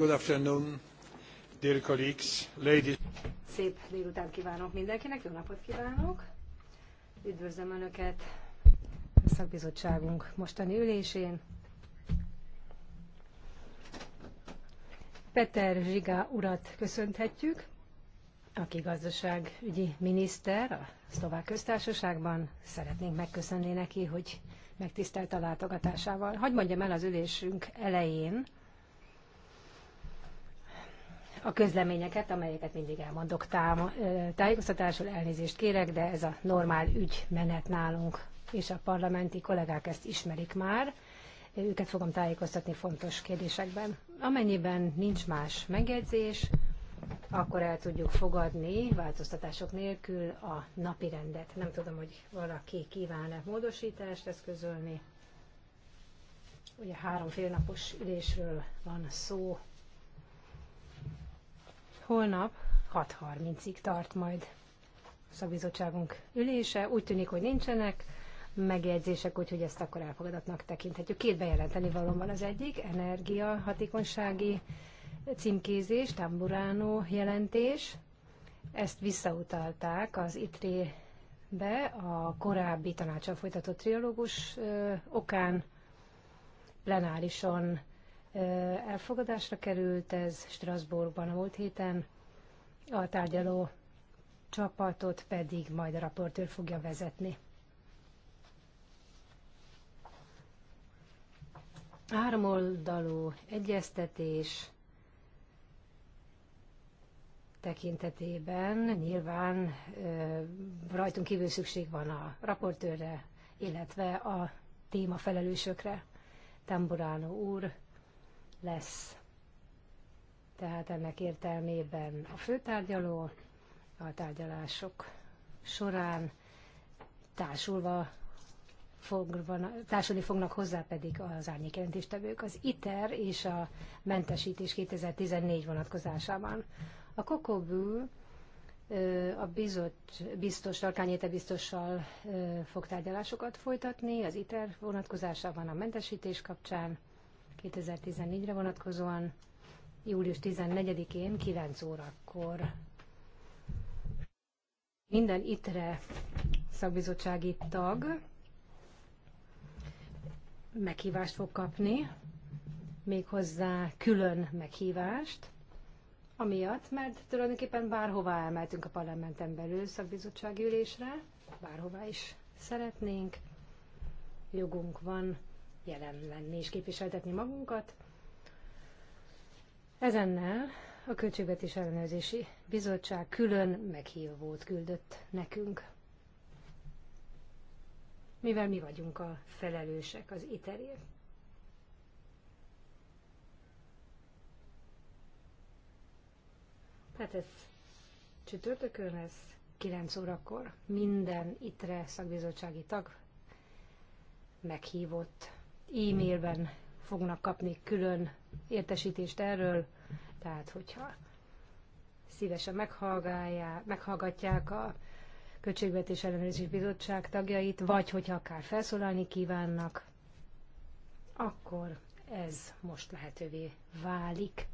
Good afternoon, dear colleagues, ladies. Szép délután kívánok mindenkinek, jó napot kívánok. Üdvözlöm Önöket a szakbizottságunk mostani ülésén. Peter Zsigá urat köszönthetjük, aki gazdaságügyi miniszter a szlovák köztársaságban. Szeretnénk megköszönni neki, hogy megtisztelt a látogatásával. Hagy mondjam el az ülésünk elején, a közleményeket, amelyeket mindig elmondok táma, tájékoztatásul, elnézést kérek, de ez a normál ügymenet nálunk, és a parlamenti kollégák ezt ismerik már. Őket fogom tájékoztatni fontos kérdésekben. Amennyiben nincs más megjegyzés, akkor el tudjuk fogadni változtatások nélkül a napi rendet. Nem tudom, hogy valaki kíván-e módosítást eszközölni. Ugye három félnapos ülésről van szó, Holnap 6.30-ig tart majd a szakbizottságunk ülése. Úgy tűnik, hogy nincsenek megjegyzések, úgyhogy ezt akkor elfogadatnak tekinthetjük. Két bejelenteni valóban az egyik, energia hatékonysági címkézés, tamburánó jelentés. Ezt visszautalták az ITRE-be a korábbi tanácsal folytatott triológus okán plenárison elfogadásra került, ez Strasbourgban a múlt héten, a tárgyaló csapatot pedig majd a raportőr fogja vezetni. Háromoldalú egyeztetés tekintetében nyilván rajtunk kívül szükség van a raportőrre, illetve a témafelelősökre. Tamburano úr lesz. Tehát ennek értelmében a főtárgyaló a tárgyalások során társulva fogva, társulni fognak hozzá pedig az árnyékjelentéstevők az ITER és a mentesítés 2014 vonatkozásában. A Kokobű a bizott, biztos, Tarkányéte biztossal fog tárgyalásokat folytatni az ITER vonatkozásában a mentesítés kapcsán, 2014-re vonatkozóan július 14-én 9 órakor. Minden ITRE szakbizottsági tag meghívást fog kapni, méghozzá külön meghívást, amiatt, mert tulajdonképpen bárhová elmehetünk a parlamenten belül szakbizottsági ülésre, bárhová is szeretnénk, jogunk van jelen lenni és képviseltetni magunkat. Ezennel a Költségvetés Ellenőrzési Bizottság külön meghívót küldött nekünk. Mivel mi vagyunk a felelősek az iterért. Tehát ez csütörtökön lesz, 9 órakor minden ITRE szakbizottsági tag meghívott e-mailben fognak kapni külön értesítést erről, tehát hogyha szívesen meghallgatják a Költségvetés Ellenőrzés Bizottság tagjait, vagy hogyha akár felszólalni kívánnak, akkor ez most lehetővé válik.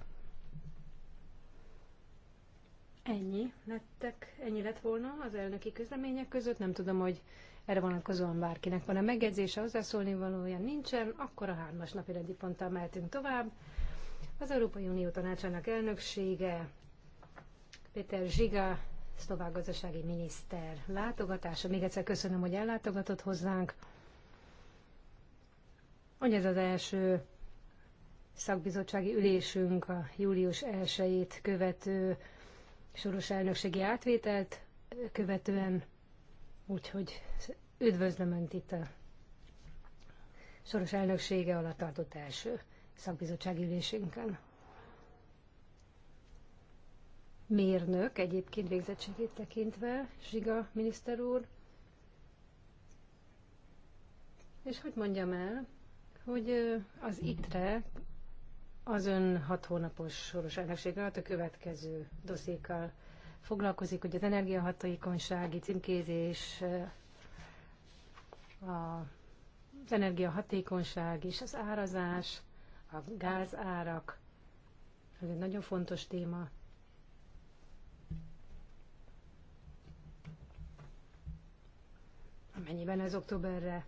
Ennyi lettek, ennyi lett volna az elnöki közlemények között. Nem tudom, hogy erre vonatkozóan bárkinek van a megjegyzése, hozzászólni valójában nincsen, akkor a hármas napi rendi ponttal mehetünk tovább. Az Európai Unió tanácsának elnöksége Péter Zsiga, szlovák gazdasági miniszter látogatása. Még egyszer köszönöm, hogy ellátogatott hozzánk. Hogy ez az első szakbizottsági ülésünk a július 1-ét követő soros elnökségi átvételt követően Úgyhogy üdvözlöm Önt itt a soros elnöksége alatt tartott első szakbizottsági ülésünkön. Mérnök egyébként végzettségét tekintve, Zsiga miniszter úr. És hogy mondjam el, hogy az ITRE az ön hat hónapos soros elnöksége alatt a következő doszékkal foglalkozik, hogy az energiahatékonysági címkézés, az energiahatékonyság és az árazás, a gázárak, ez egy nagyon fontos téma. Amennyiben ez októberre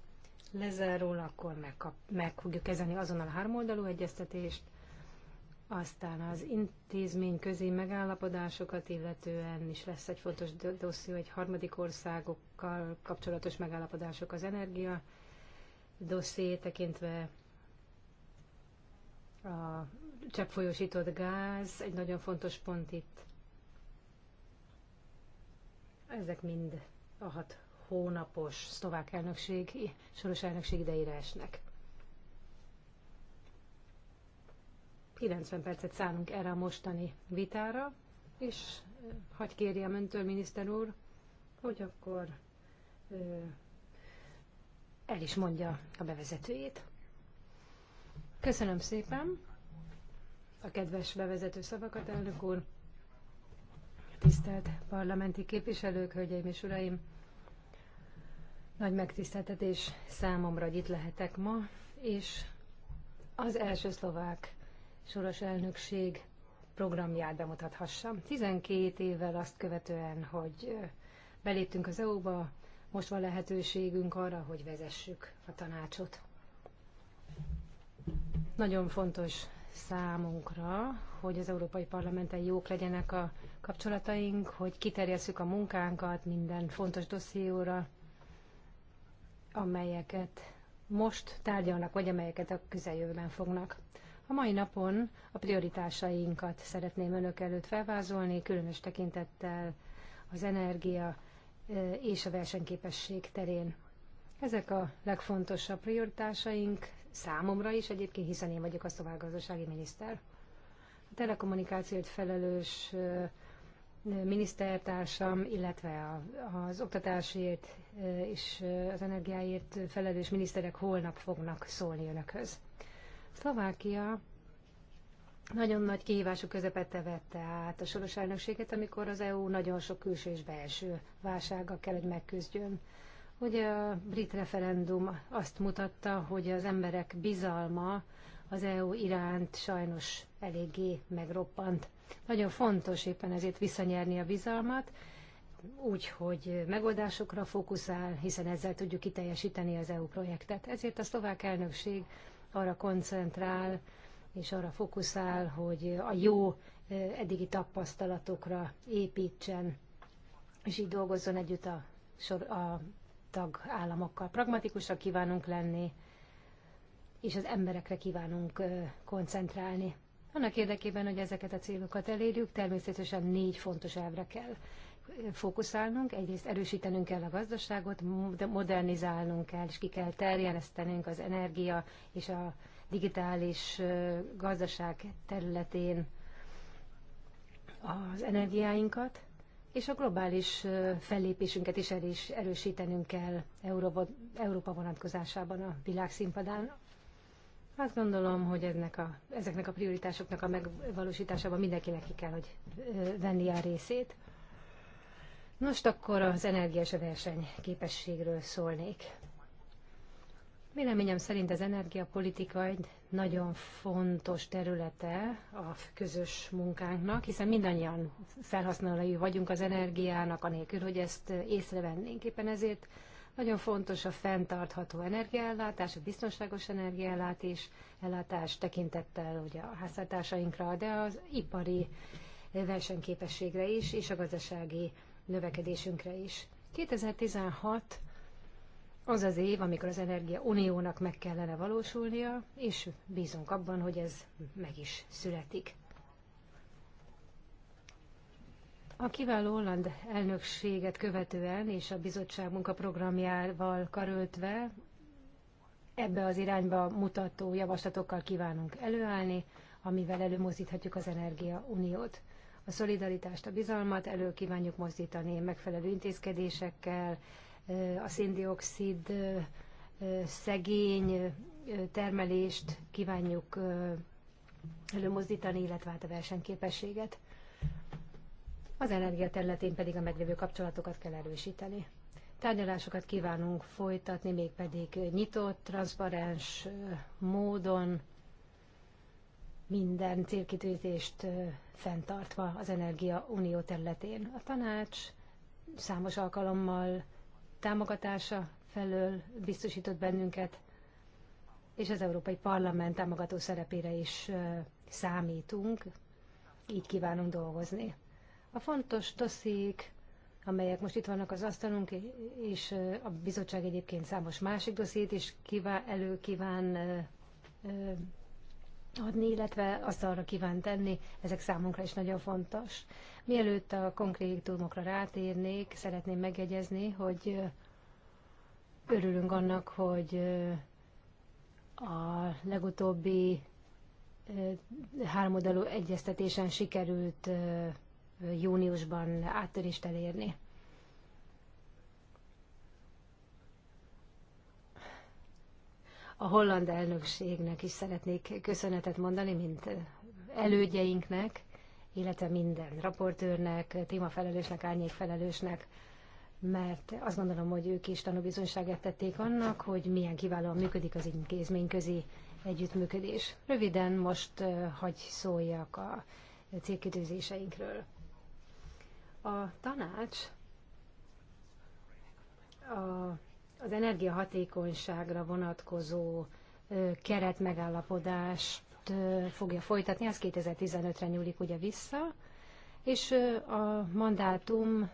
lezárul, akkor meg, meg fogjuk kezelni azonnal a háromoldalú egyeztetést, aztán az intézmény közé megállapodásokat illetően is lesz egy fontos dosszió, egy harmadik országokkal kapcsolatos megállapodások az energia dosszié tekintve a cseppfolyósított gáz, egy nagyon fontos pont itt. Ezek mind a hat hónapos szlovák elnökség, soros elnökség idejére esnek. 90 percet szánunk erre a mostani vitára, és hagy kérjem öntől, miniszter úr, hogy akkor ö, el is mondja a bevezetőjét. Köszönöm szépen a kedves bevezető szavakat, elnök úr, tisztelt parlamenti képviselők, hölgyeim és uraim! Nagy megtiszteltetés számomra, hogy itt lehetek ma, és az első szlovák soros elnökség programját bemutathassam. 12 évvel azt követően, hogy beléptünk az EU-ba, most van lehetőségünk arra, hogy vezessük a tanácsot. Nagyon fontos számunkra, hogy az Európai Parlamenten jók legyenek a kapcsolataink, hogy kiterjesszük a munkánkat minden fontos dosszióra, amelyeket most tárgyalnak, vagy amelyeket a közeljövőben fognak a mai napon a prioritásainkat szeretném önök előtt felvázolni, különös tekintettel az energia és a versenyképesség terén. Ezek a legfontosabb prioritásaink számomra is egyébként, hiszen én vagyok a szobágazdasági miniszter. A telekommunikációt felelős minisztertársam, illetve az oktatásért és az energiáért felelős miniszterek holnap fognak szólni önökhöz. Szlovákia nagyon nagy kihívások közepette vette át a soros elnökséget, amikor az EU nagyon sok külső és belső válsággal kell, hogy megküzdjön. Ugye a brit referendum azt mutatta, hogy az emberek bizalma az EU iránt sajnos eléggé megroppant. Nagyon fontos éppen ezért visszanyerni a bizalmat, úgy, hogy megoldásokra fókuszál, hiszen ezzel tudjuk kiteljesíteni az EU projektet. Ezért a szlovák elnökség arra koncentrál, és arra fókuszál, hogy a jó eddigi tapasztalatokra építsen, és így dolgozzon együtt a, sor, a tagállamokkal. Pragmatikusak kívánunk lenni, és az emberekre kívánunk koncentrálni. Annak érdekében, hogy ezeket a célokat elérjük, természetesen négy fontos elvre kell fókuszálnunk, egyrészt erősítenünk kell a gazdaságot, modernizálnunk kell, és ki kell terjesztenünk az energia és a digitális gazdaság területén az energiáinkat, és a globális fellépésünket is erősítenünk kell Európa, Európa vonatkozásában a világszínpadán. Azt gondolom, hogy ennek a, ezeknek a prioritásoknak a megvalósításában mindenkinek ki kell, hogy venni a részét. Most akkor az energiás verseny képességről szólnék. Véleményem szerint az energiapolitika egy nagyon fontos területe a közös munkánknak, hiszen mindannyian felhasználói vagyunk az energiának, anélkül, hogy ezt észrevennénk. Éppen ezért nagyon fontos a fenntartható energiaellátás, a biztonságos energiaellátás ellátás tekintettel ugye a háztartásainkra, de az ipari versenyképességre is, és a gazdasági növekedésünkre is. 2016 az az év, amikor az Energia Uniónak meg kellene valósulnia, és bízunk abban, hogy ez meg is születik. A kiváló holland elnökséget követően és a bizottság munkaprogramjával karöltve ebbe az irányba mutató javaslatokkal kívánunk előállni, amivel előmozdíthatjuk az Energia Uniót a szolidaritást, a bizalmat elő kívánjuk mozdítani megfelelő intézkedésekkel, a széndiokszid szegény termelést kívánjuk előmozdítani, illetve hát a versenyképességet. Az energia területén pedig a meglévő kapcsolatokat kell erősíteni. Tárgyalásokat kívánunk folytatni, mégpedig nyitott, transzparens módon minden célkitűzést fenntartva az Energia Unió területén. A tanács számos alkalommal támogatása felől biztosított bennünket, és az Európai Parlament támogató szerepére is számítunk, így kívánunk dolgozni. A fontos dossziék, amelyek most itt vannak az asztalunk, és a bizottság egyébként számos másik dossziét is kíván, előkíván adni, illetve azt arra kíván tenni, ezek számunkra is nagyon fontos. Mielőtt a konkrétumokra rátérnék, szeretném megjegyezni, hogy örülünk annak, hogy a legutóbbi háromoldalú egyeztetésen sikerült júniusban áttörést elérni. A holland elnökségnek is szeretnék köszönetet mondani, mint elődjeinknek, illetve minden raportőrnek, témafelelősnek, árnyékfelelősnek, mert azt gondolom, hogy ők is tanúbizonyságát tették annak, hogy milyen kiválóan működik az intézményközi együttműködés. Röviden most hagy szóljak a célkitűzéseinkről. A tanács a az energiahatékonyságra vonatkozó keretmegállapodást fogja folytatni, az 2015-re nyúlik ugye vissza, és a mandátum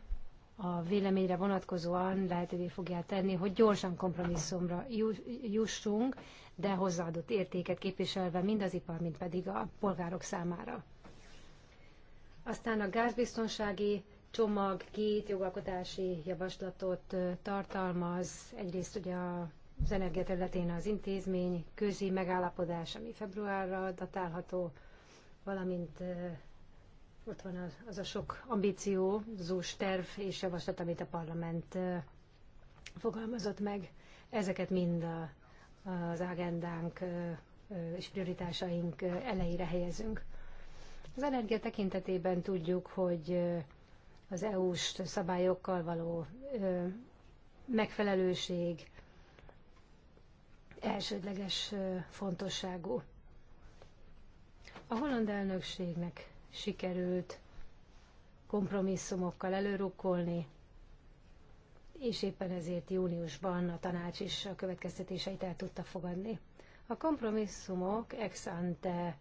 a véleményre vonatkozóan lehetővé fogja tenni, hogy gyorsan kompromisszumra jussunk, de hozzáadott értéket képviselve mind az ipar, mind pedig a polgárok számára. Aztán a gázbiztonsági csomag két jogalkotási javaslatot tartalmaz. Egyrészt ugye az területén az intézmény közi megállapodás, ami februárra datálható, valamint ott van az, a sok zús terv és javaslat, amit a parlament fogalmazott meg. Ezeket mind a, az agendánk és prioritásaink elejére helyezünk. Az energia tekintetében tudjuk, hogy az EU-s szabályokkal való ö, megfelelőség elsődleges ö, fontosságú. A holland elnökségnek sikerült kompromisszumokkal előrukkolni, és éppen ezért júniusban a tanács is a következtetéseit el tudta fogadni. A kompromisszumok ex ante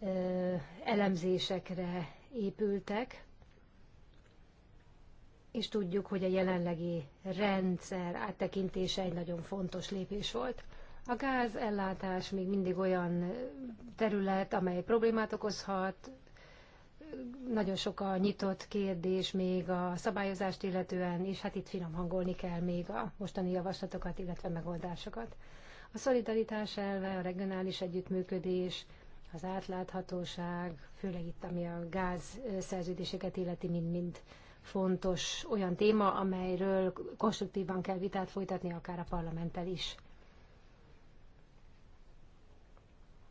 ö, elemzésekre épültek, és tudjuk, hogy a jelenlegi rendszer áttekintése egy nagyon fontos lépés volt. A gázellátás még mindig olyan terület, amely problémát okozhat, nagyon sok a nyitott kérdés még a szabályozást illetően, és hát itt finom hangolni kell még a mostani javaslatokat, illetve megoldásokat. A szolidaritás elve, a regionális együttműködés, az átláthatóság, főleg itt, ami a gáz szerződéseket illeti, mind-mind fontos olyan téma, amelyről konstruktívan kell vitát folytatni akár a parlamenttel is.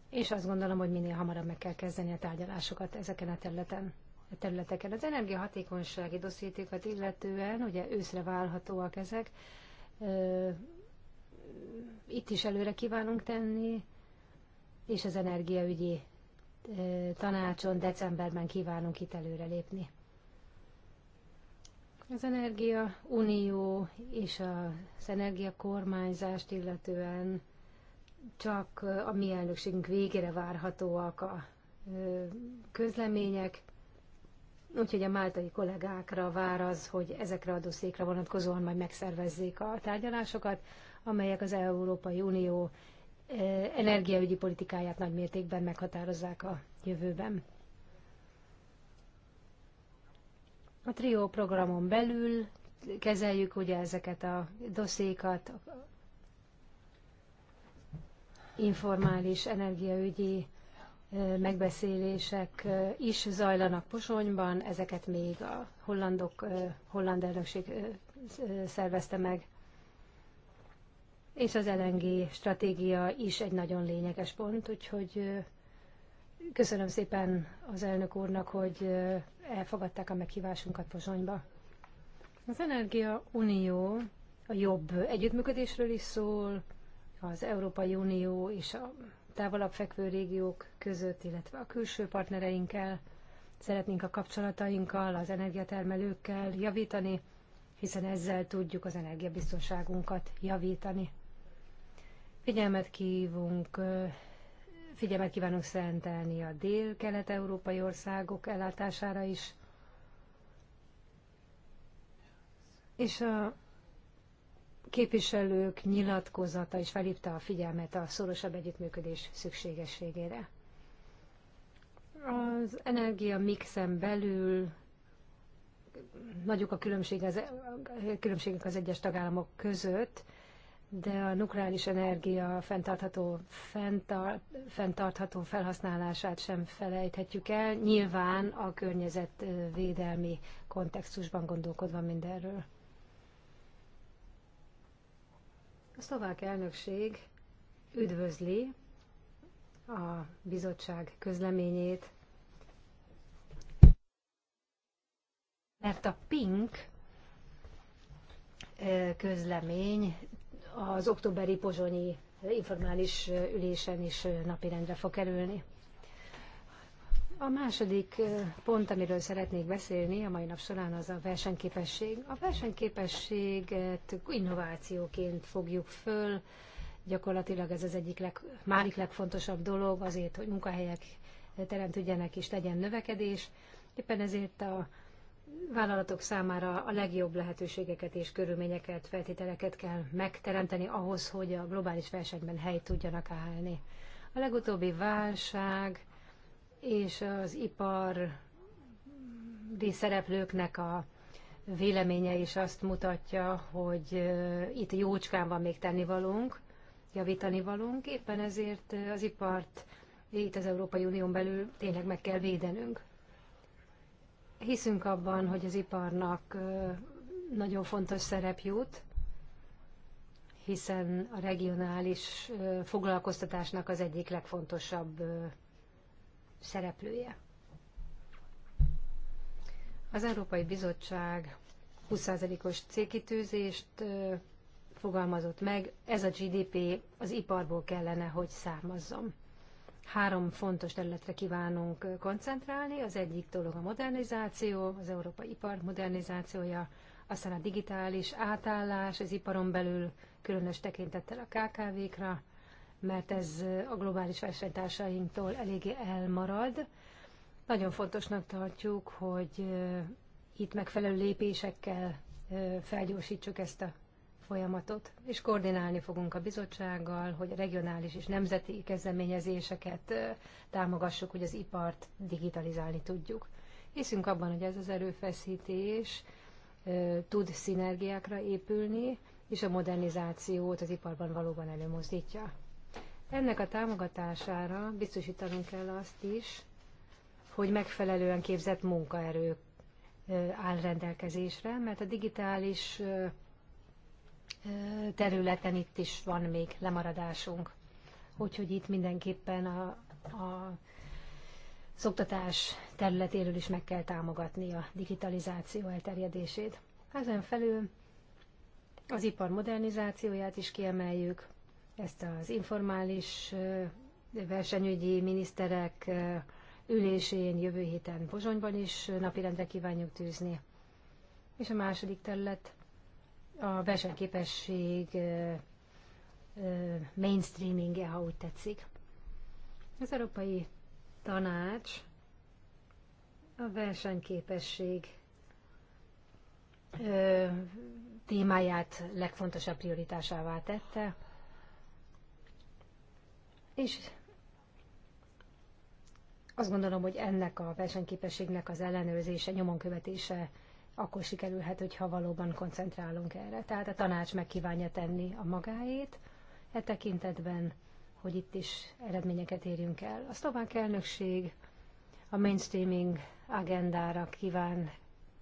És azt gondolom, hogy minél hamarabb meg kell kezdeni a tárgyalásokat ezeken a területen. A területeken. Az energiahatékonysági dossziétékat illetően, ugye őszre válhatóak ezek, itt is előre kívánunk tenni, és az energiaügyi tanácson decemberben kívánunk itt előre lépni. Az Energia Unió és az energiakormányzást illetően csak a mi elnökségünk végére várhatóak a közlemények, úgyhogy a máltai kollégákra vár az, hogy ezekre a dosszékra vonatkozóan majd megszervezzék a tárgyalásokat, amelyek az Európai Unió energiaügyi politikáját nagymértékben meghatározzák a jövőben. A TRIO programon belül kezeljük ugye ezeket a doszékat, informális energiaügyi megbeszélések is zajlanak Posonyban, ezeket még a hollandok, holland elnökség szervezte meg, és az LNG stratégia is egy nagyon lényeges pont, úgyhogy Köszönöm szépen az elnök úrnak, hogy elfogadták a meghívásunkat Pozsonyba. Az Energia Unió a jobb együttműködésről is szól, az Európai Unió és a távolabb fekvő régiók között, illetve a külső partnereinkkel. Szeretnénk a kapcsolatainkkal, az energiatermelőkkel javítani, hiszen ezzel tudjuk az energiabiztonságunkat javítani. Figyelmet kívunk figyelmet kívánok szentelni a dél-kelet-európai országok ellátására is. És a képviselők nyilatkozata is felhívta a figyelmet a szorosabb együttműködés szükségességére. Az energia mixen belül nagyok a különbség az, e- különbségek az egyes tagállamok között, de a nukleáris energia fenntartható, fenntart, fenntartható felhasználását sem felejthetjük el, nyilván a környezetvédelmi kontextusban gondolkodva mindenről. A szlovák elnökség üdvözli a bizottság közleményét, mert a PINK közlemény az októberi pozsonyi informális ülésen is napirendre fog kerülni. A második pont, amiről szeretnék beszélni a mai nap során, az a versenyképesség. A versenyképességet innovációként fogjuk föl. Gyakorlatilag ez az egyik leg, márik legfontosabb dolog azért, hogy munkahelyek teremtődjenek és legyen növekedés. Éppen ezért a vállalatok számára a legjobb lehetőségeket és körülményeket, feltételeket kell megteremteni ahhoz, hogy a globális versenyben helyt tudjanak állni. A legutóbbi válság és az ipar szereplőknek a véleménye is azt mutatja, hogy itt jócskán van még tennivalónk, javítani valunk. éppen ezért az ipart itt az Európai Unión belül tényleg meg kell védenünk. Hiszünk abban, hogy az iparnak nagyon fontos szerep jut, hiszen a regionális foglalkoztatásnak az egyik legfontosabb szereplője. Az Európai Bizottság 20%-os célkitűzést fogalmazott meg, ez a GDP az iparból kellene, hogy származzon. Három fontos területre kívánunk koncentrálni. Az egyik dolog a modernizáció, az európai ipar modernizációja, aztán a digitális átállás az iparon belül, különös tekintettel a KKV-kra, mert ez a globális versenytársainktól eléggé elmarad. Nagyon fontosnak tartjuk, hogy itt megfelelő lépésekkel felgyorsítsuk ezt a folyamatot, és koordinálni fogunk a bizottsággal, hogy a regionális és nemzeti kezdeményezéseket támogassuk, hogy az ipart digitalizálni tudjuk. Hiszünk abban, hogy ez az erőfeszítés tud szinergiákra épülni, és a modernizációt az iparban valóban előmozdítja. Ennek a támogatására biztosítanunk kell azt is, hogy megfelelően képzett munkaerő áll rendelkezésre, mert a digitális területen itt is van még lemaradásunk. Úgyhogy itt mindenképpen a, a szoktatás területéről is meg kell támogatni a digitalizáció elterjedését. Ezen felül az ipar modernizációját is kiemeljük, ezt az informális versenyügyi miniszterek ülésén jövő héten Pozsonyban is napirendre kívánjuk tűzni. És a második terület a versenyképesség mainstreaming-e, ha úgy tetszik. Az Európai Tanács a versenyképesség témáját legfontosabb prioritásává tette, és azt gondolom, hogy ennek a versenyképességnek az ellenőrzése, nyomon követése akkor sikerülhet, hogyha valóban koncentrálunk erre. Tehát a tanács megkívánja tenni a magáét e tekintetben, hogy itt is eredményeket érjünk el. A szlovák elnökség a mainstreaming agendára kíván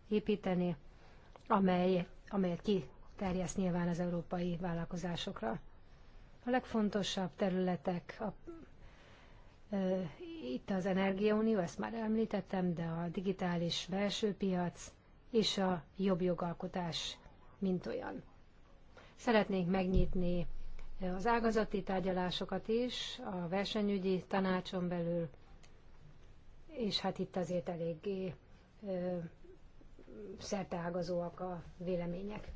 építeni, amely, amelyet kiterjeszt nyilván az európai vállalkozásokra. A legfontosabb területek a, e, itt az energiaunió, ezt már említettem, de a digitális belső piac, és a jobb jogalkotás, mint olyan. Szeretnénk megnyitni eh, az ágazati tárgyalásokat is, a versenyügyi tanácson belül, és hát itt azért eléggé eh, szerteágazóak a vélemények.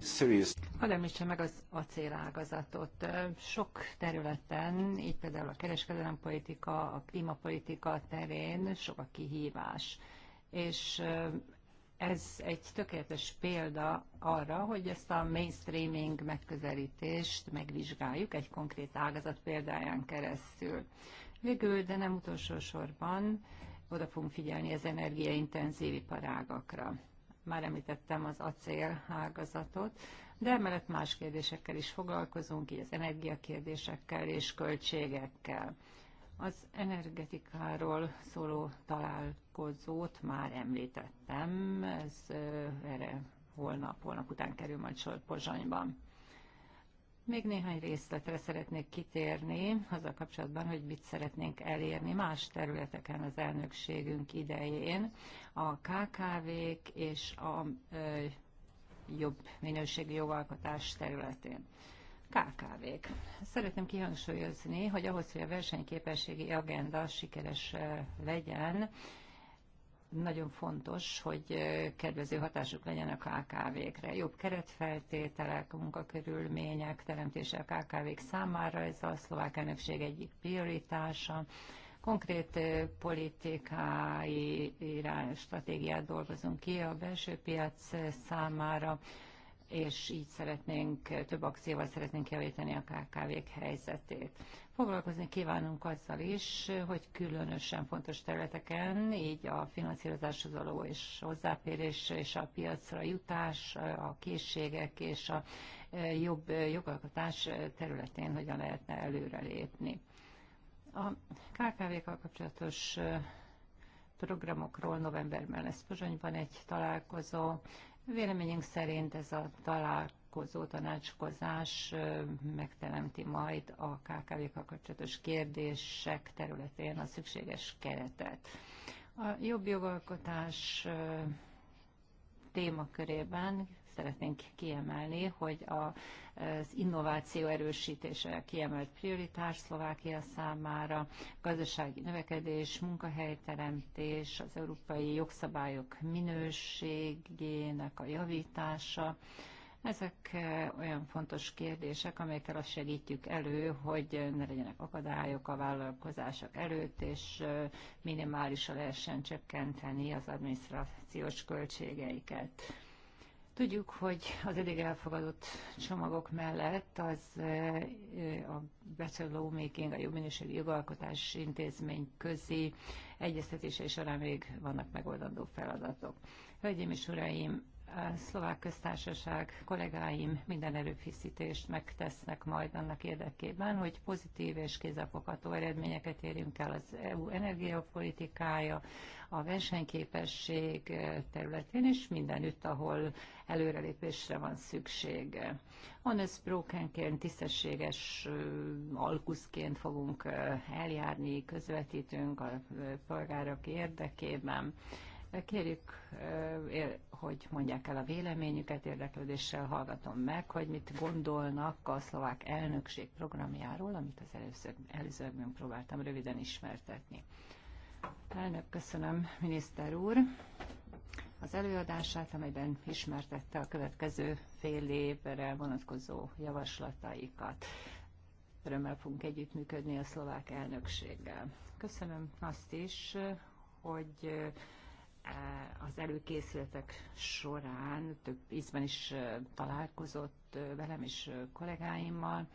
Serious. Hadd említsem meg az acélágazatot. Eh, sok területen, így például a kereskedelempolitika, a klímapolitika terén sok a kihívás. És ez egy tökéletes példa arra, hogy ezt a mainstreaming megközelítést megvizsgáljuk egy konkrét ágazat példáján keresztül. Végül, de nem utolsó sorban oda fogunk figyelni az energiaintenzív iparágakra. Már említettem az acél ágazatot, de emellett más kérdésekkel is foglalkozunk, így az energiakérdésekkel és költségekkel. Az energetikáról szóló találkozót már említettem, ez erre holnap, holnap után kerül majd sor Pozsonyban. Még néhány részletre szeretnék kitérni, a kapcsolatban, hogy mit szeretnénk elérni más területeken az elnökségünk idején. A KKV-k és a ö, jobb minőségi jogalkotás területén. KKV-k. Szeretném kihangsúlyozni, hogy ahhoz, hogy a versenyképességi agenda sikeres legyen, nagyon fontos, hogy kedvező hatásuk legyen a KKV-kre. Jobb keretfeltételek, munkakörülmények teremtése a KKV-k számára, ez a szlovák elnökség egyik prioritása. Konkrét politikai irány, stratégiát dolgozunk ki a belső piac számára, és így szeretnénk, több akcióval szeretnénk javítani a KKV-k helyzetét. Foglalkozni kívánunk azzal is, hogy különösen fontos területeken, így a finanszírozáshoz való és hozzáférés és a piacra jutás, a készségek és a e, jobb e, jogalkotás területén hogyan lehetne előrelépni. A KKV-kkal kapcsolatos e, programokról novemberben lesz Pozsonyban egy találkozó, Véleményünk szerint ez a találkozó tanácskozás megteremti majd a KKV-kkal kapcsolatos kérdések területén a szükséges keretet. A jobb jogalkotás témakörében szeretnénk kiemelni, hogy a, az innováció erősítése kiemelt prioritás Szlovákia számára, gazdasági növekedés, munkahelyteremtés, az európai jogszabályok minőségének a javítása, ezek e, olyan fontos kérdések, amelyekkel azt segítjük elő, hogy ne legyenek akadályok a vállalkozások előtt, és e, minimálisan lehessen csökkenteni az adminisztrációs költségeiket. Tudjuk, hogy az eddig elfogadott csomagok mellett az e, e, a Better Lawmaking, a jobb minőségű jogalkotás intézmény közé egyeztetése során még vannak megoldandó feladatok. Hölgyeim és uraim, a szlovák köztársaság kollégáim minden erőfeszítést megtesznek majd annak érdekében, hogy pozitív és kézzelfogható eredményeket érjünk el az EU energiapolitikája, a versenyképesség területén, és mindenütt, ahol előrelépésre van szükség. Honest brokenként, tisztességes alkuszként fogunk eljárni, közvetítünk a polgárok érdekében Kérjük, hogy mondják el a véleményüket, érdeklődéssel hallgatom meg, hogy mit gondolnak a szlovák elnökség programjáról, amit az először, előzőkben próbáltam röviden ismertetni. Elnök, köszönöm, miniszter úr, az előadását, amelyben ismertette a következő fél évre vonatkozó javaslataikat. Örömmel fogunk együttműködni a szlovák elnökséggel. Köszönöm azt is, hogy Eh, az előkészületek során több ízben is eh, találkozott eh, velem és kollégáimmal.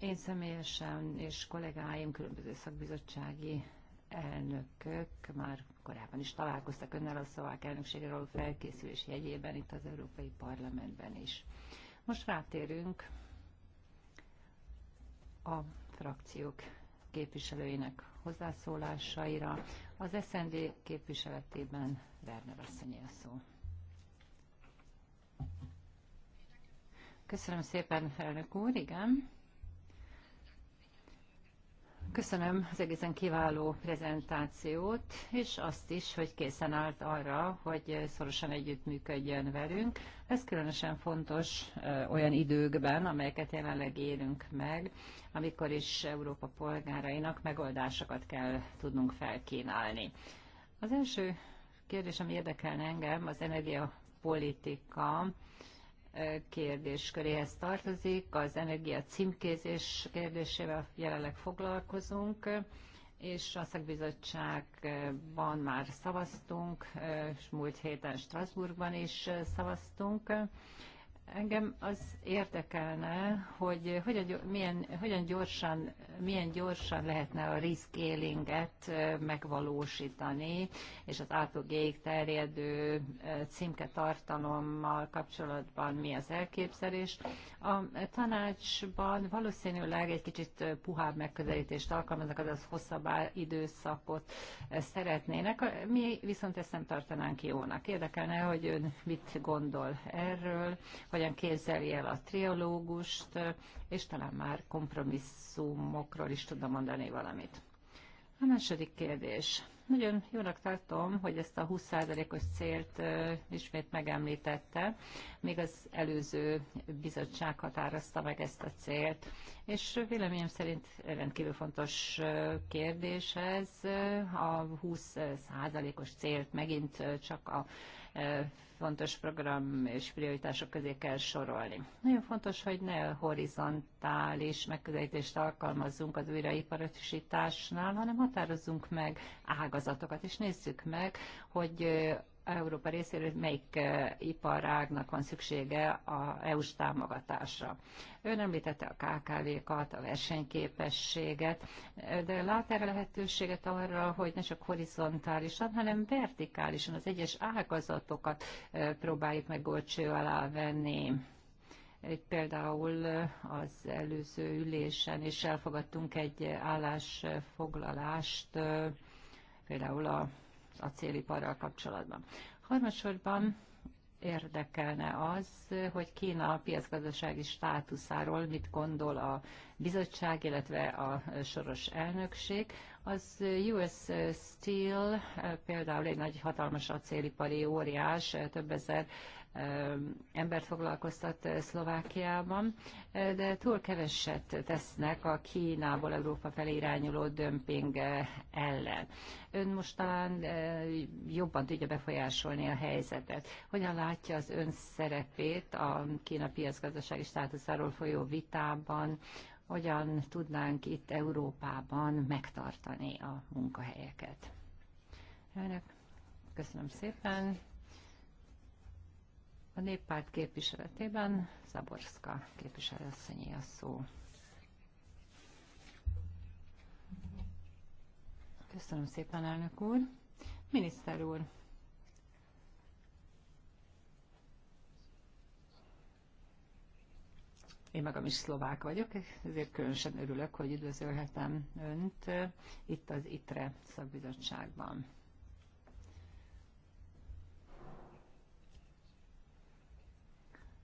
Én személyesen és kollégáim, különböző szakbizottsági elnökök már korábban is találkoztak önnel a szlovák elnökségre való felkészülés jegyében itt az Európai Parlamentben is. Most rátérünk a frakciók képviselőinek hozzászólásaira. Az SZND képviseletében Werner asszonyé a szó. Köszönöm szépen, elnök úr, igen. Köszönöm az egészen kiváló prezentációt, és azt is, hogy készen állt arra, hogy szorosan együttműködjön velünk. Ez különösen fontos olyan időkben, amelyeket jelenleg élünk meg, amikor is Európa polgárainak megoldásokat kell tudnunk felkínálni. Az első kérdés, ami érdekelne engem, az energiapolitika kérdésköréhez tartozik, az energia címkézés kérdésével jelenleg foglalkozunk, és a szakbizottságban már szavaztunk, és múlt héten Strasbourgban is szavaztunk, Engem az érdekelne, hogy hogyan, milyen, hogyan gyorsan, milyen gyorsan lehetne a riskélinget megvalósítani, és az átlagéig terjedő címke tartalommal kapcsolatban mi az elképzelés. A tanácsban valószínűleg egy kicsit puhább megközelítést alkalmaznak, azaz hosszabb időszakot szeretnének. Mi viszont ezt nem tartanánk jónak. Érdekelne, hogy ön mit gondol erről, hogy hogyan képzeli el a triológust, és talán már kompromisszumokról is tudna mondani valamit. A második kérdés. Nagyon jónak tartom, hogy ezt a 20%-os célt ismét megemlítette, még az előző bizottság határozta meg ezt a célt. És véleményem szerint rendkívül fontos kérdés ez, a 20%-os célt megint csak a fontos program és prioritások közé kell sorolni. Nagyon fontos, hogy ne horizontális megközelítést alkalmazzunk az újraiparosításnál, hanem határozzunk meg ágazatokat, ágazatokat, és nézzük meg, hogy Európa részéről melyik iparágnak van szüksége a EU-s támogatásra. Ön említette a KKV-kat, a versenyképességet, de lát erre lehetőséget arra, hogy ne csak horizontálisan, hanem vertikálisan az egyes ágazatokat próbáljuk meg golcső alá venni. Itt például az előző ülésen is elfogadtunk egy állásfoglalást, például a acéliparral kapcsolatban. Harmadsorban érdekelne az, hogy Kína a piacgazdasági státuszáról mit gondol a bizottság, illetve a soros elnökség. Az US Steel például egy nagy hatalmas acélipari óriás, több ezer embert foglalkoztat Szlovákiában, de túl keveset tesznek a Kínából Európa felé irányuló dömping ellen. Ön most talán jobban tudja befolyásolni a helyzetet. Hogyan látja az ön szerepét a Kína piacgazdasági státuszáról folyó vitában, hogyan tudnánk itt Európában megtartani a munkahelyeket. Önök, köszönöm szépen. A néppárt képviseletében Zaborska képviselőasszonyé a szó. Köszönöm szépen, elnök úr. Miniszter úr, Én magam is szlovák vagyok, ezért különösen örülök, hogy üdvözölhetem Önt itt az ITRE szakbizottságban.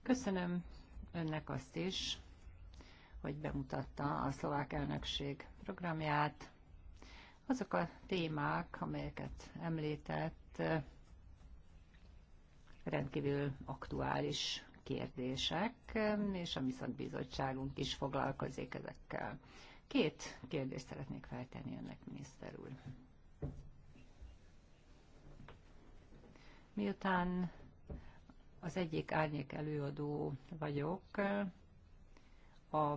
Köszönöm önnek azt is, hogy bemutatta a szlovák elnökség programját. Azok a témák, amelyeket említett, rendkívül aktuális kérdések, és a Viszontbizottságunk is foglalkozik ezekkel. Két kérdést szeretnék feltenni önnek, miniszter úr. Miután az egyik árnyék előadó vagyok a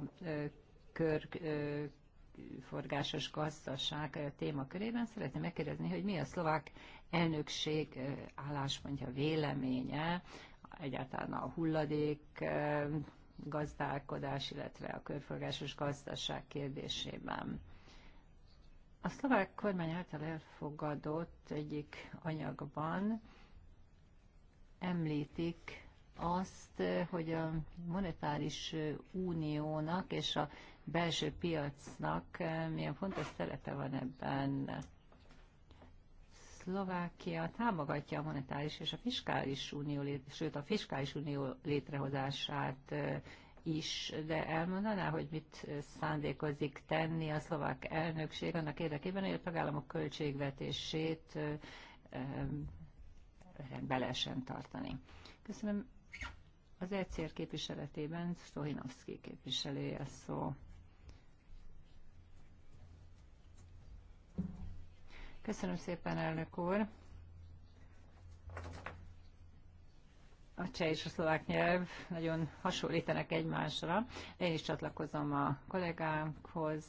körforgásos gazdaság témakörében. Szeretném megkérdezni, hogy mi a szlovák elnökség álláspontja, véleménye, egyáltalán a hulladék gazdálkodás, illetve a körforgásos gazdaság kérdésében. A szlovák kormány által elfogadott egyik anyagban említik azt, hogy a monetáris uniónak és a belső piacnak milyen fontos szerepe van ebben. Szlovákia támogatja a monetáris és a fiskális unió, sőt a fiskális unió létrehozását is, de elmondaná, hogy mit szándékozik tenni a szlovák elnökség annak érdekében, hogy a tagállamok költségvetését be lehessen tartani. Köszönöm. Az ECR képviseletében Szohinovszki képviselője a szó. Köszönöm szépen, elnök úr! A cseh és a szlovák nyelv nagyon hasonlítanak egymásra. Én is csatlakozom a kollégánkhoz.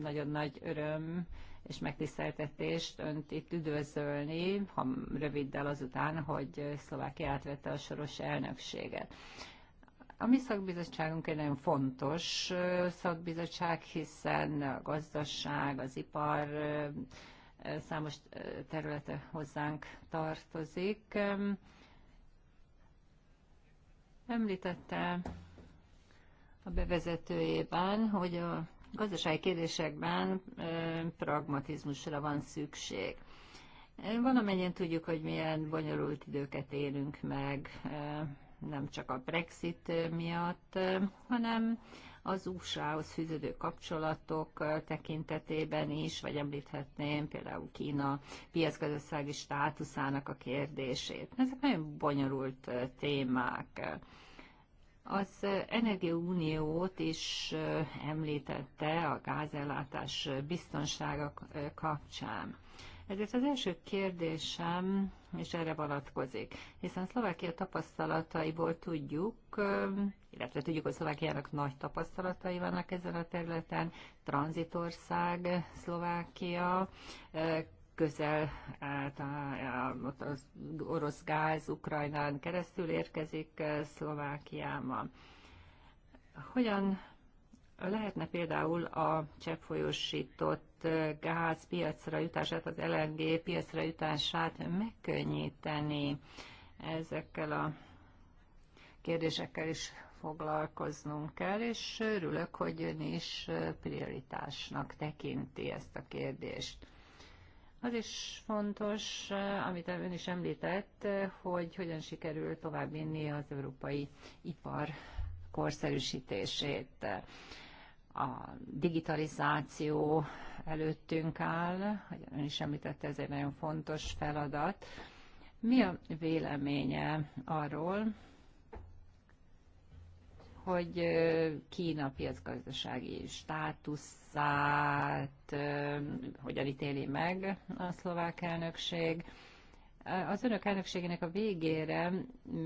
Nagyon nagy öröm és megtiszteltetést önt itt üdvözölni, ha röviddel azután, hogy Szlovákia átvette a soros elnökséget. A mi szakbizottságunk egy nagyon fontos szakbizottság, hiszen a gazdaság, az ipar számos területe hozzánk tartozik. Említette a bevezetőjében, hogy a gazdasági kérdésekben pragmatizmusra van szükség. Van, amennyien tudjuk, hogy milyen bonyolult időket élünk meg, nem csak a Brexit miatt, hanem az USA-hoz fűződő kapcsolatok tekintetében is, vagy említhetném például Kína piacgazdasági státuszának a kérdését. Ezek nagyon bonyolult témák. Az Energiauniót is említette a gázellátás biztonsága kapcsán. Ezért az első kérdésem és erre vonatkozik, hiszen Szlovákia tapasztalataiból tudjuk, illetve tudjuk, hogy Szlovákiának nagy tapasztalatai vannak ezen a területen, tranzitország Szlovákia, közel, állt, ott az orosz gáz Ukrajnán keresztül érkezik eh, Szlovákiába. Hogyan lehetne például a cseppfolyósított eh, gáz piacra jutását, az LNG piacra jutását megkönnyíteni ezekkel a kérdésekkel is foglalkoznunk kell, és örülök, hogy ön is eh, prioritásnak tekinti ezt a kérdést. Az is fontos, eh, amit ön is említett, eh, hogy hogyan sikerül továbbvinni az európai ipar korszerűsítését. A digitalizáció előttünk áll, Hogy ön is említette, ez egy nagyon fontos feladat. Mi a véleménye arról, hogy Kína piacgazdasági státuszát hogyan ítéli meg a szlovák elnökség. Az önök elnökségének a végére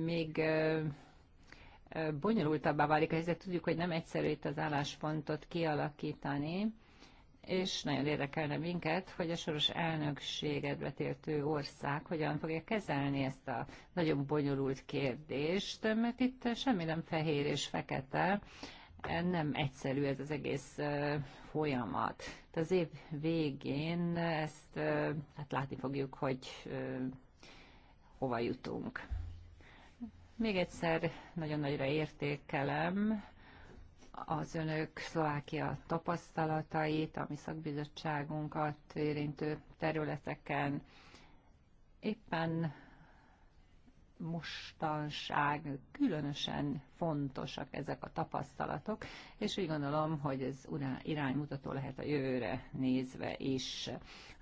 még bonyolultabbá válik a helyzet. Tudjuk, hogy nem egyszerű itt az álláspontot kialakítani és nagyon érdekelne minket, hogy a soros elnökséget betértő ország hogyan fogja kezelni ezt a nagyon bonyolult kérdést, mert itt semmi nem fehér és fekete, nem egyszerű ez az egész folyamat. De hát az év végén ezt hát látni fogjuk, hogy hova jutunk. Még egyszer nagyon nagyra értékelem az önök Szlovákia tapasztalatait, ami szakbizottságunkat érintő területeken éppen mostanság különösen fontosak ezek a tapasztalatok, és úgy gondolom, hogy ez iránymutató lehet a jövőre nézve is.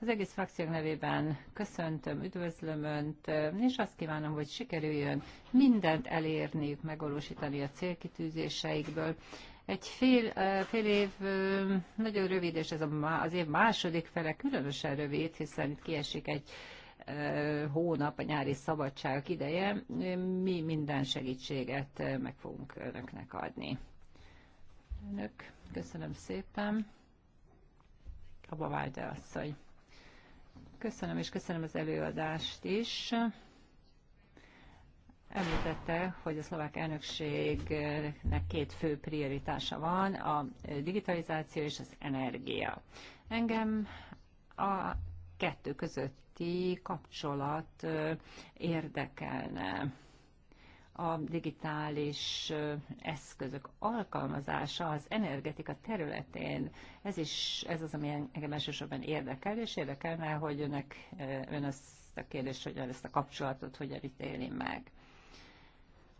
Az egész frakciók nevében köszöntöm, üdvözlöm Önt, és azt kívánom, hogy sikerüljön mindent elérniük, megvalósítani a célkitűzéseikből, egy fél, fél év nagyon rövid, és ez a, az év második fele különösen rövid, hiszen itt kiesik egy hónap, a nyári szabadság ideje, mi minden segítséget meg fogunk önöknek adni. Önök, köszönöm szépen. Abba Válde asszony. Köszönöm, és köszönöm az előadást is. Említette, hogy a szlovák elnökségnek két fő prioritása van, a digitalizáció és az energia. Engem a kettő közötti kapcsolat érdekelne a digitális eszközök alkalmazása az energetika területén. Ez is ez az, ami engem elsősorban érdekel, és érdekelne, hogy önnek, ön ezt a kérdést, hogy ezt a kapcsolatot hogyan ítéli meg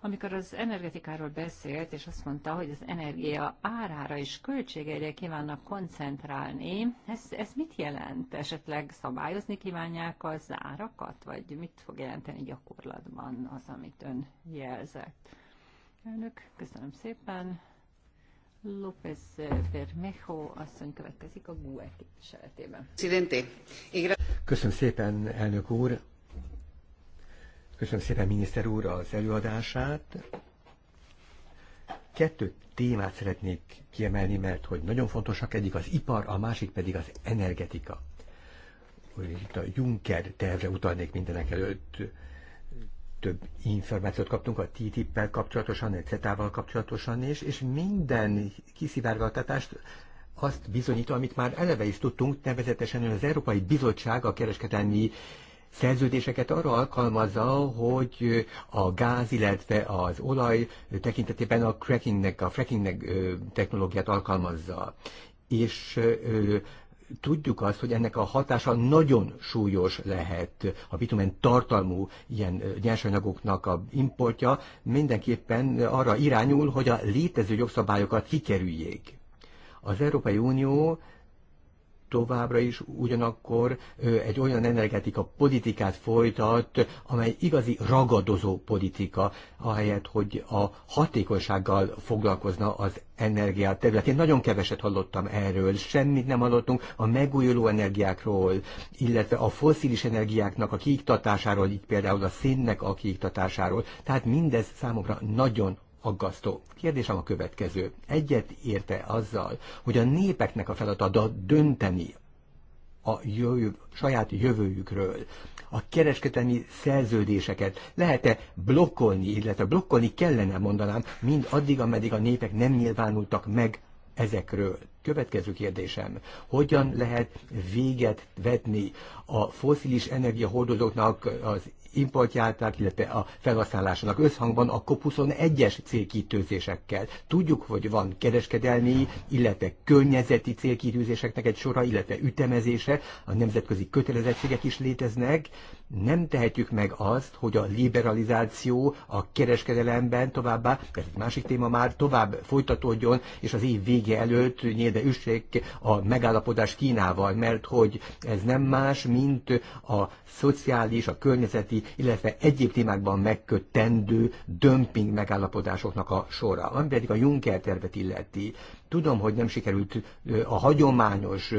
amikor az energetikáról beszélt, és azt mondta, hogy az energia árára és költségeire kívánnak koncentrálni, ez, ez mit jelent? Esetleg szabályozni kívánják az árakat, vagy mit fog jelenteni gyakorlatban az, amit ön jelzett? Önök, köszönöm szépen. López Bermejo asszony következik a GUE képviseletében. E köszönöm szépen, elnök úr. Köszönöm szépen miniszter úr az előadását. Kettő témát szeretnék kiemelni, mert hogy nagyon fontosak, egyik az ipar, a másik pedig az energetika. Itt a Juncker tervre utalnék mindenek előtt több információt kaptunk a TTIP-pel kapcsolatosan, a CETA-val kapcsolatosan is, és minden kiszivárgatást azt bizonyítja, amit már eleve is tudtunk, nevezetesen az Európai Bizottság a kereskedelmi szerződéseket arra alkalmazza, hogy a gáz, illetve az olaj tekintetében a crackingnek, a frackingnek technológiát alkalmazza. És tudjuk azt, hogy ennek a hatása nagyon súlyos lehet a bitumen tartalmú ilyen nyersanyagoknak a importja, mindenképpen arra irányul, hogy a létező jogszabályokat kikerüljék. Az Európai Unió továbbra is ugyanakkor egy olyan energetika politikát folytat, amely igazi ragadozó politika, ahelyett, hogy a hatékonysággal foglalkozna az energia területén. Nagyon keveset hallottam erről, semmit nem hallottunk a megújuló energiákról, illetve a foszilis energiáknak a kiiktatásáról, így például a szénnek a kiiktatásáról. Tehát mindez számomra nagyon aggasztó. Kérdésem a következő. Egyet érte azzal, hogy a népeknek a feladata dönteni a jövő, saját jövőjükről. A kereskedelmi szerződéseket lehet-e blokkolni, illetve blokkolni kellene, mondanám, mind addig, ameddig a népek nem nyilvánultak meg ezekről. Következő kérdésem, hogyan lehet véget vetni a foszilis energiahordozóknak az importjátnak, illetve a felhasználásának összhangban a COP21-es Tudjuk, hogy van kereskedelmi, illetve környezeti célkítőzéseknek egy sora, illetve ütemezése, a nemzetközi kötelezettségek is léteznek, nem tehetjük meg azt, hogy a liberalizáció a kereskedelemben továbbá, ez egy másik téma már, tovább folytatódjon, és az év vége előtt nyílde üssék a megállapodás Kínával, mert hogy ez nem más, mint a szociális, a környezeti, illetve egyéb témákban megkötendő dömping megállapodásoknak a sora. Ami pedig a Juncker tervet illeti, Tudom, hogy nem sikerült a hagyományos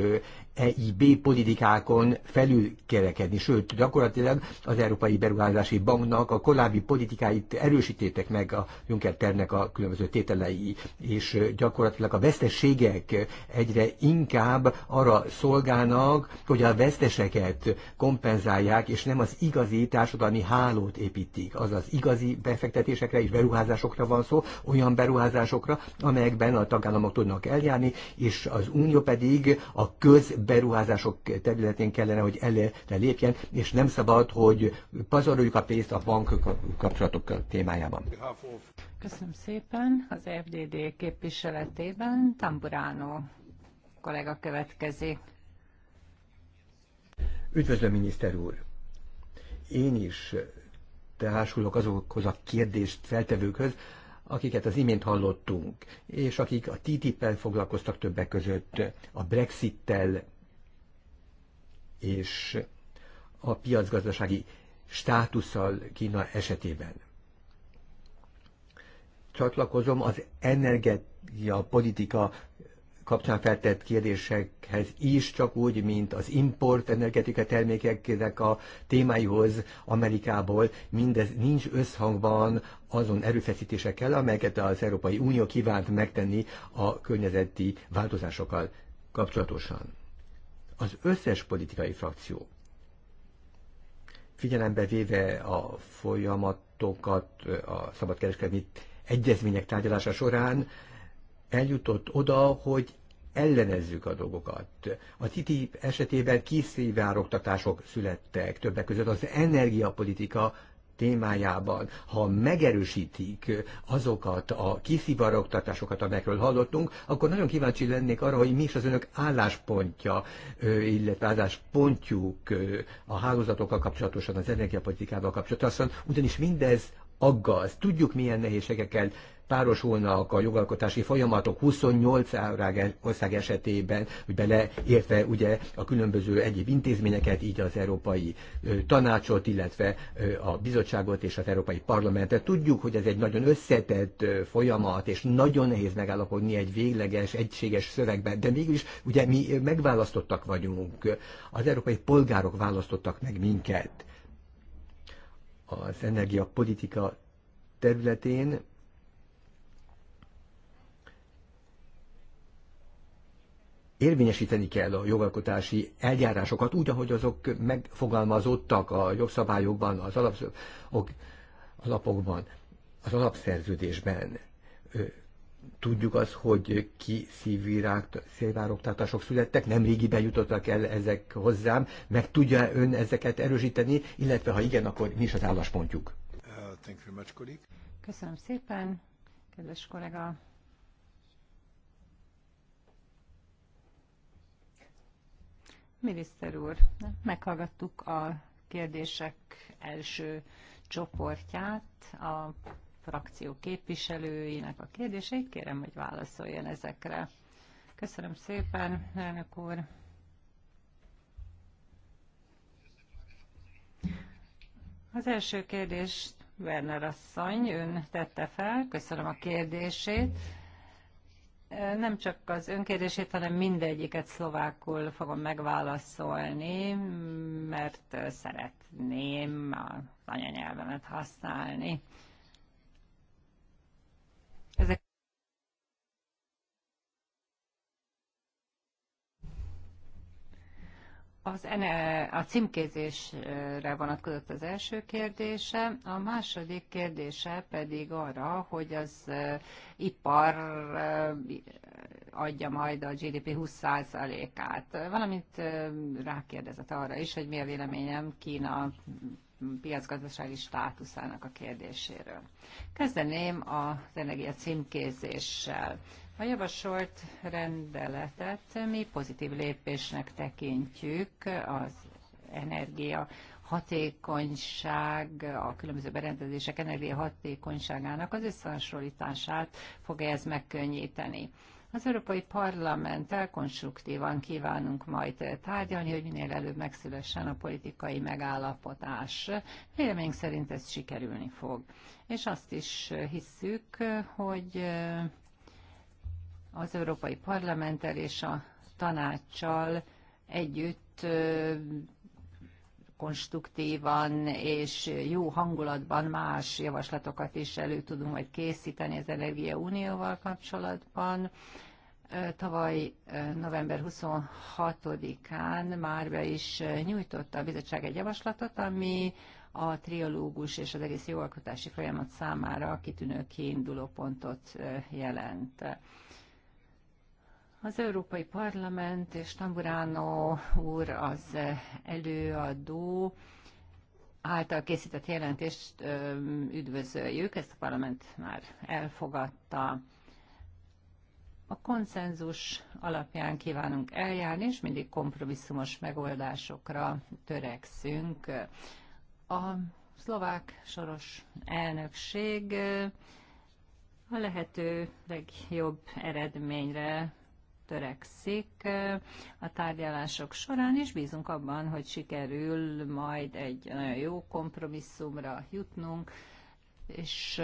EIB politikákon felülkerekedni, sőt, gyakorlatilag az Európai Beruházási Banknak a korábbi politikáit erősítétek meg a Juncker tervnek a különböző tételei, és gyakorlatilag a veszteségek egyre inkább arra szolgálnak, hogy a veszteseket kompenzálják, és nem az igazi társadalmi hálót építik. Azaz igazi befektetésekre és beruházásokra van szó, olyan beruházásokra, amelyekben a tagállamok tudnak eljárni, és az Unió pedig a közberuházások területén kellene, hogy előre lépjen, és nem szabad, hogy pazaroljuk a pénzt a bank kapcsolatok témájában. Köszönöm szépen. Az FDD képviseletében Tamburano kollega következik. Üdvözlöm, miniszter úr! Én is társulok azokhoz a kérdést feltevőkhöz, akiket az imént hallottunk, és akik a TTIP-el foglalkoztak többek között, a Brexit-tel, és a piacgazdasági státusszal Kína esetében. Csatlakozom az energiapolitika kapcsán feltett kérdésekhez is, csak úgy, mint az import energetika termékeknek a témáihoz Amerikából, mindez nincs összhangban azon erőfeszítésekkel, amelyeket az Európai Unió kívánt megtenni a környezeti változásokkal kapcsolatosan. Az összes politikai frakció figyelembe véve a folyamatokat a szabadkereskedelmi egyezmények tárgyalása során eljutott oda, hogy ellenezzük a dolgokat. A TTIP esetében kiszivárogtatások születtek, többek között az energiapolitika témájában, ha megerősítik azokat a kiszivárogtatásokat, amelyekről hallottunk, akkor nagyon kíváncsi lennék arra, hogy mi is az önök álláspontja, illetve álláspontjuk a hálózatokkal kapcsolatosan, az energiapolitikával kapcsolatosan, ugyanis mindez aggaszt. Tudjuk, milyen nehézségekkel párosulnak a jogalkotási folyamatok 28 e- ország esetében, hogy beleértve ugye a különböző egyéb intézményeket, így az Európai Tanácsot, illetve a bizottságot és az Európai Parlamentet. Tudjuk, hogy ez egy nagyon összetett folyamat, és nagyon nehéz megállapodni egy végleges, egységes szövegben, de mégis ugye mi megválasztottak vagyunk, az európai polgárok választottak meg minket. Az energiapolitika területén érvényesíteni kell a jogalkotási eljárásokat úgy, ahogy azok megfogalmazottak a jogszabályokban, az alapokban, az alapszerződésben. Tudjuk az, hogy ki szélvároktatások születtek, nem régiben jutottak el ezek hozzám, meg tudja ön ezeket erősíteni, illetve ha igen, akkor mi is az álláspontjuk? Uh, Köszönöm szépen, kedves kollega. Miniszter úr, meghallgattuk a kérdések első csoportját, a frakció képviselőinek a kérdéseit. Kérem, hogy válaszoljon ezekre. Köszönöm szépen, elnök úr. Az első kérdést Werner asszony ön tette fel. Köszönöm a kérdését nem csak az önkérdését, hanem mindegyiket szlovákul fogom megválaszolni, mert szeretném az anyanyelvemet használni. Az ene, a címkézésre vonatkozott az első kérdése, a második kérdése pedig arra, hogy az e, ipar e, adja majd a GDP 20%-át. Valamint e, rákérdezett arra is, hogy mi a véleményem Kína piacgazdasági státuszának a kérdéséről. Kezdeném az energia címkézéssel. A javasolt rendeletet mi pozitív lépésnek tekintjük az energia hatékonyság, a különböző berendezések energia hatékonyságának az összehasonlítását fogja ez megkönnyíteni. Az Európai Parlamenttel konstruktívan kívánunk majd tárgyalni, hogy minél előbb megszülessen a politikai megállapodás. Vélemény szerint ez sikerülni fog. És azt is hisszük, hogy az Európai Parlamenttel és a tanácssal együtt konstruktívan és jó hangulatban más javaslatokat is elő tudunk majd készíteni az Energia Unióval kapcsolatban. Tavaly november 26-án már be is nyújtotta a bizottság egy javaslatot, ami a triológus és az egész jogalkotási folyamat számára kitűnő kiinduló pontot jelent. Az Európai Parlament és Tamburano úr az előadó által készített jelentést üdvözöljük, ezt a parlament már elfogadta. A konszenzus alapján kívánunk eljárni, és mindig kompromisszumos megoldásokra törekszünk. A szlovák soros elnökség a lehető legjobb eredményre törekszik a tárgyalások során, és bízunk abban, hogy sikerül majd egy nagyon jó kompromisszumra jutnunk, és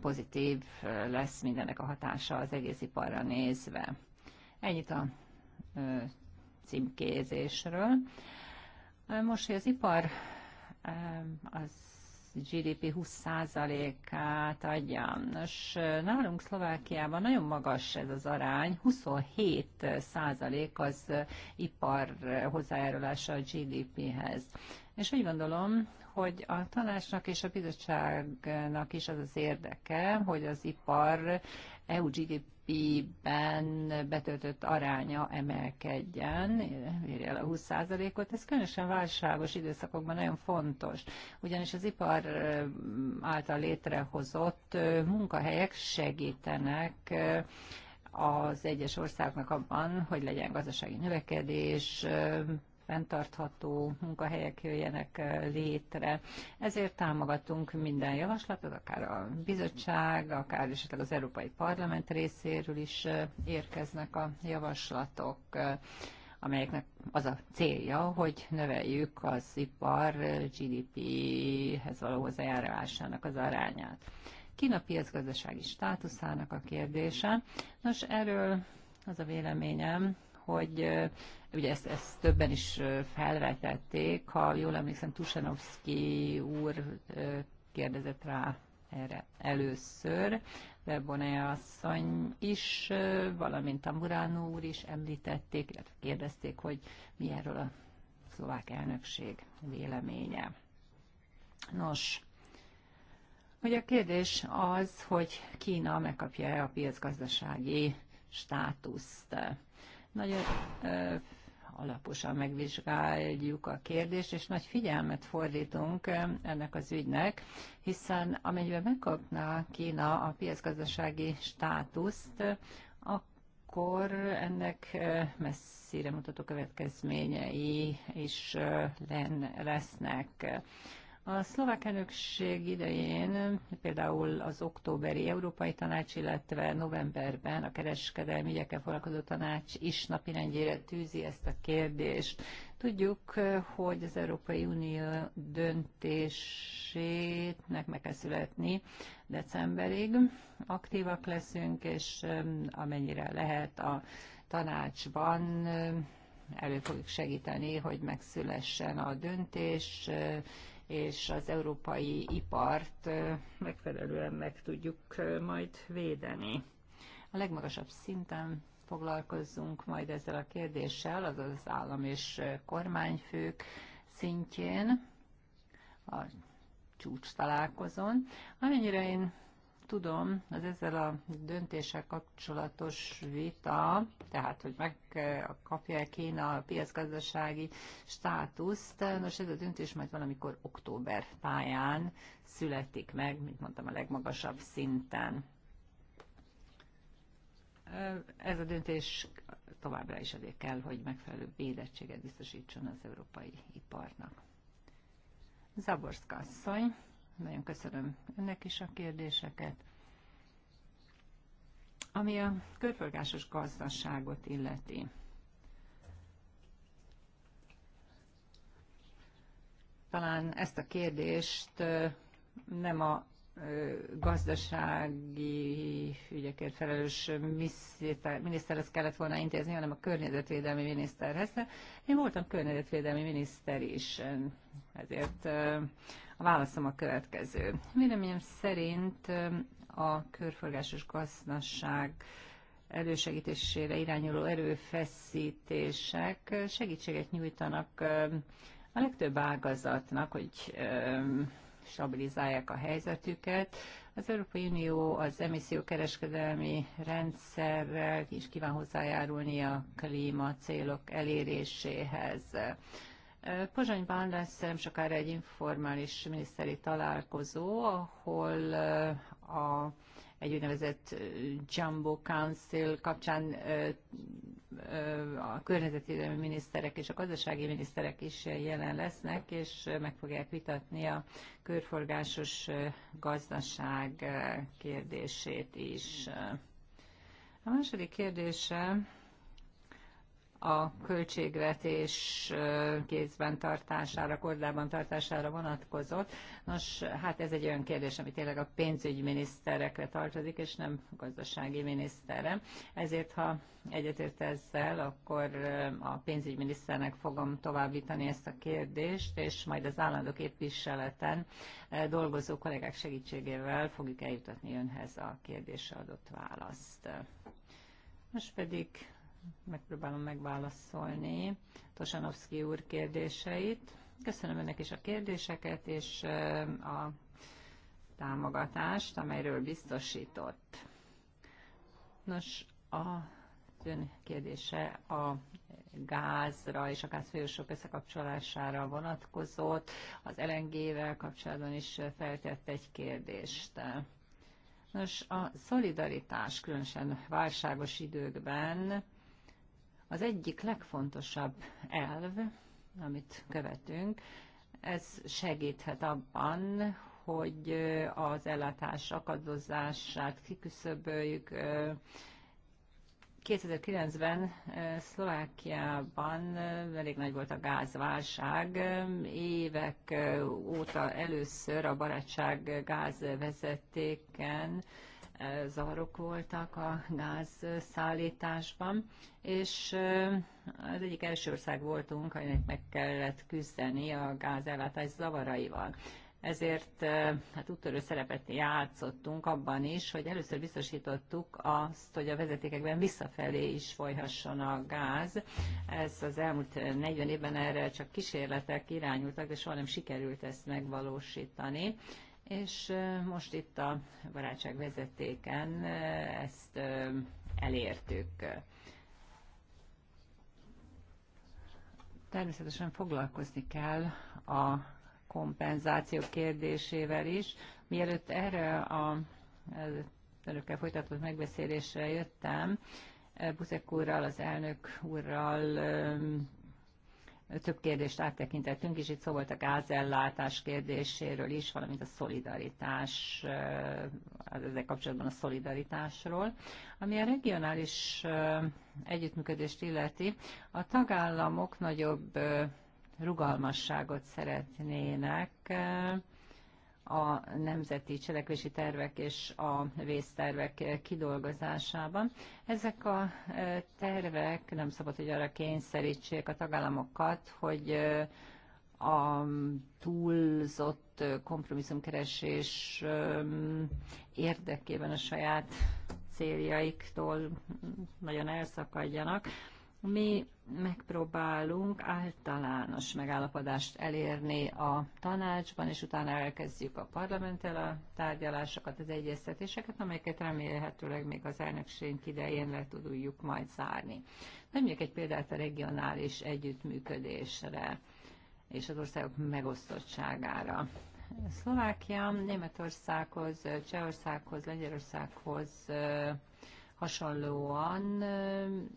pozitív lesz mindennek a hatása az egész iparra nézve. Ennyit a címkézésről. Most, hogy az ipar az GDP 20%-át adja. Nos, nálunk Szlovákiában nagyon magas ez az arány, 27% az ipar hozzájárulása a GDP-hez. És úgy gondolom, hogy a tanácsnak és a bizottságnak is az az érdeke, hogy az ipar EU GDP-ben betöltött aránya emelkedjen, érje a 20%-ot. Ez különösen válságos időszakokban nagyon fontos, ugyanis az ipar által létrehozott munkahelyek segítenek az egyes országnak abban, hogy legyen gazdasági növekedés, fenntartható munkahelyek jöjjenek létre. Ezért támogatunk minden javaslatot, akár a bizottság, akár esetleg az Európai Parlament részéről is érkeznek a javaslatok amelyeknek az a célja, hogy növeljük az ipar GDP-hez való hozzájárulásának az arányát. Kína piacgazdasági státuszának a kérdése. Nos, erről az a véleményem, hogy ugye ezt, ezt többen is felvetették, ha jól emlékszem, Tusanovszki úr kérdezett rá erre először, de Boné asszony is, valamint Tamburánó úr is említették, illetve kérdezték, hogy mi erről a szlovák elnökség véleménye. Nos, hogy a kérdés az, hogy Kína megkapja-e a piacgazdasági státuszt. Nagyon alaposan megvizsgáljuk a kérdést, és nagy figyelmet fordítunk ennek az ügynek, hiszen amennyiben megkapná Kína a piacgazdasági státuszt, akkor ennek messzire mutató következményei is lesznek a szlovák elnökség idején például az októberi Európai Tanács, illetve novemberben a kereskedelmi ügyekkel foglalkozó tanács is napirendjére tűzi ezt a kérdést. Tudjuk, hogy az Európai Unió döntésének meg kell születni decemberig. Aktívak leszünk, és um, amennyire lehet a tanácsban um, elő fogjuk segíteni, hogy megszülessen a döntés, és az európai ipart megfelelően meg tudjuk majd védeni. A legmagasabb szinten foglalkozzunk majd ezzel a kérdéssel, az az állam és kormányfők szintjén, a csúcs találkozón. Amennyire én tudom, az ezzel a döntéssel kapcsolatos vita, tehát hogy megkapja eh, Kína a piacgazdasági státuszt, nos ez a döntés majd valamikor október táján születik meg, mint mondtam, a legmagasabb szinten. Eh, ez a döntés továbbra is azért kell, hogy megfelelő védettséget biztosítson az európai iparnak. Zaborszka asszony. Nagyon köszönöm önnek is a kérdéseket. Ami a körforgásos gazdaságot illeti, talán ezt a kérdést nem a gazdasági ügyekért felelős miniszterhez kellett volna intézni, hanem a környezetvédelmi miniszterhez. Én voltam környezetvédelmi miniszter is, ezért a válaszom a következő. Véleményem szerint a körforgásos gazdaság elősegítésére irányuló erőfeszítések segítséget nyújtanak a legtöbb ágazatnak, hogy stabilizálják a helyzetüket. Az Európai Unió az emissziókereskedelmi rendszerrel is kíván hozzájárulni a klíma célok eléréséhez. Pozsonyban lesz nem sokára egy informális miniszteri találkozó, ahol eh, a egy úgynevezett eh, Jumbo Council kapcsán eh, a környezetvédelmi miniszterek és a gazdasági miniszterek is jelen lesznek, és meg fogják vitatni a körforgásos gazdaság kérdését is. A második kérdése a költségvetés kézben tartására, kordában tartására vonatkozott. Nos, hát ez egy olyan kérdés, ami tényleg a pénzügyminiszterekre tartozik, és nem gazdasági miniszterre. Ezért, ha egyetért ezzel, akkor a pénzügyminiszternek fogom továbbítani ezt a kérdést, és majd az állandó képviseleten dolgozó kollégák segítségével fogjuk eljutatni önhez a kérdésre adott választ. Most pedig megpróbálom megválaszolni Tosanovszki úr kérdéseit. Köszönöm önnek is a kérdéseket és a támogatást, amelyről biztosított. Nos, a ön kérdése a gázra és a gázfolyósok összekapcsolására vonatkozott, az LNG-vel kapcsolatban is feltett egy kérdést. Nos, a szolidaritás különösen válságos időkben az egyik legfontosabb elv, amit követünk, ez segíthet abban, hogy az ellátás akadozását kiküszöböljük. 2009-ben Szlovákiában elég nagy volt a gázválság. Évek óta először a barátság gázvezetéken zavarok voltak a gázszállításban, és az egyik első ország voltunk, aminek meg kellett küzdeni a gázellátás zavaraival. Ezért hát úttörő szerepet játszottunk abban is, hogy először biztosítottuk azt, hogy a vezetékekben visszafelé is folyhasson a gáz. Ez az elmúlt 40 évben erre csak kísérletek irányultak, de soha nem sikerült ezt megvalósítani és most itt a barátság vezetéken ezt elértük. Természetesen foglalkozni kell a kompenzáció kérdésével is. Mielőtt erre a önökkel folytatott megbeszélésre jöttem, Buzek úrral, az elnök úrral több kérdést áttekintettünk, és itt szó volt a gázellátás kérdéséről is, valamint a szolidaritás, eh, ezzel kapcsolatban a szolidaritásról. Ami a regionális eh, együttműködést illeti, a tagállamok nagyobb eh, rugalmasságot szeretnének, a nemzeti cselekvési tervek és a vésztervek kidolgozásában. Ezek a e, tervek nem szabad, hogy arra kényszerítsék a tagállamokat, hogy e, a túlzott kompromisszumkeresés e, érdekében a saját céljaiktól nagyon elszakadjanak. Mi megpróbálunk általános megállapodást elérni a tanácsban, és utána elkezdjük a parlamenttel a tárgyalásokat, az egyeztetéseket, amelyeket remélhetőleg még az elnökség idején le tudjuk majd zárni. Nem mondjuk egy példát a regionális együttműködésre és az országok megosztottságára. Szlovákia Németországhoz, Csehországhoz, Lengyelországhoz hasonlóan,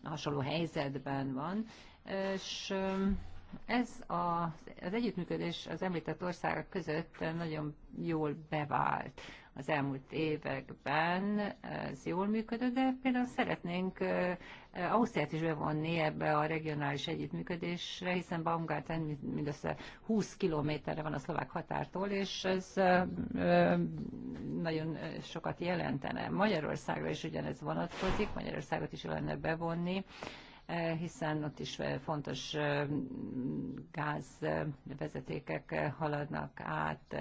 hasonló helyzetben van, és ez a, az együttműködés az említett országok között nagyon jól bevált az elmúlt években. Ez jól működött, de például szeretnénk Ausztriát is bevonni ebbe a regionális együttműködésre, hiszen Baumgarten mindössze 20 kilométerre van a szlovák határtól, és ez nagyon sokat jelentene. Magyarországra is ugyanez vonatkozik, Magyarországot is lenne bevonni E, hiszen ott is e, fontos e, gázvezetékek haladnak át,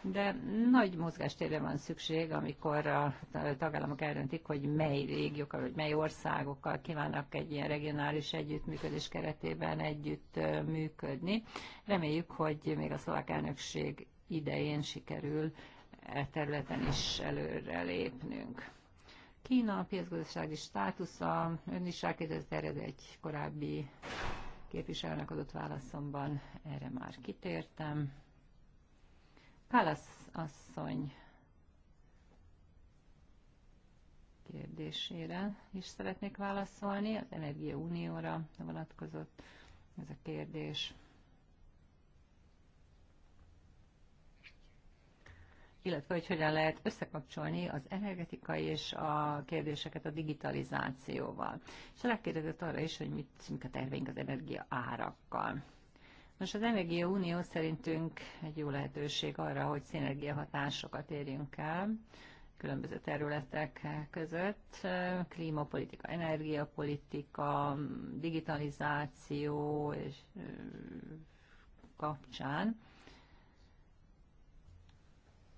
de nagy mozgástérre van szükség, amikor a tagállamok eldöntik, hogy mely régiókkal, vagy mely országokkal kívánnak egy ilyen regionális együttműködés keretében együtt működni. Reméljük, hogy még a szlovák elnökség idején sikerül területen is előre lépnünk. Kína a piacgazdasági státusza, ön is rákérdezett erre, de egy korábbi képviselőnek adott válaszomban erre már kitértem. Kálasz asszony kérdésére is szeretnék válaszolni, az energia Unióra vonatkozott ez a kérdés. illetve hogy hogyan lehet összekapcsolni az energetikai és a kérdéseket a digitalizációval. És rákérdezett arra is, hogy mit, mik a terveink az energia árakkal. Most az Energia Unió szerintünk egy jó lehetőség arra, hogy szinergiahatásokat érjünk el különböző területek között, klímapolitika, energiapolitika, digitalizáció és kapcsán.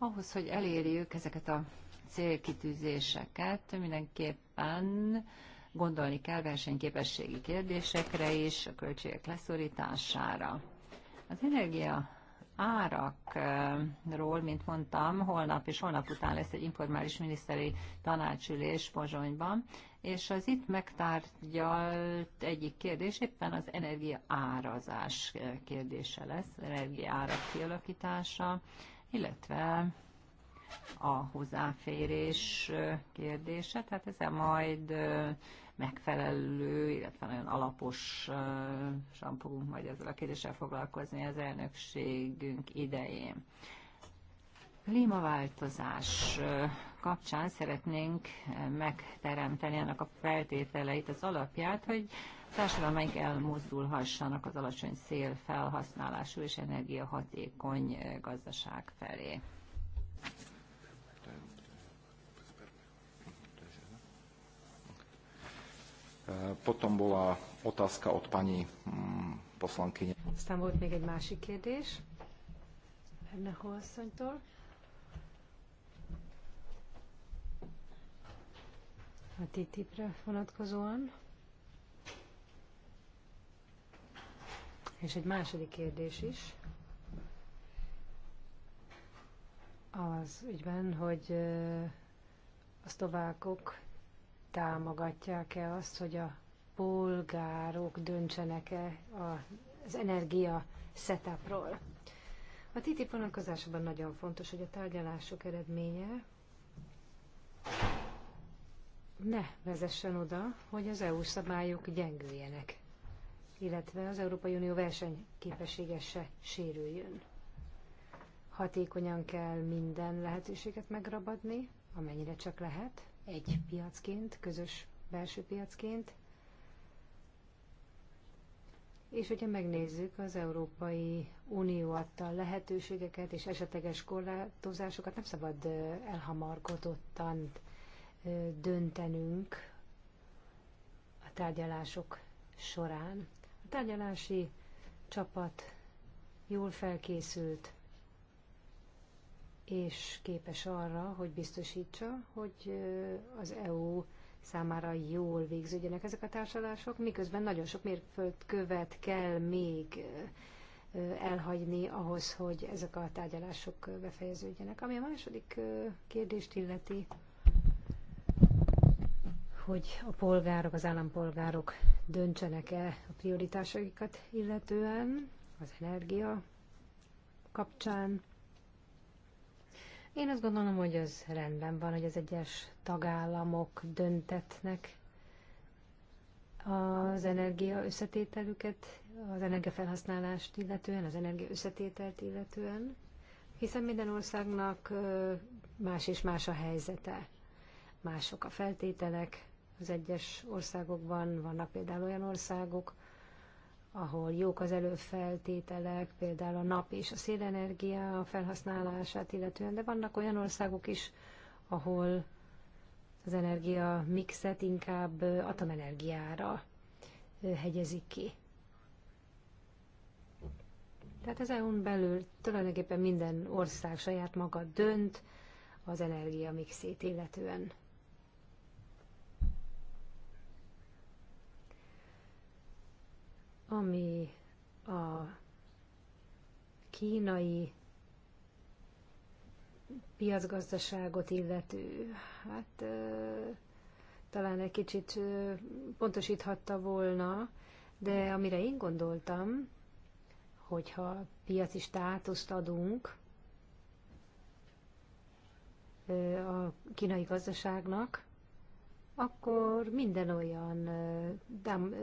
Ahhoz, hogy elérjük ezeket a célkitűzéseket, mindenképpen gondolni kell versenyképességi kérdésekre is a költségek leszorítására. Az energia árakról, mint mondtam, holnap és holnap után lesz egy informális miniszteri tanácsülés Pozsonyban, és az itt megtárgyalt egyik kérdés éppen az energia árazás kérdése lesz, energia árak kialakítása, illetve a hozzáférés kérdése, tehát ezzel majd megfelelő, illetve nagyon alapos sampunk majd ezzel a kérdéssel foglalkozni az elnökségünk idején. Klímaváltozás kapcsán szeretnénk megteremteni ennek a feltételeit, az alapját, hogy társadalmaink elmozdulhassanak az alacsony szél felhasználású és energiahatékony gazdaság felé. Potom bola otázka od pani mm, poslankyne. Aztán volt még egy másik kérdés. Erne asszonytól. A TTIP-re vonatkozóan. És egy második kérdés is az ügyben, hogy a szlovákok támogatják-e azt, hogy a polgárok döntsenek-e az energia setupról. A TTIP vonatkozásában nagyon fontos, hogy a tárgyalások eredménye ne vezessen oda, hogy az EU szabályok gyengüljenek illetve az Európai Unió versenyképessége se sérüljön. Hatékonyan kell minden lehetőséget megrabadni, amennyire csak lehet, egy piacként, közös belső piacként. És hogyha megnézzük az Európai Unió adta lehetőségeket és esetleges korlátozásokat, nem szabad elhamarkodottan döntenünk a tárgyalások során tárgyalási csapat jól felkészült, és képes arra, hogy biztosítsa, hogy az EU számára jól végződjenek ezek a társadalások, miközben nagyon sok mérföldkövet kell még elhagyni ahhoz, hogy ezek a tárgyalások befejeződjenek. Ami a második kérdést illeti, hogy a polgárok, az állampolgárok döntsenek-e a prioritásaikat illetően az energia kapcsán. Én azt gondolom, hogy az rendben van, hogy az egyes tagállamok döntetnek az energia összetételüket, az energiafelhasználást illetően, az energia összetételt illetően, hiszen minden országnak más és más a helyzete, mások a feltételek, az egyes országokban. Vannak például olyan országok, ahol jók az előfeltételek, például a nap és a szélenergia felhasználását illetően, de vannak olyan országok is, ahol az energia mixet inkább atomenergiára hegyezik ki. Tehát az EU-n belül tulajdonképpen minden ország saját maga dönt az energia mixét illetően. ami a kínai piacgazdaságot illető, hát talán egy kicsit pontosíthatta volna, de amire én gondoltam, hogyha piaci státuszt adunk a kínai gazdaságnak, akkor minden olyan tám,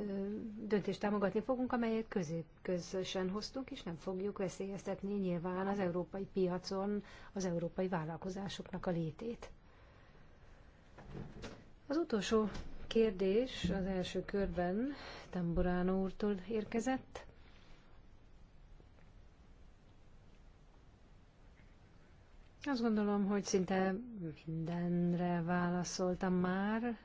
döntést támogatni fogunk, amelyet közép, közösen hoztunk, és nem fogjuk veszélyeztetni nyilván az európai piacon az európai vállalkozásoknak a létét. Az utolsó kérdés az első körben Tamburano úrtól érkezett. Azt gondolom, hogy szinte mindenre válaszoltam már,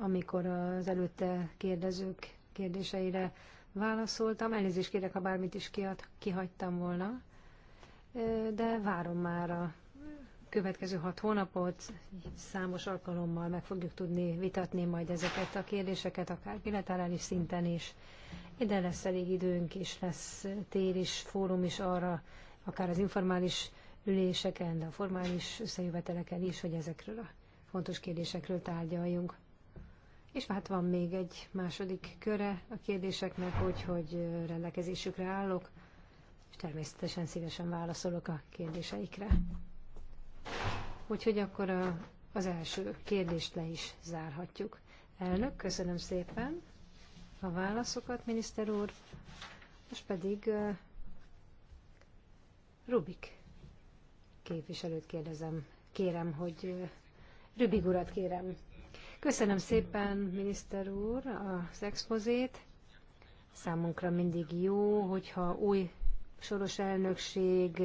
amikor az előtte kérdezők kérdéseire válaszoltam. Elnézést kérek, ha bármit is kiad, kihagytam volna, de várom már a következő hat hónapot. Számos alkalommal meg fogjuk tudni vitatni majd ezeket a kérdéseket, akár bilaterális szinten is. Ide lesz elég időnk, és lesz tér is, fórum is arra, akár az informális üléseken, de a formális összejöveteleken is, hogy ezekről a fontos kérdésekről tárgyaljunk. És hát van még egy második köre a kérdéseknek, úgyhogy rendelkezésükre állok, és természetesen szívesen válaszolok a kérdéseikre. Úgyhogy akkor a, az első kérdést le is zárhatjuk. Elnök, köszönöm szépen a válaszokat, miniszter úr. Most pedig uh, Rubik képviselőt kérdezem. Kérem, hogy uh, Rubik urat kérem Köszönöm szépen, miniszter úr, az expozét. Számunkra mindig jó, hogyha új soros elnökség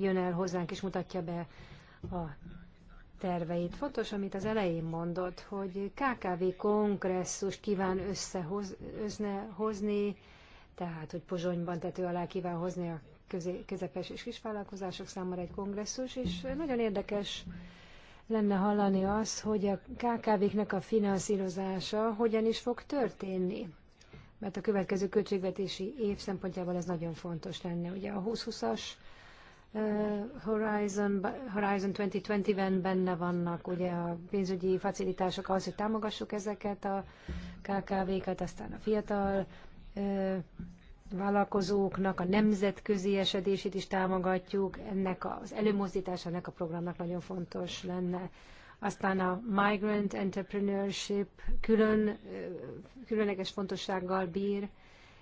jön el hozzánk és mutatja be a terveit. Fontos, amit az elején mondott, hogy KKV kongresszus kíván összehozni, tehát, hogy Pozsonyban tető alá kíván hozni a közepes és kisvállalkozások számára egy kongresszus, és nagyon érdekes lenne hallani az, hogy a KKV-knek a finanszírozása hogyan is fog történni. Mert a következő költségvetési év szempontjából ez nagyon fontos lenne. Ugye a 2020-as Horizon, Horizon 2020-ben benne vannak ugye a pénzügyi facilitások az, hogy támogassuk ezeket a KKV-kat, aztán a fiatal vállalkozóknak a nemzetközi esedését is támogatjuk, ennek az előmozdítása ennek a programnak nagyon fontos lenne. Aztán a Migrant Entrepreneurship külön, különleges fontossággal bír,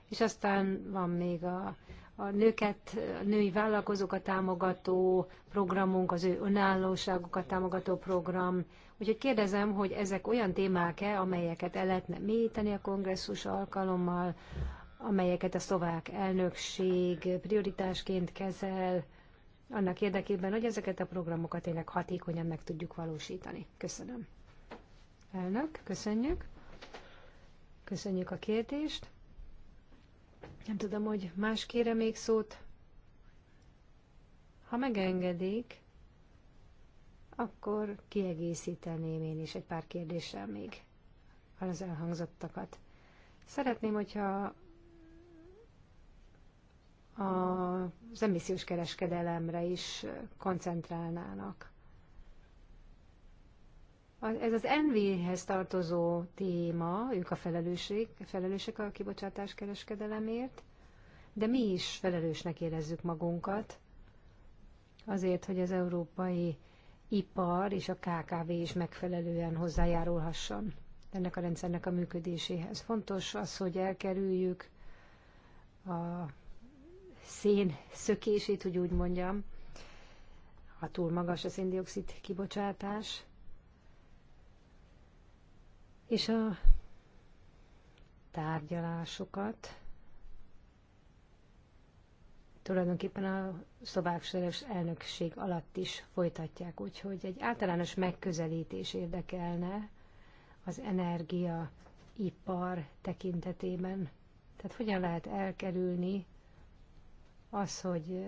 és aztán van még a, a nőket, a női vállalkozókat támogató programunk, az ő önállóságukat támogató program. Úgyhogy kérdezem, hogy ezek olyan témák-e, amelyeket el lehetne mélyíteni a kongresszus alkalommal, amelyeket a szlovák elnökség prioritásként kezel, annak érdekében, hogy ezeket a programokat tényleg hatékonyan meg tudjuk valósítani. Köszönöm. Elnök, köszönjük. Köszönjük a kérdést. Nem tudom, hogy más kére még szót. Ha megengedik, akkor kiegészíteném én is egy pár kérdéssel még az elhangzottakat. Szeretném, hogyha az emissziós kereskedelemre is koncentrálnának. Ez az NV-hez tartozó téma, ők a felelősség, felelősek a kibocsátás kereskedelemért, de mi is felelősnek érezzük magunkat azért, hogy az európai ipar és a KKV is megfelelően hozzájárulhasson ennek a rendszernek a működéséhez. Fontos az, hogy elkerüljük a szén szökését, hogy úgy mondjam, ha túl magas a széndiokszid kibocsátás. És a tárgyalásokat tulajdonképpen a szlovák elnökség alatt is folytatják, úgyhogy egy általános megközelítés érdekelne az energia ipar tekintetében. Tehát hogyan lehet elkerülni az, hogy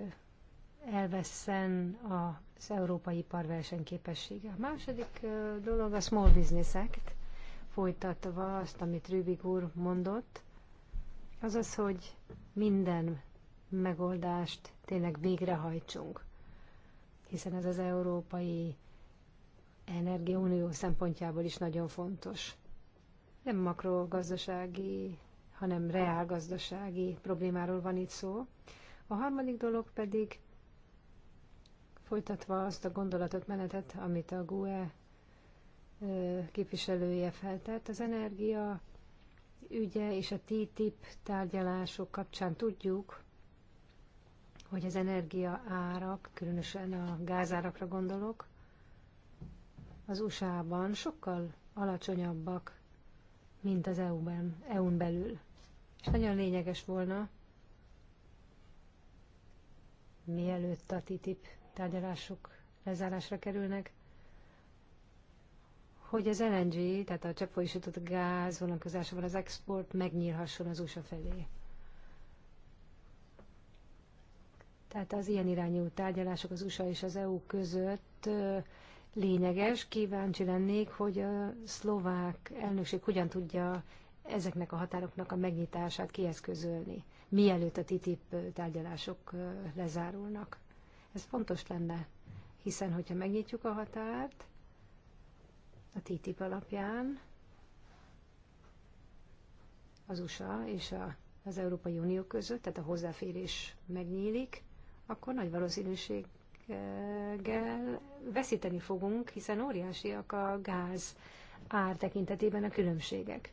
elveszen az európai ipar versenyképessége. A második dolog a Small Business Act, folytatva azt, amit Rübig úr mondott, az az, hogy minden megoldást tényleg végrehajtsunk, hiszen ez az európai energiaunió szempontjából is nagyon fontos. Nem makrogazdasági, hanem reálgazdasági problémáról van itt szó, a harmadik dolog pedig, folytatva azt a gondolatot, menetet, amit a GUE képviselője feltett, az energia ügye és a TTIP tárgyalások kapcsán tudjuk, hogy az energia árak, különösen a gázárakra gondolok, az USA-ban sokkal alacsonyabbak, mint az EU-ben, EU-n belül. És nagyon lényeges volna, mielőtt a TTIP tárgyalások lezárásra kerülnek, hogy az LNG, tehát a cseppfolyósított gáz vonatkozásában az export megnyílhasson az USA felé. Tehát az ilyen irányú tárgyalások az USA és az EU között lényeges. Kíváncsi lennék, hogy a szlovák elnökség hogyan tudja ezeknek a határoknak a megnyitását kieszközölni mielőtt a TTIP tárgyalások lezárulnak. Ez fontos lenne, hiszen hogyha megnyitjuk a határt a TTIP alapján, az USA és a, az Európai Unió között, tehát a hozzáférés megnyílik, akkor nagy valószínűséggel veszíteni fogunk, hiszen óriásiak a gáz ár tekintetében a különbségek.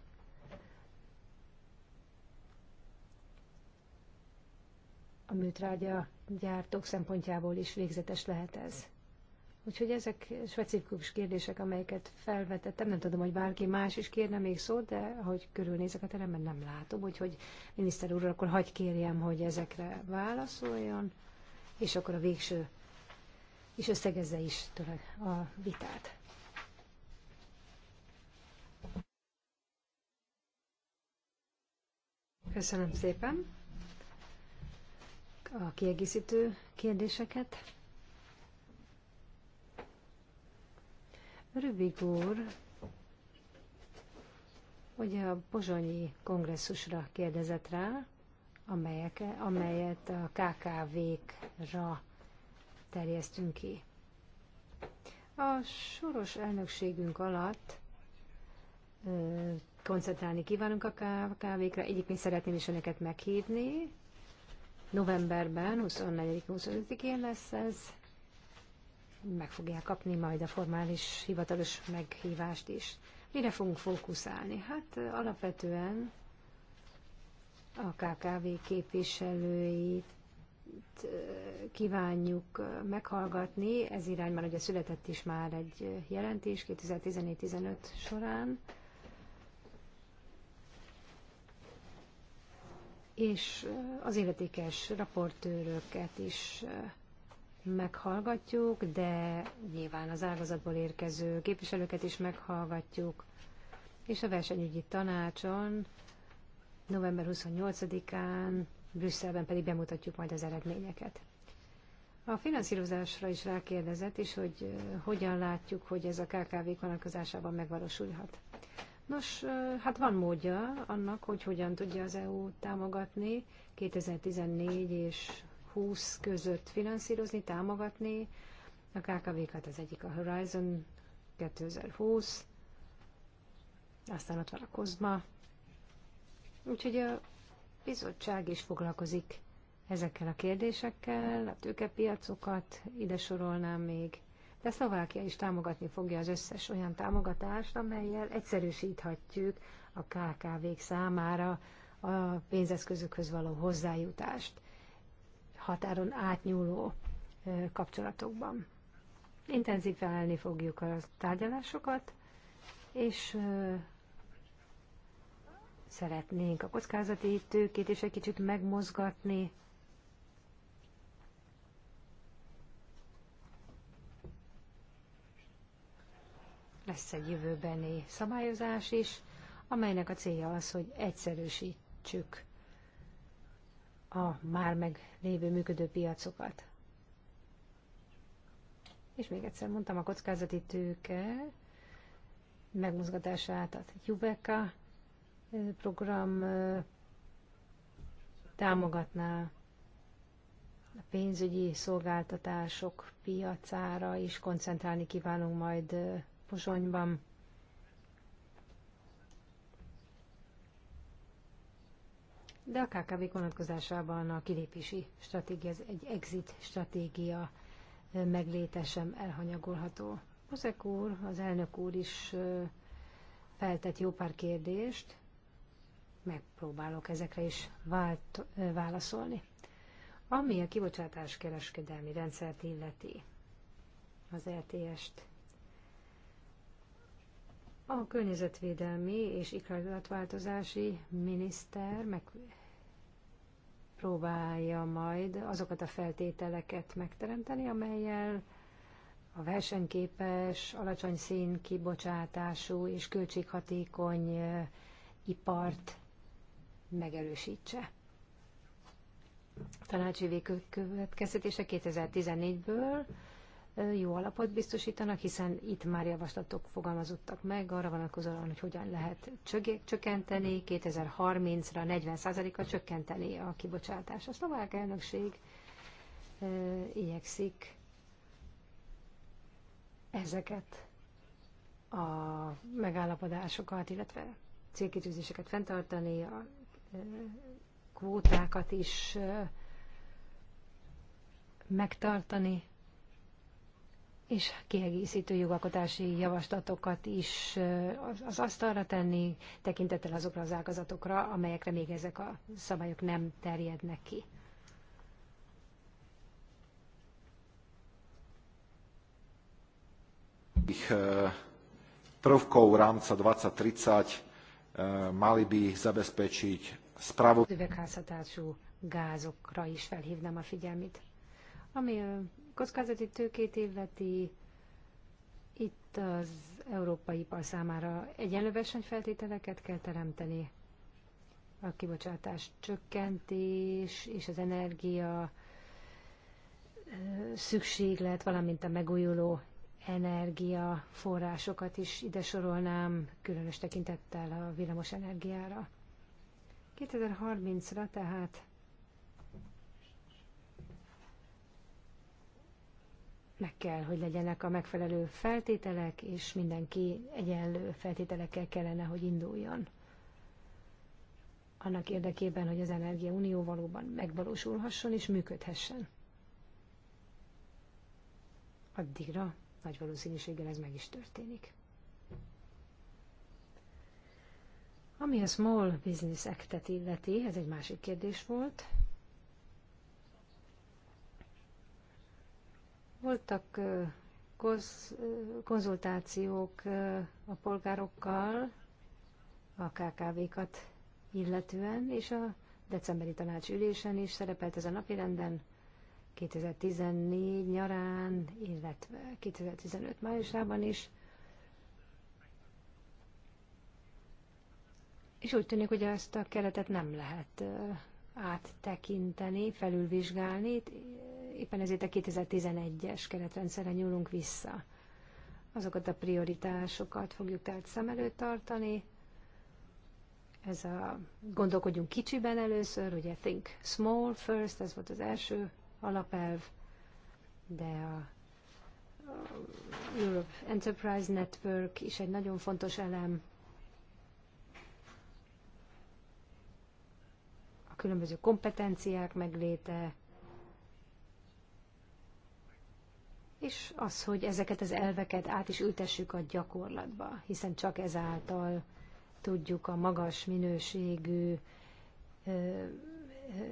a műtrágya gyártók szempontjából is végzetes lehet ez. Úgyhogy ezek specifikus kérdések, amelyeket felvetettem. Nem tudom, hogy bárki más is kérne még szót, de ahogy körülnézek a teremben, nem látom. Úgyhogy miniszter úr, akkor hagy kérjem, hogy ezekre válaszoljon, és akkor a végső és összegezze is tőle a vitát. Köszönöm szépen a kiegészítő kérdéseket. Rübig úr ugye a pozsonyi kongresszusra kérdezett rá, amelyek, amelyet a KKV-kra terjesztünk ki. A soros elnökségünk alatt koncentrálni kívánunk a kávékra. Egyébként szeretném is önöket meghívni, novemberben, 24-25-én lesz ez. Meg fogják kapni majd a formális hivatalos meghívást is. Mire fogunk fókuszálni? Hát alapvetően a KKV képviselőit kívánjuk meghallgatni. Ez irányban ugye született is már egy jelentés 2014-15 során. és az illetékes raportőröket is meghallgatjuk, de nyilván az ágazatból érkező képviselőket is meghallgatjuk, és a versenyügyi tanácson november 28-án Brüsszelben pedig bemutatjuk majd az eredményeket. A finanszírozásra is rákérdezett, és hogy hogyan látjuk, hogy ez a KKV vonatkozásában megvalósulhat. Nos, hát van módja annak, hogy hogyan tudja az EU támogatni 2014 és 20 között finanszírozni, támogatni. A KKV-kat az egyik a Horizon 2020, aztán ott van a Kozma. Úgyhogy a bizottság is foglalkozik ezekkel a kérdésekkel, a tőkepiacokat ide sorolnám még, de Szlovákia is támogatni fogja az összes olyan támogatást, amelyel egyszerűsíthatjuk a KKV-k számára a pénzeszközökhöz való hozzájutást határon átnyúló kapcsolatokban. Intenzívelni fogjuk a tárgyalásokat, és szeretnénk a kockázati tőkét is egy kicsit megmozgatni, lesz egy jövőbeni szabályozás is, amelynek a célja az, hogy egyszerűsítsük a már meglévő működő piacokat. És még egyszer mondtam, a kockázati tőke megmozgatását a Jubeka program támogatná a pénzügyi szolgáltatások piacára is koncentrálni kívánunk majd Pozsonyban. De a KKV vonatkozásában a kilépési stratégia, ez egy exit stratégia megléte sem elhanyagolható. Bozek úr, az elnök úr is feltett jó pár kérdést, megpróbálok ezekre is vált, válaszolni. Ami a kibocsátás kereskedelmi rendszert illeti, az ETS-t, a környezetvédelmi és éghajlatváltozási miniszter megpróbálja majd azokat a feltételeket megteremteni, amelyel a versenyképes, alacsony szín kibocsátású és költséghatékony ipart megerősítse. Tanácsi végkövetkeztetése 2014-ből jó alapot biztosítanak, hiszen itt már javaslatok fogalmazottak meg arra vonatkozóan, hogy hogyan lehet csökkenteni, 2030-ra 40 a csökkenteni a kibocsátás. A szlovák elnökség igyekszik ezeket a megállapodásokat, illetve célkitűzéseket fenntartani, a kvótákat is megtartani, és kiegészítő jogalkotási javaslatokat is az asztalra tenni, tekintettel azokra az ágazatokra, amelyekre még ezek a szabályok nem terjednek ki. prvkov rámca 2030 mali by zabezpečiť spravodlivú üvegházhatású gázokra is felhívnám a figyelmét, ami kockázati tőkét illeti, itt az európai ipar számára egyenlő versenyfeltételeket kell teremteni. A kibocsátás csökkentés és az energia szükséglet, valamint a megújuló energiaforrásokat is ide sorolnám, különös tekintettel a villamos energiára. 2030-ra tehát meg kell, hogy legyenek a megfelelő feltételek, és mindenki egyenlő feltételekkel kellene, hogy induljon. Annak érdekében, hogy az Energia Unió valóban megvalósulhasson és működhessen. Addigra nagy valószínűséggel ez meg is történik. Ami a Small Business Act-et illeti, ez egy másik kérdés volt, Voltak konzultációk a polgárokkal, a KKV-kat illetően, és a decemberi tanácsülésen is szerepelt ez a napirenden 2014 nyarán, illetve 2015 májusában is. És úgy tűnik, hogy ezt a keretet nem lehet áttekinteni, felülvizsgálni éppen ezért a 2011-es keretrendszerre nyúlunk vissza. Azokat a prioritásokat fogjuk tehát szem előtt tartani. Ez a gondolkodjunk kicsiben először, ugye think small first, ez volt az első alapelv, de a Europe Enterprise Network is egy nagyon fontos elem. A különböző kompetenciák megléte, és az, hogy ezeket az elveket át is ültessük a gyakorlatba, hiszen csak ezáltal tudjuk a magas minőségű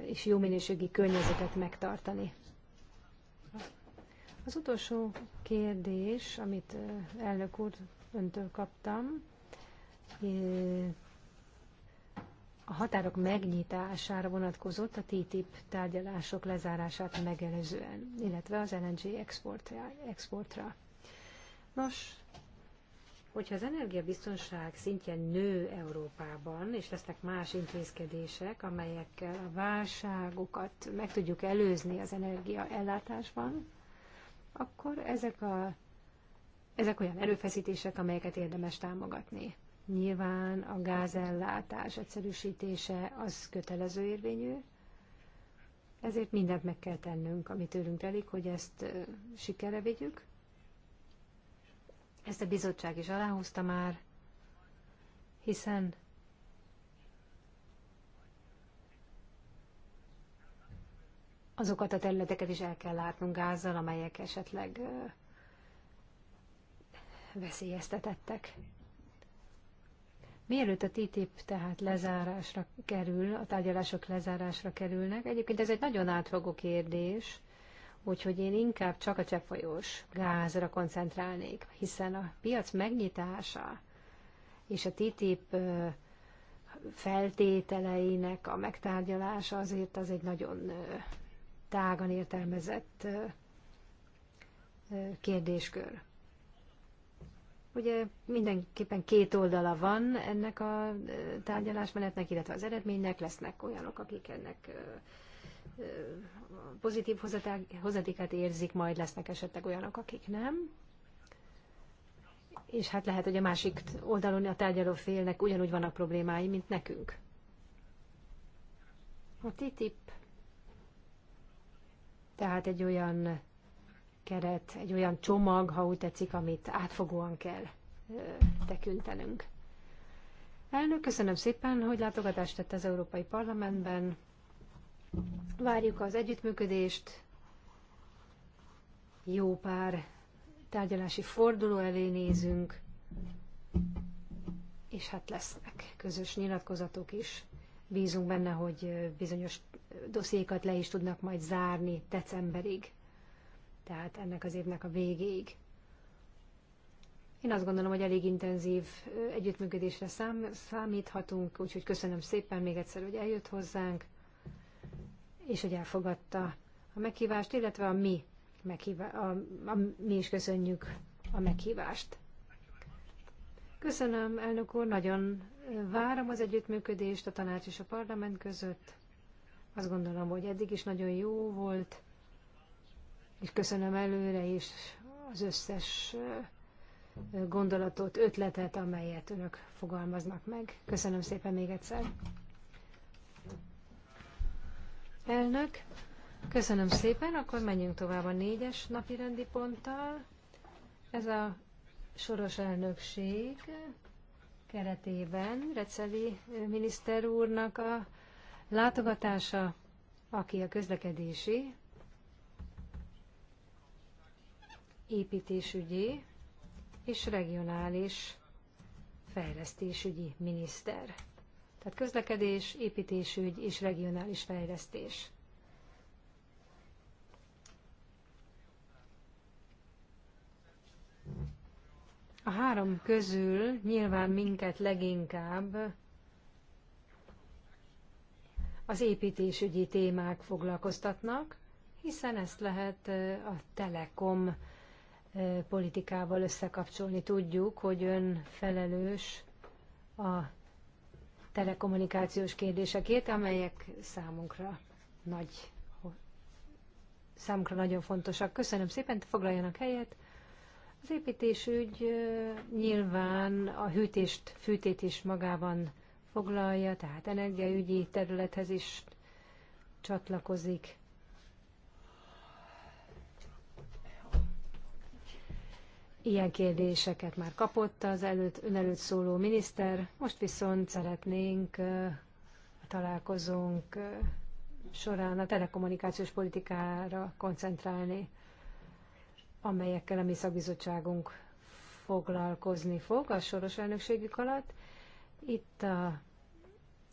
és jó minőségi környezetet megtartani. Az utolsó kérdés, amit elnök úr öntől kaptam, a határok megnyitására vonatkozott a TTIP tárgyalások lezárását megelőzően, illetve az LNG exportra. exportra. Nos, hogyha az energiabiztonság szintje nő Európában, és lesznek más intézkedések, amelyekkel a válságokat meg tudjuk előzni az energiaellátásban, akkor ezek, a, ezek olyan erőfeszítések, amelyeket érdemes támogatni. Nyilván a gázellátás egyszerűsítése az kötelező érvényű, ezért mindent meg kell tennünk, ami tőlünk telik, hogy ezt sikere vigyük. Ezt a bizottság is aláhúzta már, hiszen azokat a területeket is el kell látnunk gázzal, amelyek esetleg veszélyeztetettek. Mielőtt a TTIP tehát lezárásra kerül, a tárgyalások lezárásra kerülnek, egyébként ez egy nagyon átfogó kérdés, úgyhogy én inkább csak a cseppfolyós gázra koncentrálnék, hiszen a piac megnyitása és a TTIP feltételeinek a megtárgyalása azért az egy nagyon tágan értelmezett kérdéskör. Ugye mindenképpen két oldala van ennek a tárgyalásmenetnek, illetve az eredménynek. Lesznek olyanok, akik ennek pozitív hozadékát érzik, majd lesznek esetleg olyanok, akik nem. És hát lehet, hogy a másik oldalon a tárgyaló félnek ugyanúgy vannak problémái, mint nekünk. A TTIP tehát egy olyan keret, egy olyan csomag, ha úgy tetszik, amit átfogóan kell tekintenünk. Elnök, köszönöm szépen, hogy látogatást tett az Európai Parlamentben. Várjuk az együttműködést. Jó pár tárgyalási forduló elé nézünk, és hát lesznek közös nyilatkozatok is. Bízunk benne, hogy bizonyos dossziékat le is tudnak majd zárni decemberig tehát ennek az évnek a végéig. Én azt gondolom, hogy elég intenzív együttműködésre szám, számíthatunk, úgyhogy köszönöm szépen még egyszer, hogy eljött hozzánk, és hogy elfogadta a meghívást, illetve a mi, meghívá- a, a, mi is köszönjük a meghívást. Köszönöm, elnök úr, nagyon várom az együttműködést a tanács és a parlament között. Azt gondolom, hogy eddig is nagyon jó volt és köszönöm előre is az összes gondolatot, ötletet, amelyet önök fogalmaznak meg. Köszönöm szépen még egyszer. Elnök, köszönöm szépen, akkor menjünk tovább a négyes napi rendi ponttal. Ez a soros elnökség keretében Receli miniszter úrnak a látogatása, aki a közlekedési építésügyi és regionális fejlesztésügyi miniszter. Tehát közlekedés, építésügy és regionális fejlesztés. A három közül nyilván minket leginkább az építésügyi témák foglalkoztatnak, hiszen ezt lehet a Telekom politikával összekapcsolni. Tudjuk, hogy ön felelős a telekommunikációs kérdésekért, amelyek számunkra nagy számunkra nagyon fontosak. Köszönöm szépen, foglaljanak helyet. Az építésügy nyilván a hűtést, fűtét is magában foglalja, tehát energiaügyi területhez is csatlakozik. Ilyen kérdéseket már kapott az előtt, ön előtt szóló miniszter, most viszont szeretnénk a találkozónk során a telekommunikációs politikára koncentrálni, amelyekkel a mi szakbizottságunk foglalkozni fog a soros elnökségük alatt. Itt a,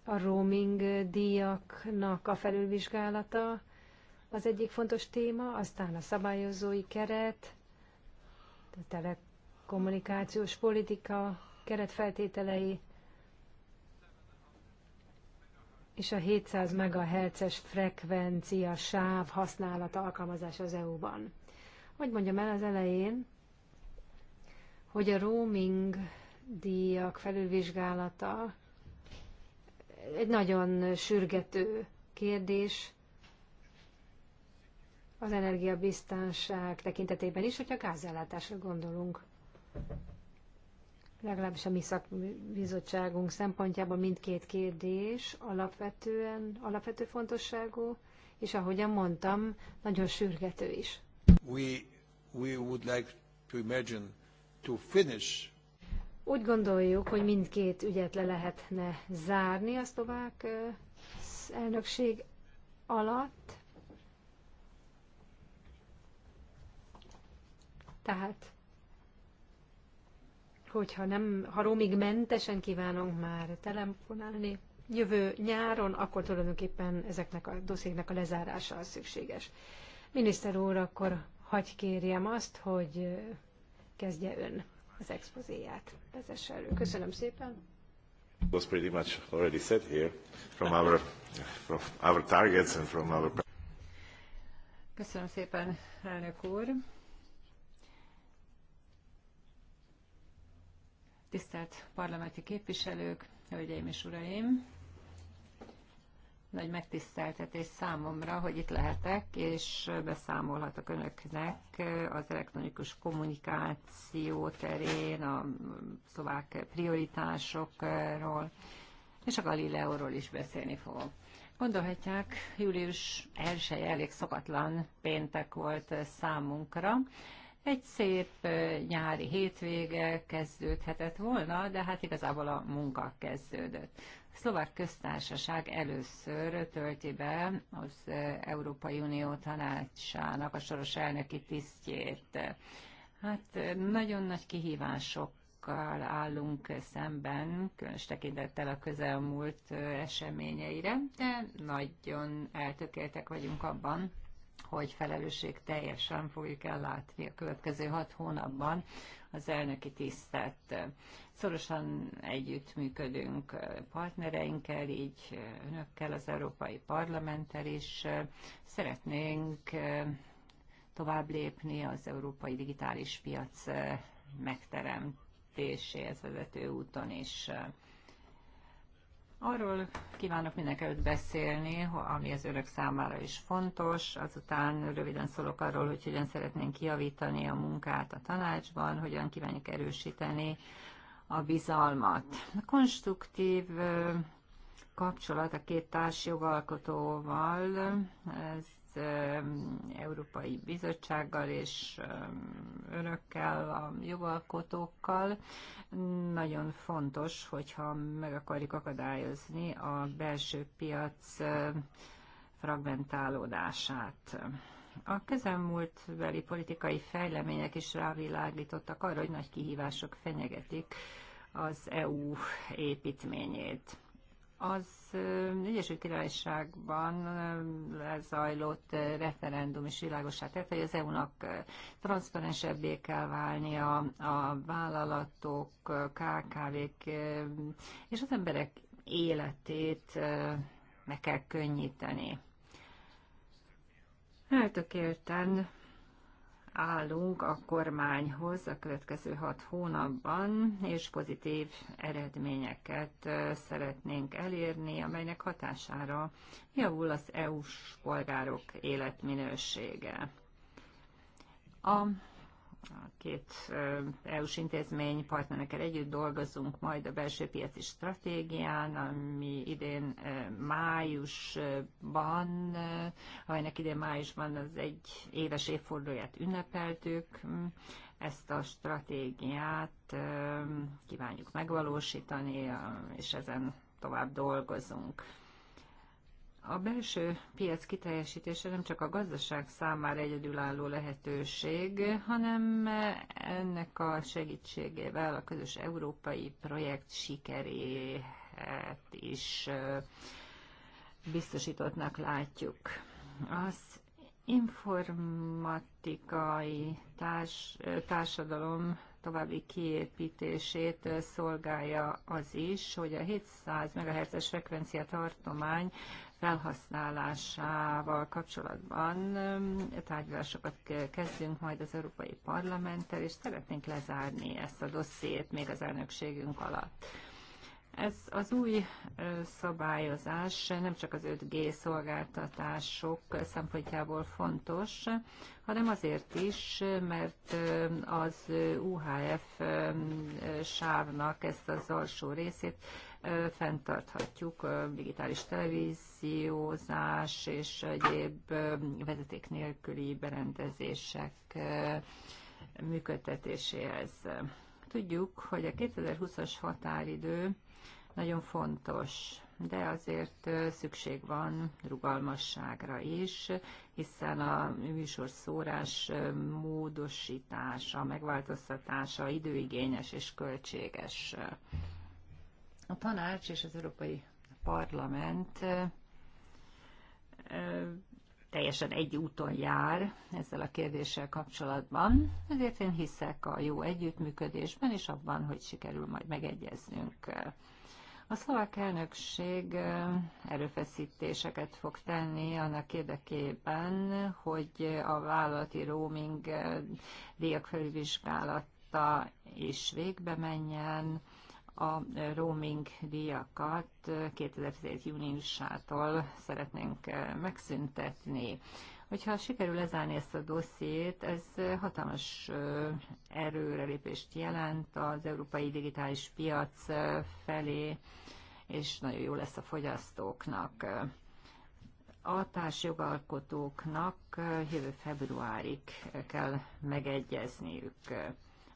a roaming díjaknak a felülvizsgálata az egyik fontos téma, aztán a szabályozói keret, a telekommunikációs politika keretfeltételei és a 700 MHz-es frekvencia sáv használata alkalmazása az EU-ban. Hogy mondjam el az elején, hogy a roaming díjak felülvizsgálata egy nagyon sürgető kérdés, az energiabiztonság tekintetében is, hogyha gázellátásra gondolunk. Legalábbis a mi szakbizottságunk szempontjából mindkét kérdés alapvetően, alapvető fontosságú, és ahogyan mondtam, nagyon sürgető is. We, we would like to imagine to finish úgy gondoljuk, hogy mindkét ügyet le lehetne zárni a szlovák elnökség alatt, Tehát, hogyha nem, ha romig mentesen kívánunk már telefonálni jövő nyáron, akkor tulajdonképpen ezeknek a dosszéknek a lezárása az szükséges. Miniszter úr, akkor hagy kérjem azt, hogy kezdje ön az expozéját. Vezesse elő. Köszönöm szépen. was pretty much already said here from our, from our targets and from our... Köszönöm szépen, elnök úr. Tisztelt parlamenti képviselők, hölgyeim és uraim! Nagy megtiszteltetés számomra, hogy itt lehetek, és beszámolhatok önöknek az elektronikus kommunikáció terén, a szlovák prioritásokról, és a Galileóról is beszélni fogok. Gondolhatják, július 1 elég szokatlan péntek volt számunkra, egy szép nyári hétvége kezdődhetett volna, de hát igazából a munka kezdődött. A szlovák köztársaság először tölti be az Európai Unió tanácsának a soros elnöki tisztjét. Hát nagyon nagy kihívások állunk szemben, különös tekintettel a közelmúlt eseményeire, de nagyon eltökéltek vagyunk abban, hogy felelősség teljesen fogjuk ellátni a következő hat hónapban az elnöki tisztet. Szorosan együttműködünk partnereinkkel, így önökkel, az Európai Parlamenttel is. Szeretnénk tovább lépni az európai digitális piac megteremtéséhez vezető úton is. Arról kívánok mindenkelőtt beszélni, ami az önök számára is fontos, azután röviden szólok arról, hogy hogyan szeretnénk kiavítani a munkát a tanácsban, hogyan kívánjuk erősíteni a bizalmat. A konstruktív kapcsolat a két társjogalkotóval, ez Európai Bizottsággal és önökkel, a jogalkotókkal. Nagyon fontos, hogyha meg akarjuk akadályozni a belső piac fragmentálódását. A közelmúltbeli politikai fejlemények is rávilágítottak arra, hogy nagy kihívások fenyegetik az EU építményét. Az Egyesült Királyságban lezajlott referendum is világosá tette, hogy az EU-nak transzparensebbé kell válnia a vállalatok, KKV-k és az emberek életét meg kell könnyíteni. Eltökélten állunk a kormányhoz a következő hat hónapban, és pozitív eredményeket szeretnénk elérni, amelynek hatására javul az EU-s polgárok életminősége. A a két EU-s intézmény partnerekkel együtt dolgozunk majd a belső piaci stratégián, ami idén májusban, amelynek idén májusban az egy éves évfordulóját ünnepeltük. Ezt a stratégiát kívánjuk megvalósítani, és ezen tovább dolgozunk. A belső piac kiteljesítése nem csak a gazdaság számára egyedülálló lehetőség, hanem ennek a segítségével a közös európai projekt sikerét is biztosítottnak látjuk. Az informatikai társ, társadalom további kiépítését szolgálja az is, hogy a 700 MHz-es frekvencia tartomány felhasználásával kapcsolatban tárgyalásokat kezdünk majd az Európai Parlamenttel, és szeretnénk lezárni ezt a dossziét még az elnökségünk alatt. Ez az új szabályozás nem csak az 5G szolgáltatások szempontjából fontos, hanem azért is, mert az UHF sávnak ezt az alsó részét fenntarthatjuk digitális televíziózás és egyéb vezeték nélküli berendezések működtetéséhez. Tudjuk, hogy a 2020-as határidő nagyon fontos, de azért szükség van rugalmasságra is, hiszen a műsor szórás módosítása, megváltoztatása időigényes és költséges. A tanács és az Európai Parlament teljesen egy úton jár ezzel a kérdéssel kapcsolatban, ezért én hiszek a jó együttműködésben és abban, hogy sikerül majd megegyeznünk. A szlovák elnökség erőfeszítéseket fog tenni annak érdekében, hogy a vállalati roaming díjak felülvizsgálata is végbe menjen, a roaming díjakat 2017. júniusától szeretnénk eh, megszüntetni. Hogyha sikerül lezárni ezt a dossziét, ez hatalmas eh, erőrelépést jelent az európai digitális piac eh, felé, és nagyon jó lesz a fogyasztóknak. A társjogalkotóknak jövő februárig kell megegyezniük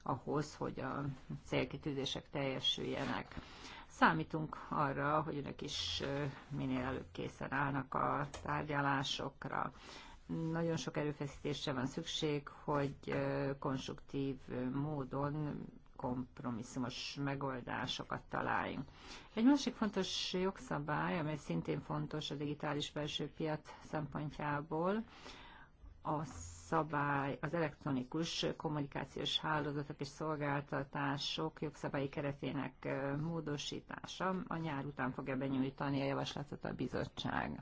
ahhoz, hogy a célkitűzések teljesüljenek. Számítunk arra, hogy önök is minél előbb készen állnak a tárgyalásokra. Nagyon sok erőfeszítésre van szükség, hogy konstruktív módon kompromisszumos megoldásokat találjunk. Egy másik fontos jogszabály, amely szintén fontos a digitális belső piac szempontjából, az jogszabály, az elektronikus kommunikációs hálózatok és szolgáltatások jogszabályi keretének módosítása. A nyár után fogja benyújtani a javaslatot a bizottság.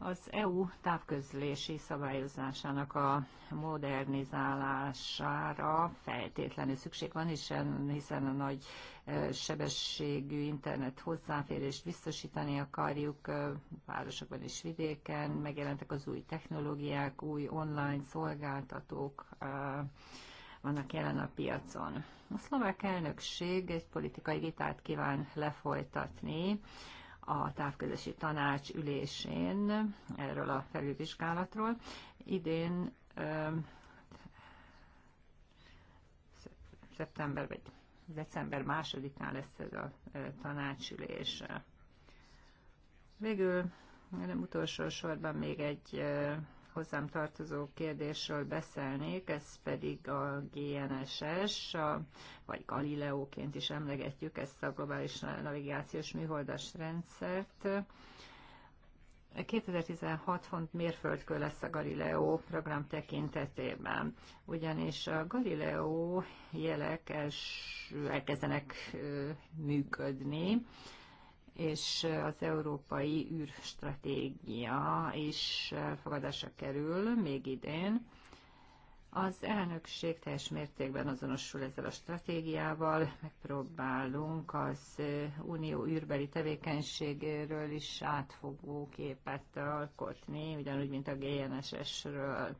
Az EU távközlési szabályozásának a modernizálására feltétlenül szükség van, hiszen, hiszen a nagy sebességű internet hozzáférést biztosítani akarjuk, városokban és vidéken megjelentek az új technológiák, új online szolgáltatók, vannak jelen a piacon. A szlovák elnökség egy politikai vitát kíván lefolytatni a távközlési tanács ülésén erről a felülvizsgálatról. Idén szeptember vagy december másodikán lesz ez a tanácsülés. Végül nem utolsó sorban még egy hozzám tartozó kérdésről beszélnék, ez pedig a GNSS, a, vagy Galileóként is emlegetjük ezt a globális navigációs műholdas rendszert. 2016 font mérföldkő lesz a Galileo program tekintetében, ugyanis a Galileo jelek első elkezdenek működni, és az Európai űrstratégia is fogadásra kerül még idén. Az elnökség teljes mértékben azonosul ezzel a stratégiával, megpróbálunk az unió űrbeli tevékenységéről is átfogó képet alkotni, ugyanúgy, mint a GNSS-ről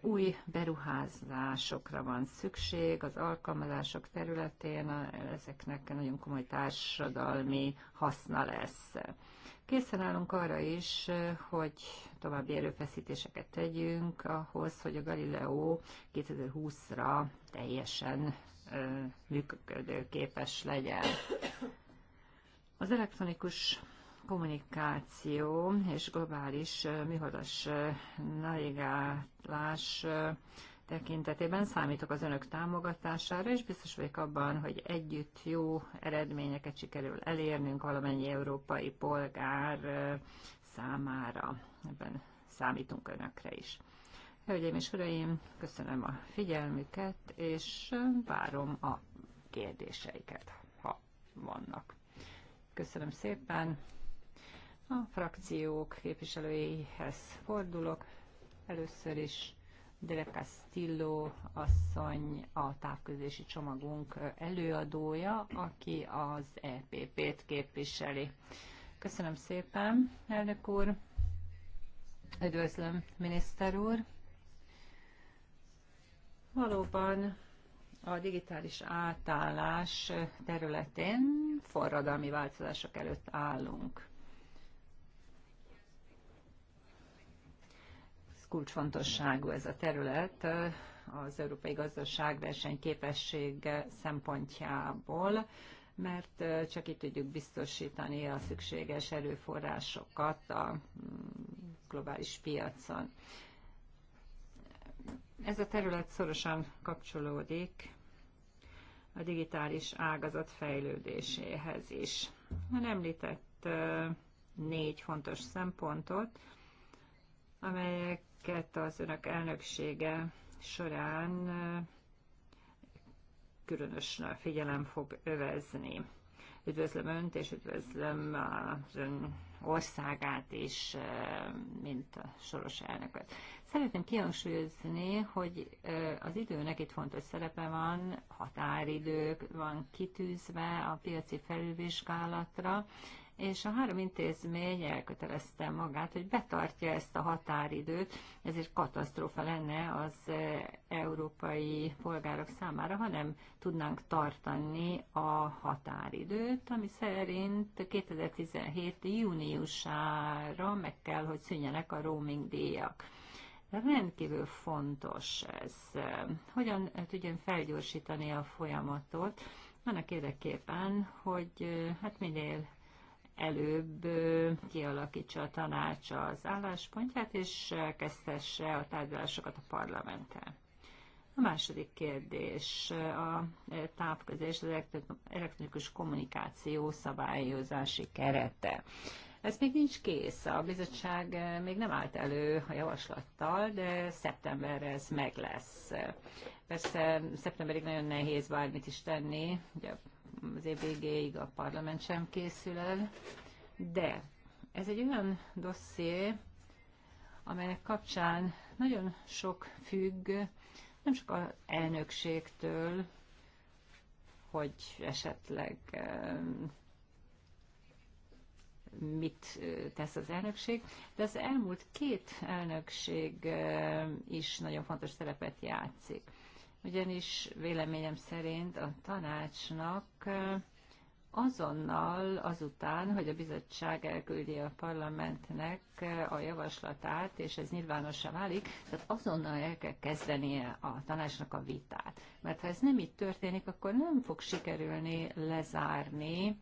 új beruházásokra van szükség az alkalmazások területén, ezeknek nagyon komoly társadalmi haszna lesz. Készen állunk arra is, hogy további erőfeszítéseket tegyünk ahhoz, hogy a Galileo 2020-ra teljesen működőképes legyen. Az elektronikus kommunikáció és globális műholdas navigálás tekintetében számítok az önök támogatására, és biztos vagyok abban, hogy együtt jó eredményeket sikerül elérnünk valamennyi európai polgár számára. Ebben számítunk önökre is. Hölgyeim és uraim, köszönöm a figyelmüket, és várom a kérdéseiket, ha vannak. Köszönöm szépen! A frakciók képviselőihez fordulok. Először is Dele Castillo asszony a távközlési csomagunk előadója, aki az EPP-t képviseli. Köszönöm szépen, elnök úr. Üdvözlöm, miniszter úr. Valóban a digitális átállás területén forradalmi változások előtt állunk. kulcsfontosságú ez a terület az európai gazdaság versenyképessége szempontjából, mert csak itt tudjuk biztosítani a szükséges erőforrásokat a mm, globális piacon. Ez a terület szorosan kapcsolódik a digitális ágazat fejlődéséhez is. Már említett négy fontos szempontot, amelyek amiket az önök elnöksége során különös figyelem fog övezni. Üdvözlöm Önt, és üdvözlöm az Ön országát is, mint a soros elnököt. Szeretném kihangsúlyozni, hogy az időnek itt fontos szerepe van, határidők van kitűzve a piaci felülvizsgálatra, és a három intézmény elkötelezte magát, hogy betartja ezt a határidőt, ezért katasztrófa lenne az e, európai polgárok számára, ha nem tudnánk tartani a határidőt, ami szerint 2017. júniusára meg kell, hogy szűnjenek a roaming díjak. Rendkívül fontos ez. Hogyan tudjon felgyorsítani a folyamatot? Annak érdekében, hogy e, hát minél előbb kialakítsa a tanács az álláspontját, és kezdhesse a tárgyalásokat a parlamenten. A második kérdés a távközés, az elektronikus kommunikáció szabályozási kerete. Ez még nincs kész, a bizottság még nem állt elő a javaslattal, de szeptemberre ez meg lesz. Persze szeptemberig nagyon nehéz bármit is tenni, ugye az év végéig a parlament sem készül el, de ez egy olyan dosszié, amelynek kapcsán nagyon sok függ, nem csak az elnökségtől, hogy esetleg eh, mit eh, tesz az elnökség, de az elmúlt két elnökség eh, is nagyon fontos szerepet játszik ugyanis véleményem szerint a tanácsnak azonnal azután, hogy a bizottság elküldi a parlamentnek a javaslatát, és ez nyilvánossá válik, tehát azonnal el kell kezdenie a tanácsnak a vitát. Mert ha ez nem így történik, akkor nem fog sikerülni lezárni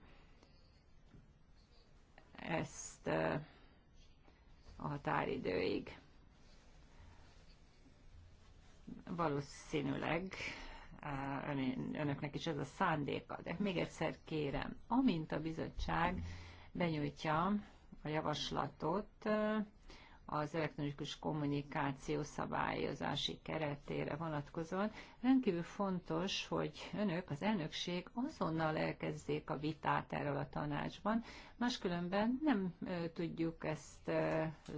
ezt a határidőig valószínűleg önöknek is ez a szándéka. De még egyszer kérem, amint a bizottság benyújtja a javaslatot, az elektronikus kommunikáció szabályozási keretére vonatkozóan. Rendkívül fontos, hogy önök, az elnökség azonnal elkezdjék a vitát erről a tanácsban, máskülönben nem tudjuk ezt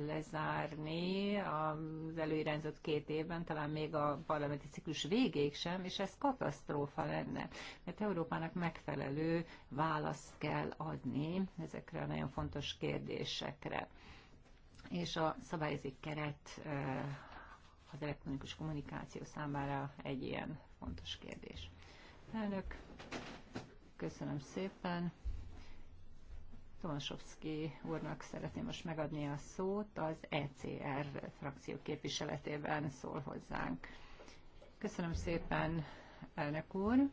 lezárni az előirányzott két évben, talán még a parlamenti ciklus végéig sem, és ez katasztrófa lenne, mert Európának megfelelő választ kell adni ezekre a nagyon fontos kérdésekre és a szabályozik keret az elektronikus kommunikáció számára egy ilyen fontos kérdés. Elnök, köszönöm szépen. Tomasovszki úrnak szeretném most megadni a szót, az ECR frakció képviseletében szól hozzánk. Köszönöm szépen, elnök úr.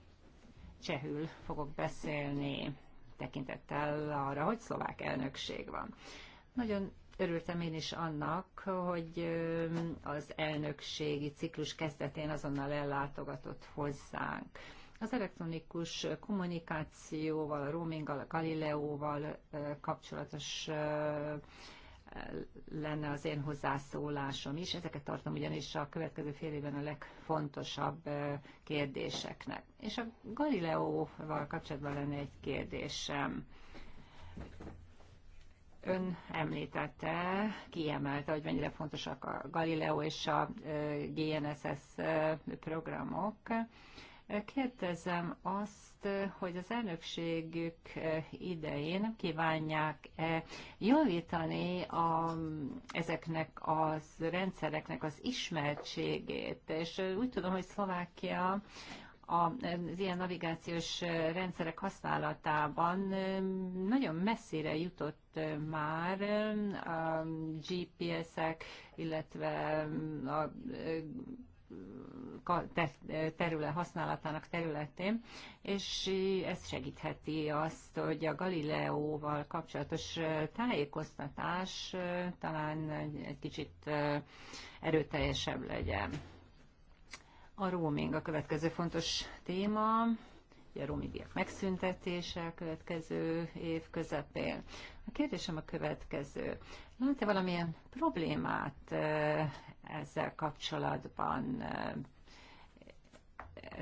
Csehül fogok beszélni, tekintettel arra, hogy szlovák elnökség van. Nagyon örültem én is annak, hogy az elnökségi ciklus kezdetén azonnal ellátogatott hozzánk. Az elektronikus kommunikációval, a roaminggal, a Galileóval kapcsolatos lenne az én hozzászólásom is. Ezeket tartom ugyanis a következő fél évben a legfontosabb kérdéseknek. És a Galileóval kapcsolatban lenne egy kérdésem. Ön említette, kiemelte, hogy mennyire fontosak a Galileo és a GNSS programok. Kérdezem azt, hogy az elnökségük idején kívánják-e javítani a, ezeknek az rendszereknek az ismertségét. És úgy tudom, hogy Szlovákia az ilyen navigációs rendszerek használatában nagyon messzire jutott már a GPS-ek, illetve a terület használatának területén, és ez segítheti azt, hogy a Galileóval kapcsolatos tájékoztatás talán egy kicsit erőteljesebb legyen. A roaming a következő fontos téma, a díjak megszüntetése a következő év közepén. A kérdésem a következő. Lát-e valamilyen problémát eh, ezzel kapcsolatban eh,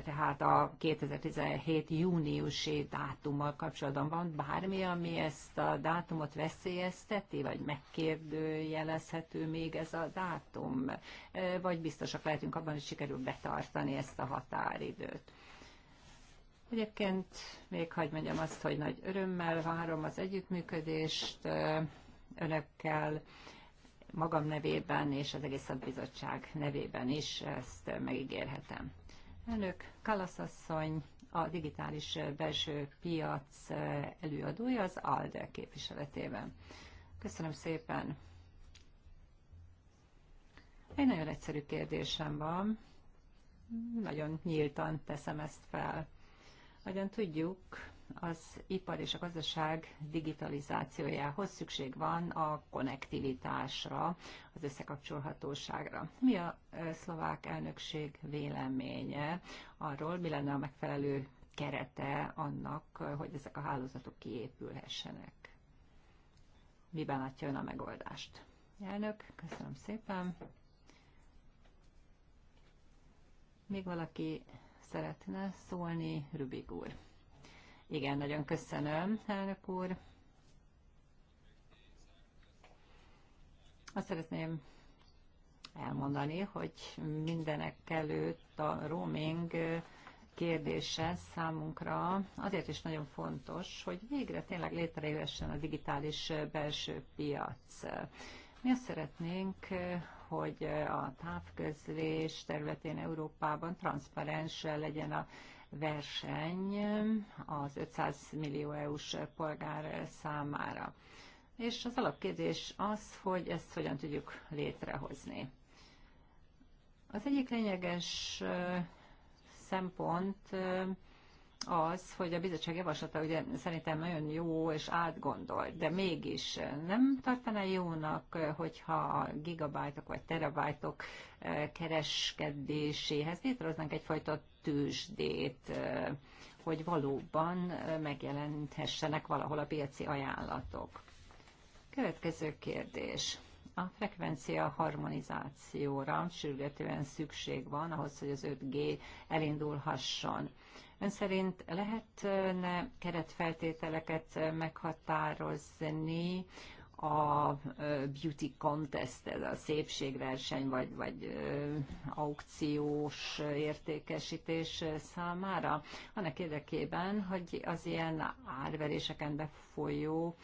tehát a 2017 júniusi dátummal kapcsolatban van bármi, ami ezt a dátumot veszélyezteti, vagy megkérdőjelezhető még ez a dátum, vagy biztosak lehetünk abban, hogy sikerül betartani ezt a határidőt. Egyébként még hagyd mondjam azt, hogy nagy örömmel várom az együttműködést önökkel, magam nevében és az egész szakbizottság nevében is, ezt megígérhetem. Elnök Kalaszasszony, a digitális belső piac előadója az ALDE képviseletében. Köszönöm szépen. Egy nagyon egyszerű kérdésem van. Nagyon nyíltan teszem ezt fel. Ahogyan tudjuk, az ipar és a gazdaság digitalizációjához szükség van a konnektivitásra, az összekapcsolhatóságra. Mi a szlovák elnökség véleménye arról, mi lenne a megfelelő kerete annak, hogy ezek a hálózatok kiépülhessenek? Miben látja ön a megoldást? Elnök, köszönöm szépen. Még valaki szeretne szólni, Rubik úr. Igen, nagyon köszönöm, elnök úr. Azt szeretném elmondani, hogy mindenek előtt a roaming kérdése számunkra azért is nagyon fontos, hogy végre tényleg létrejöhessen a digitális belső piac. Mi azt szeretnénk, hogy a távközlés területén Európában transzparens legyen a verseny az 500 millió EU-s polgár számára. És az alapkérdés az, hogy ezt hogyan tudjuk létrehozni. Az egyik lényeges szempont az, hogy a bizottság javaslata ugye szerintem nagyon jó és átgondolt, de mégis nem tartaná jónak, hogyha gigabájtok vagy terabájtok kereskedéséhez létrehoznánk egyfajta tőzsdét, eh, hogy valóban eh, megjelenhessenek valahol a piaci ajánlatok. Következő kérdés. A frekvencia harmonizációra sürgetően szükség van ahhoz, hogy az 5G elindulhasson. Ön szerint lehetne keretfeltételeket meghatározni a beauty contest, ez a szépségverseny, vagy, vagy aukciós értékesítés számára, annak érdekében, hogy az ilyen árveréseken befolyó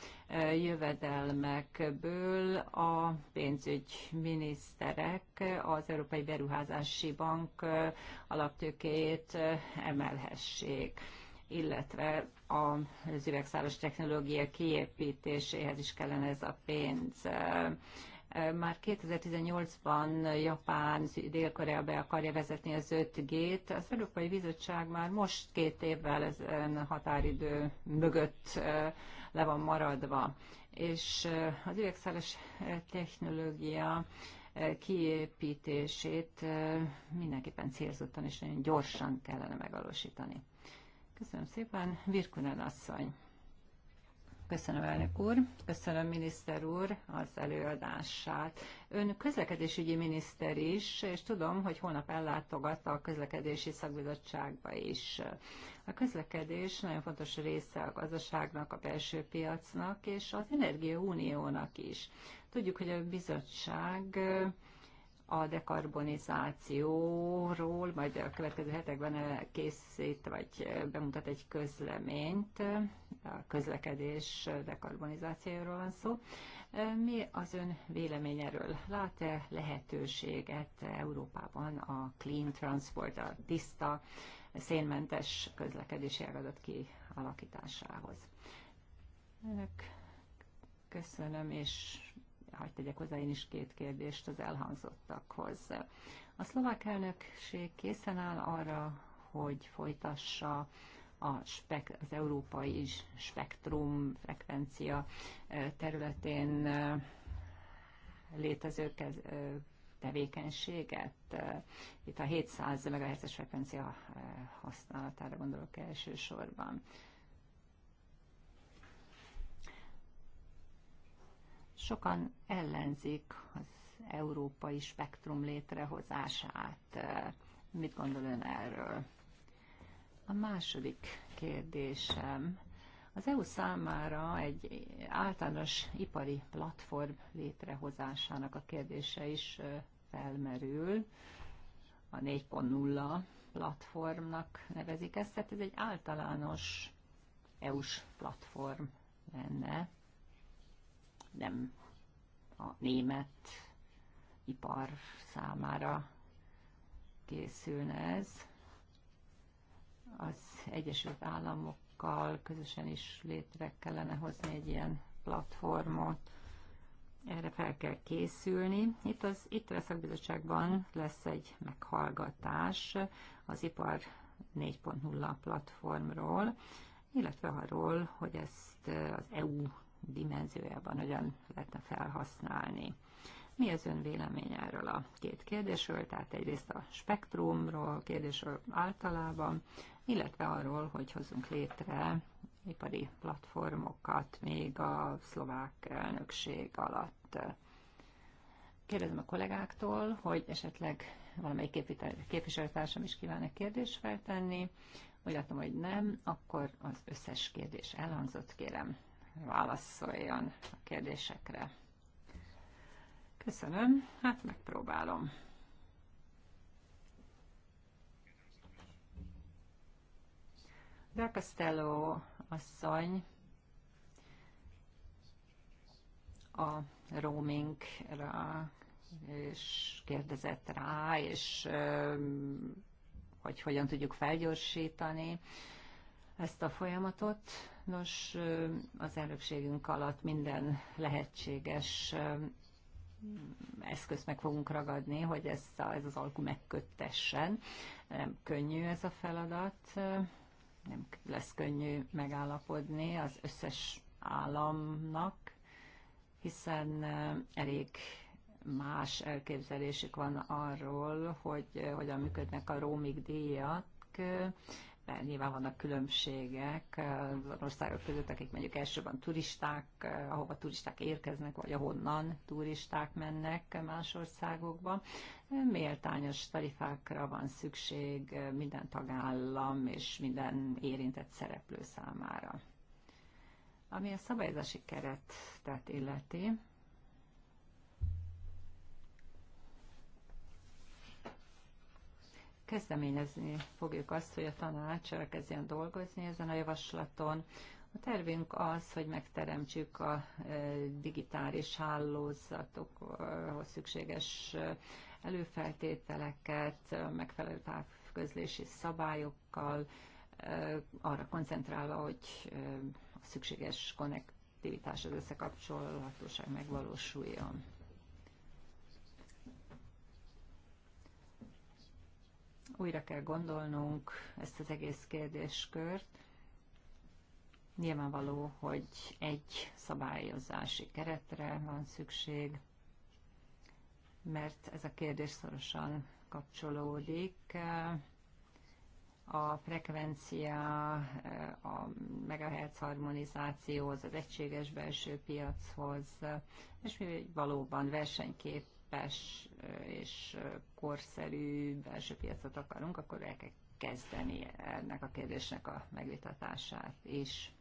jövedelmekből a pénzügyminiszterek az Európai Beruházási Bank alaptőkét emelhessék illetve az üvegszálas technológia kiépítéséhez is kellene ez a pénz. Már 2018-ban Japán dél korea be akarja vezetni az 5G-t. Az Európai Bizottság már most két évvel ezen határidő mögött le van maradva. És az üvegszáros technológia kiépítését mindenképpen célzottan és nagyon gyorsan kellene megvalósítani. Köszönöm szépen. Virkunen asszony. Köszönöm, elnök úr. Köszönöm, miniszter úr, az előadását. Ön közlekedésügyi miniszter is, és tudom, hogy holnap ellátogat a közlekedési szakbizottságba is. A közlekedés nagyon fontos része a gazdaságnak, a belső piacnak és az energiauniónak is. Tudjuk, hogy a bizottság a dekarbonizációról, majd a következő hetekben készít, vagy bemutat egy közleményt, a közlekedés dekarbonizációról van szó. Mi az ön vélemény erről? Lát-e lehetőséget Európában a clean transport, a tiszta, szénmentes közlekedési ágazat kialakításához? Önök köszönöm, és hagyd tegyek hozzá én is két kérdést az elhangzottakhoz. A szlovák elnökség készen áll arra, hogy folytassa a spek, az európai spektrum frekvencia területén létező kez, tevékenységet. Itt a 700 MHz-es frekvencia használatára gondolok elsősorban. Sokan ellenzik az európai spektrum létrehozását. Mit gondol ön erről? A második kérdésem. Az EU számára egy általános ipari platform létrehozásának a kérdése is felmerül. A 4.0 platformnak nevezik ezt, tehát ez egy általános EU-s platform lenne nem a német ipar számára készülne ez. Az Egyesült Államokkal közösen is létre kellene hozni egy ilyen platformot. Erre fel kell készülni. Itt az a szakbizottságban lesz egy meghallgatás az ipar 4.0 platformról, illetve arról, hogy ezt az EU dimenziójában hogyan lehetne felhasználni. Mi az ön vélemény erről a két kérdésről, tehát egyrészt a spektrumról, a kérdésről általában, illetve arról, hogy hozzunk létre ipari platformokat még a szlovák elnökség alatt. Kérdezem a kollégáktól, hogy esetleg valamelyik képviselőtársam is kíván egy kérdést feltenni. hogy látom, hogy nem, akkor az összes kérdés elhangzott, kérem válaszoljon a kérdésekre. Köszönöm, hát megpróbálom. Del asszony a roamingra és kérdezett rá, és hogy hogyan tudjuk felgyorsítani ezt a folyamatot. Nos, az elnökségünk alatt minden lehetséges eszközt meg fogunk ragadni, hogy ez, a, ez az alkú megköttessen. Nem könnyű ez a feladat, nem lesz könnyű megállapodni az összes államnak, hiszen elég más elképzelésük van arról, hogy hogyan működnek a roaming díjak, nyilván vannak különbségek eh, az országok között, akik mondjuk elsősorban turisták, eh, ahova turisták érkeznek, vagy ahonnan turisták mennek más országokba. Eh, méltányos tarifákra van szükség minden tagállam és minden érintett szereplő számára. Ami a szabályozási keretet illeti, kezdeményezni fogjuk azt, hogy a tanács elkezdjen dolgozni ezen a javaslaton. A tervünk az, hogy megteremtsük a e, digitális hálózatokhoz szükséges e, előfeltételeket, e, megfelelő távközlési szabályokkal, arra koncentrálva, hogy a szükséges konnektivitás, az összekapcsolhatóság megvalósuljon. újra kell gondolnunk ezt az egész kérdéskört. Nyilvánvaló, hogy egy szabályozási keretre van szükség, mert ez a kérdés szorosan kapcsolódik a frekvencia, a megahertz harmonizációhoz, az egységes belső piachoz, és mi valóban versenykép képes és korszerű belső piacot akarunk, akkor el kell kezdeni ennek a kérdésnek a megvitatását is.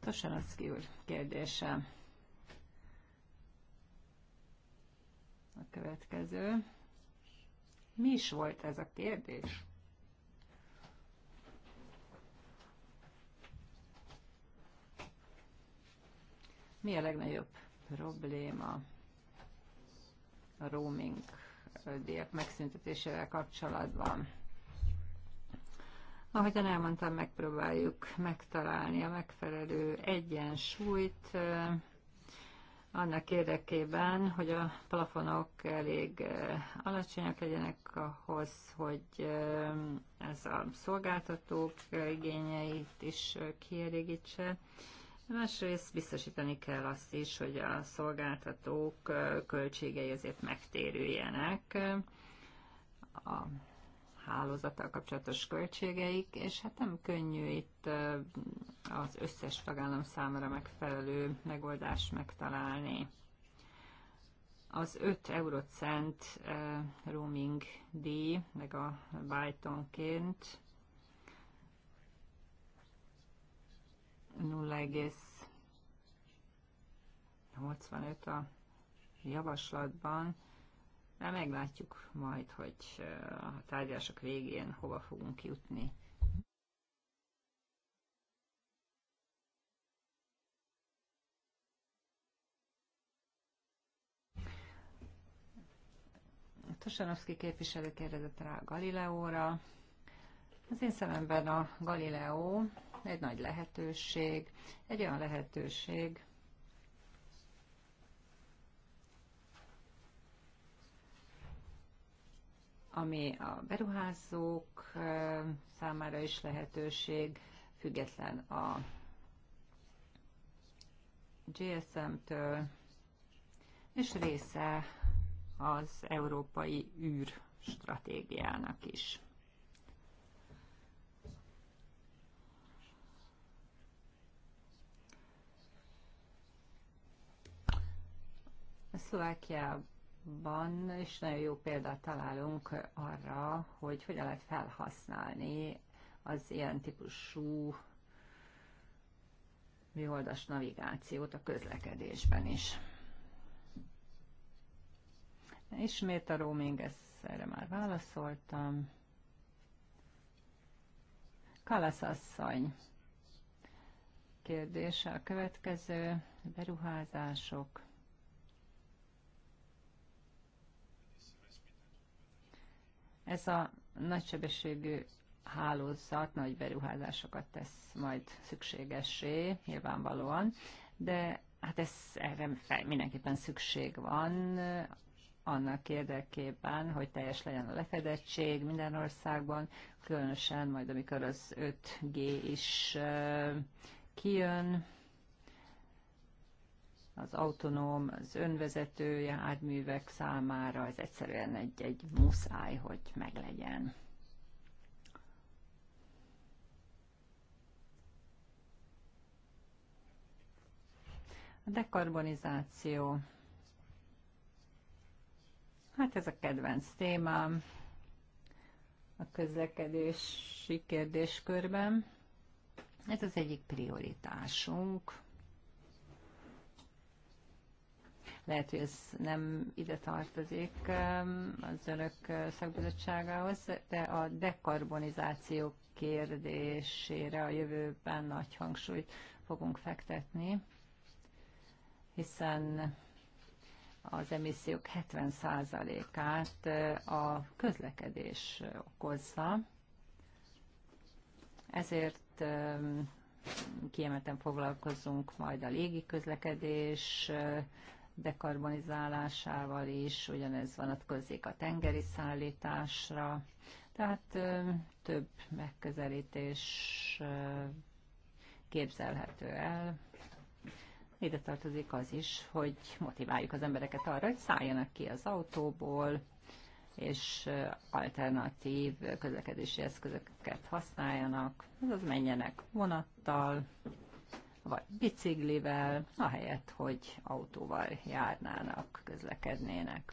Tosanaszki úr kérdése a következő. Mi is volt ez a kérdés? Mi a legnagyobb probléma a roaming díjak megszüntetésével kapcsolatban? Ahogyan elmondtam, megpróbáljuk megtalálni a megfelelő egyensúlyt annak érdekében, hogy a plafonok elég eh, alacsonyak legyenek ahhoz, hogy eh, ez a szolgáltatók igényeit is eh, kielégítse. Másrészt biztosítani kell azt is, hogy a szolgáltatók költségei azért megtérüljenek a hálózattal kapcsolatos költségeik, és hát nem könnyű itt az összes tagállam számára megfelelő megoldást megtalálni. Az 5 eurocent roaming díj, meg a bytonként 0,85 a javaslatban, már meglátjuk majd, hogy a tárgyalások végén hova fogunk jutni. Tosanovszki képviselő kérdezett rá a Galileóra. Az én szememben a Galileo egy nagy lehetőség, egy olyan lehetőség, ami a beruházók számára is lehetőség, független a GSM-től, és része az európai űr stratégiának is. Szlovákiában Irakban is nagyon jó példát találunk arra, hogy hogyan lehet felhasználni az ilyen típusú műholdas navigációt a közlekedésben is. Ismét a roaming, ezt erre már válaszoltam. Kalasz asszony kérdése a következő, beruházások. Ez a nagysebességű hálózat nagy beruházásokat tesz majd szükségessé, nyilvánvalóan, de hát ez erre mindenképpen szükség van, annak érdekében, hogy teljes legyen a lefedettség minden országban, különösen majd amikor az 5G is kijön, az autonóm, az önvezető járművek számára ez egyszerűen egy, egy muszáj, hogy meglegyen. A dekarbonizáció. Hát ez a kedvenc témám a közlekedési kérdéskörben. Ez az egyik prioritásunk. Lehet, hogy ez nem ide tartozik um, az önök uh, szakbizottságához, de a dekarbonizáció kérdésére a jövőben nagy hangsúlyt fogunk fektetni, hiszen az emissziók 70%-át uh, a közlekedés okozza. Ezért um, kiemelten foglalkozunk majd a légi közlekedés uh, dekarbonizálásával is, ugyanez vonatkozik a tengeri szállításra, tehát több megközelítés képzelhető el. Ide tartozik az is, hogy motiváljuk az embereket arra, hogy szálljanak ki az autóból, és alternatív közlekedési eszközöket használjanak, azaz menjenek vonattal, vagy biciklivel, ahelyett, hogy autóval járnának, közlekednének.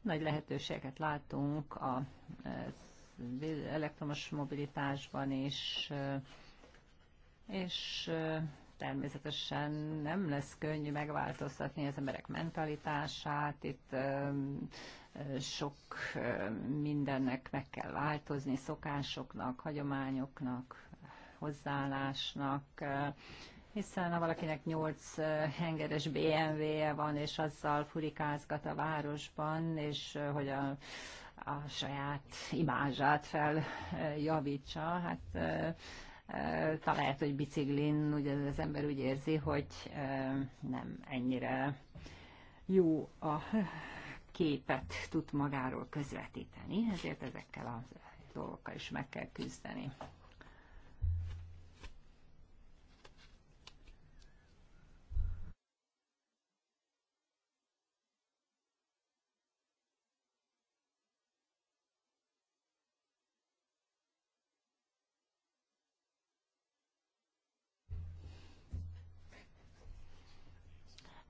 Nagy lehetőséget látunk a eh, elektromos mobilitásban is, eh, és eh, természetesen nem lesz könnyű megváltoztatni az emberek mentalitását, itt sok mindennek meg kell változni, szokásoknak, hagyományoknak, hozzáállásnak, eh, hiszen ha valakinek 8 eh, hengeres BMW-je van, és azzal furikázgat a városban, és eh, hogy a, a saját imázsát feljavítsa, hát talán lehet, hogy biciklin ugye az ember úgy érzi, hogy nem ennyire jó a képet tud magáról közvetíteni, ezért ezekkel a dolgokkal is meg kell küzdeni.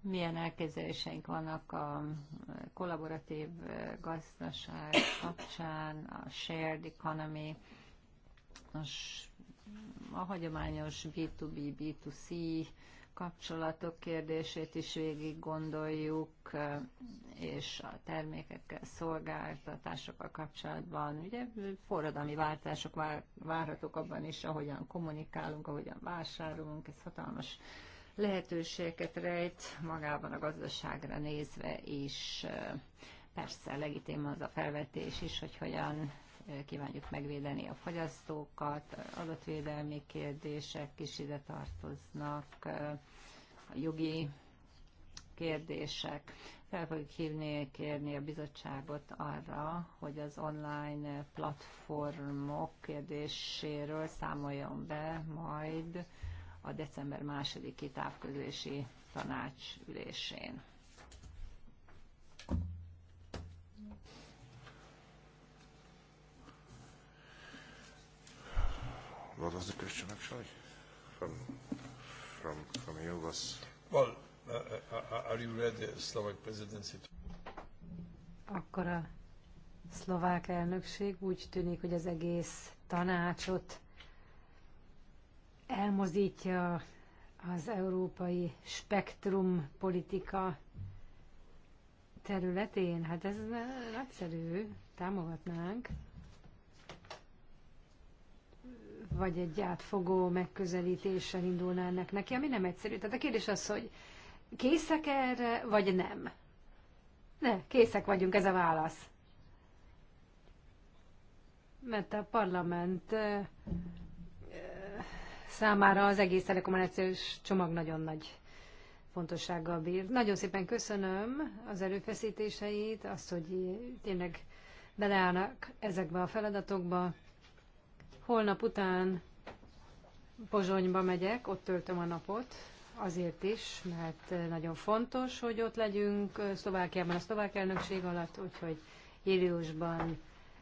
milyen elképzeléseink vannak a kollaboratív gazdaság kapcsán, a shared economy, és a hagyományos B2B, B2C kapcsolatok kérdését is végig gondoljuk, és a termékekkel, szolgáltatásokkal kapcsolatban. Ugye forradalmi váltások vár, várhatók abban is, ahogyan kommunikálunk, ahogyan vásárolunk, ez hatalmas lehetőségeket rejt magában a gazdaságra nézve és Persze legitim az a felvetés is, hogy hogyan kívánjuk megvédeni a fogyasztókat, adatvédelmi kérdések is ide tartoznak, a jogi kérdések. Fel fogjuk hívni, kérni a bizottságot arra, hogy az online platformok kérdéséről számoljon be majd a december másodiki távközlési tanács ülésén. What was the question actually? From from from you was. Well, uh, uh, uh, uh, are you read the Slovak presidency? Akkor a szlovák elnökség úgy tűnik, hogy az egész tanácsot elmozítja az európai spektrum politika területén. Hát ez nagyszerű, támogatnánk. Vagy egy átfogó megközelítéssel indulnának neki, ami nem egyszerű. Tehát a kérdés az, hogy készek erre, vagy nem? Ne, készek vagyunk, ez a válasz. Mert a parlament számára az egész telekommunikációs csomag nagyon nagy fontossággal bír. Nagyon szépen köszönöm az erőfeszítéseit, azt, hogy tényleg beleállnak ezekbe a feladatokba. Holnap után Pozsonyba megyek, ott töltöm a napot, azért is, mert nagyon fontos, hogy ott legyünk Szlovákiában a szlovák elnökség alatt, úgyhogy júliusban,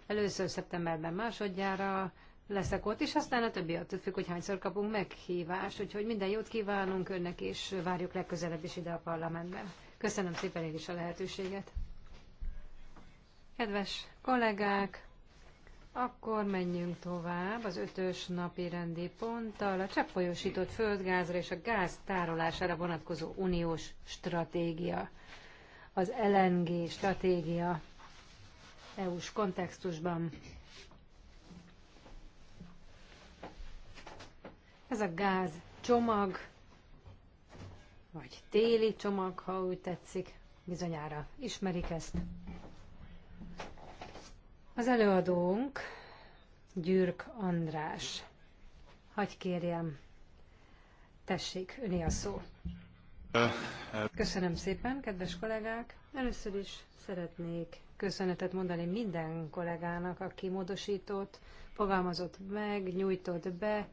először szeptemberben másodjára leszek ott, és aztán a többi attól függ, hogy hányszor kapunk meghívást, úgyhogy minden jót kívánunk önnek, és várjuk legközelebb is ide a parlamentben. Köszönöm szépen én is a lehetőséget. Kedves kollégák, akkor menjünk tovább az ötös napi rendi ponttal, a cseppfolyósított földgázra és a gáz tárolására vonatkozó uniós stratégia, az LNG stratégia EU-s kontextusban. Ez a gáz csomag, vagy téli csomag, ha úgy tetszik, bizonyára ismerik ezt. Az előadónk Gyürk András. Hagy kérjem, tessék, öné a szó. Köszönöm szépen, kedves kollégák! Először is szeretnék köszönetet mondani minden kollégának, aki módosított, fogalmazott meg, nyújtott be,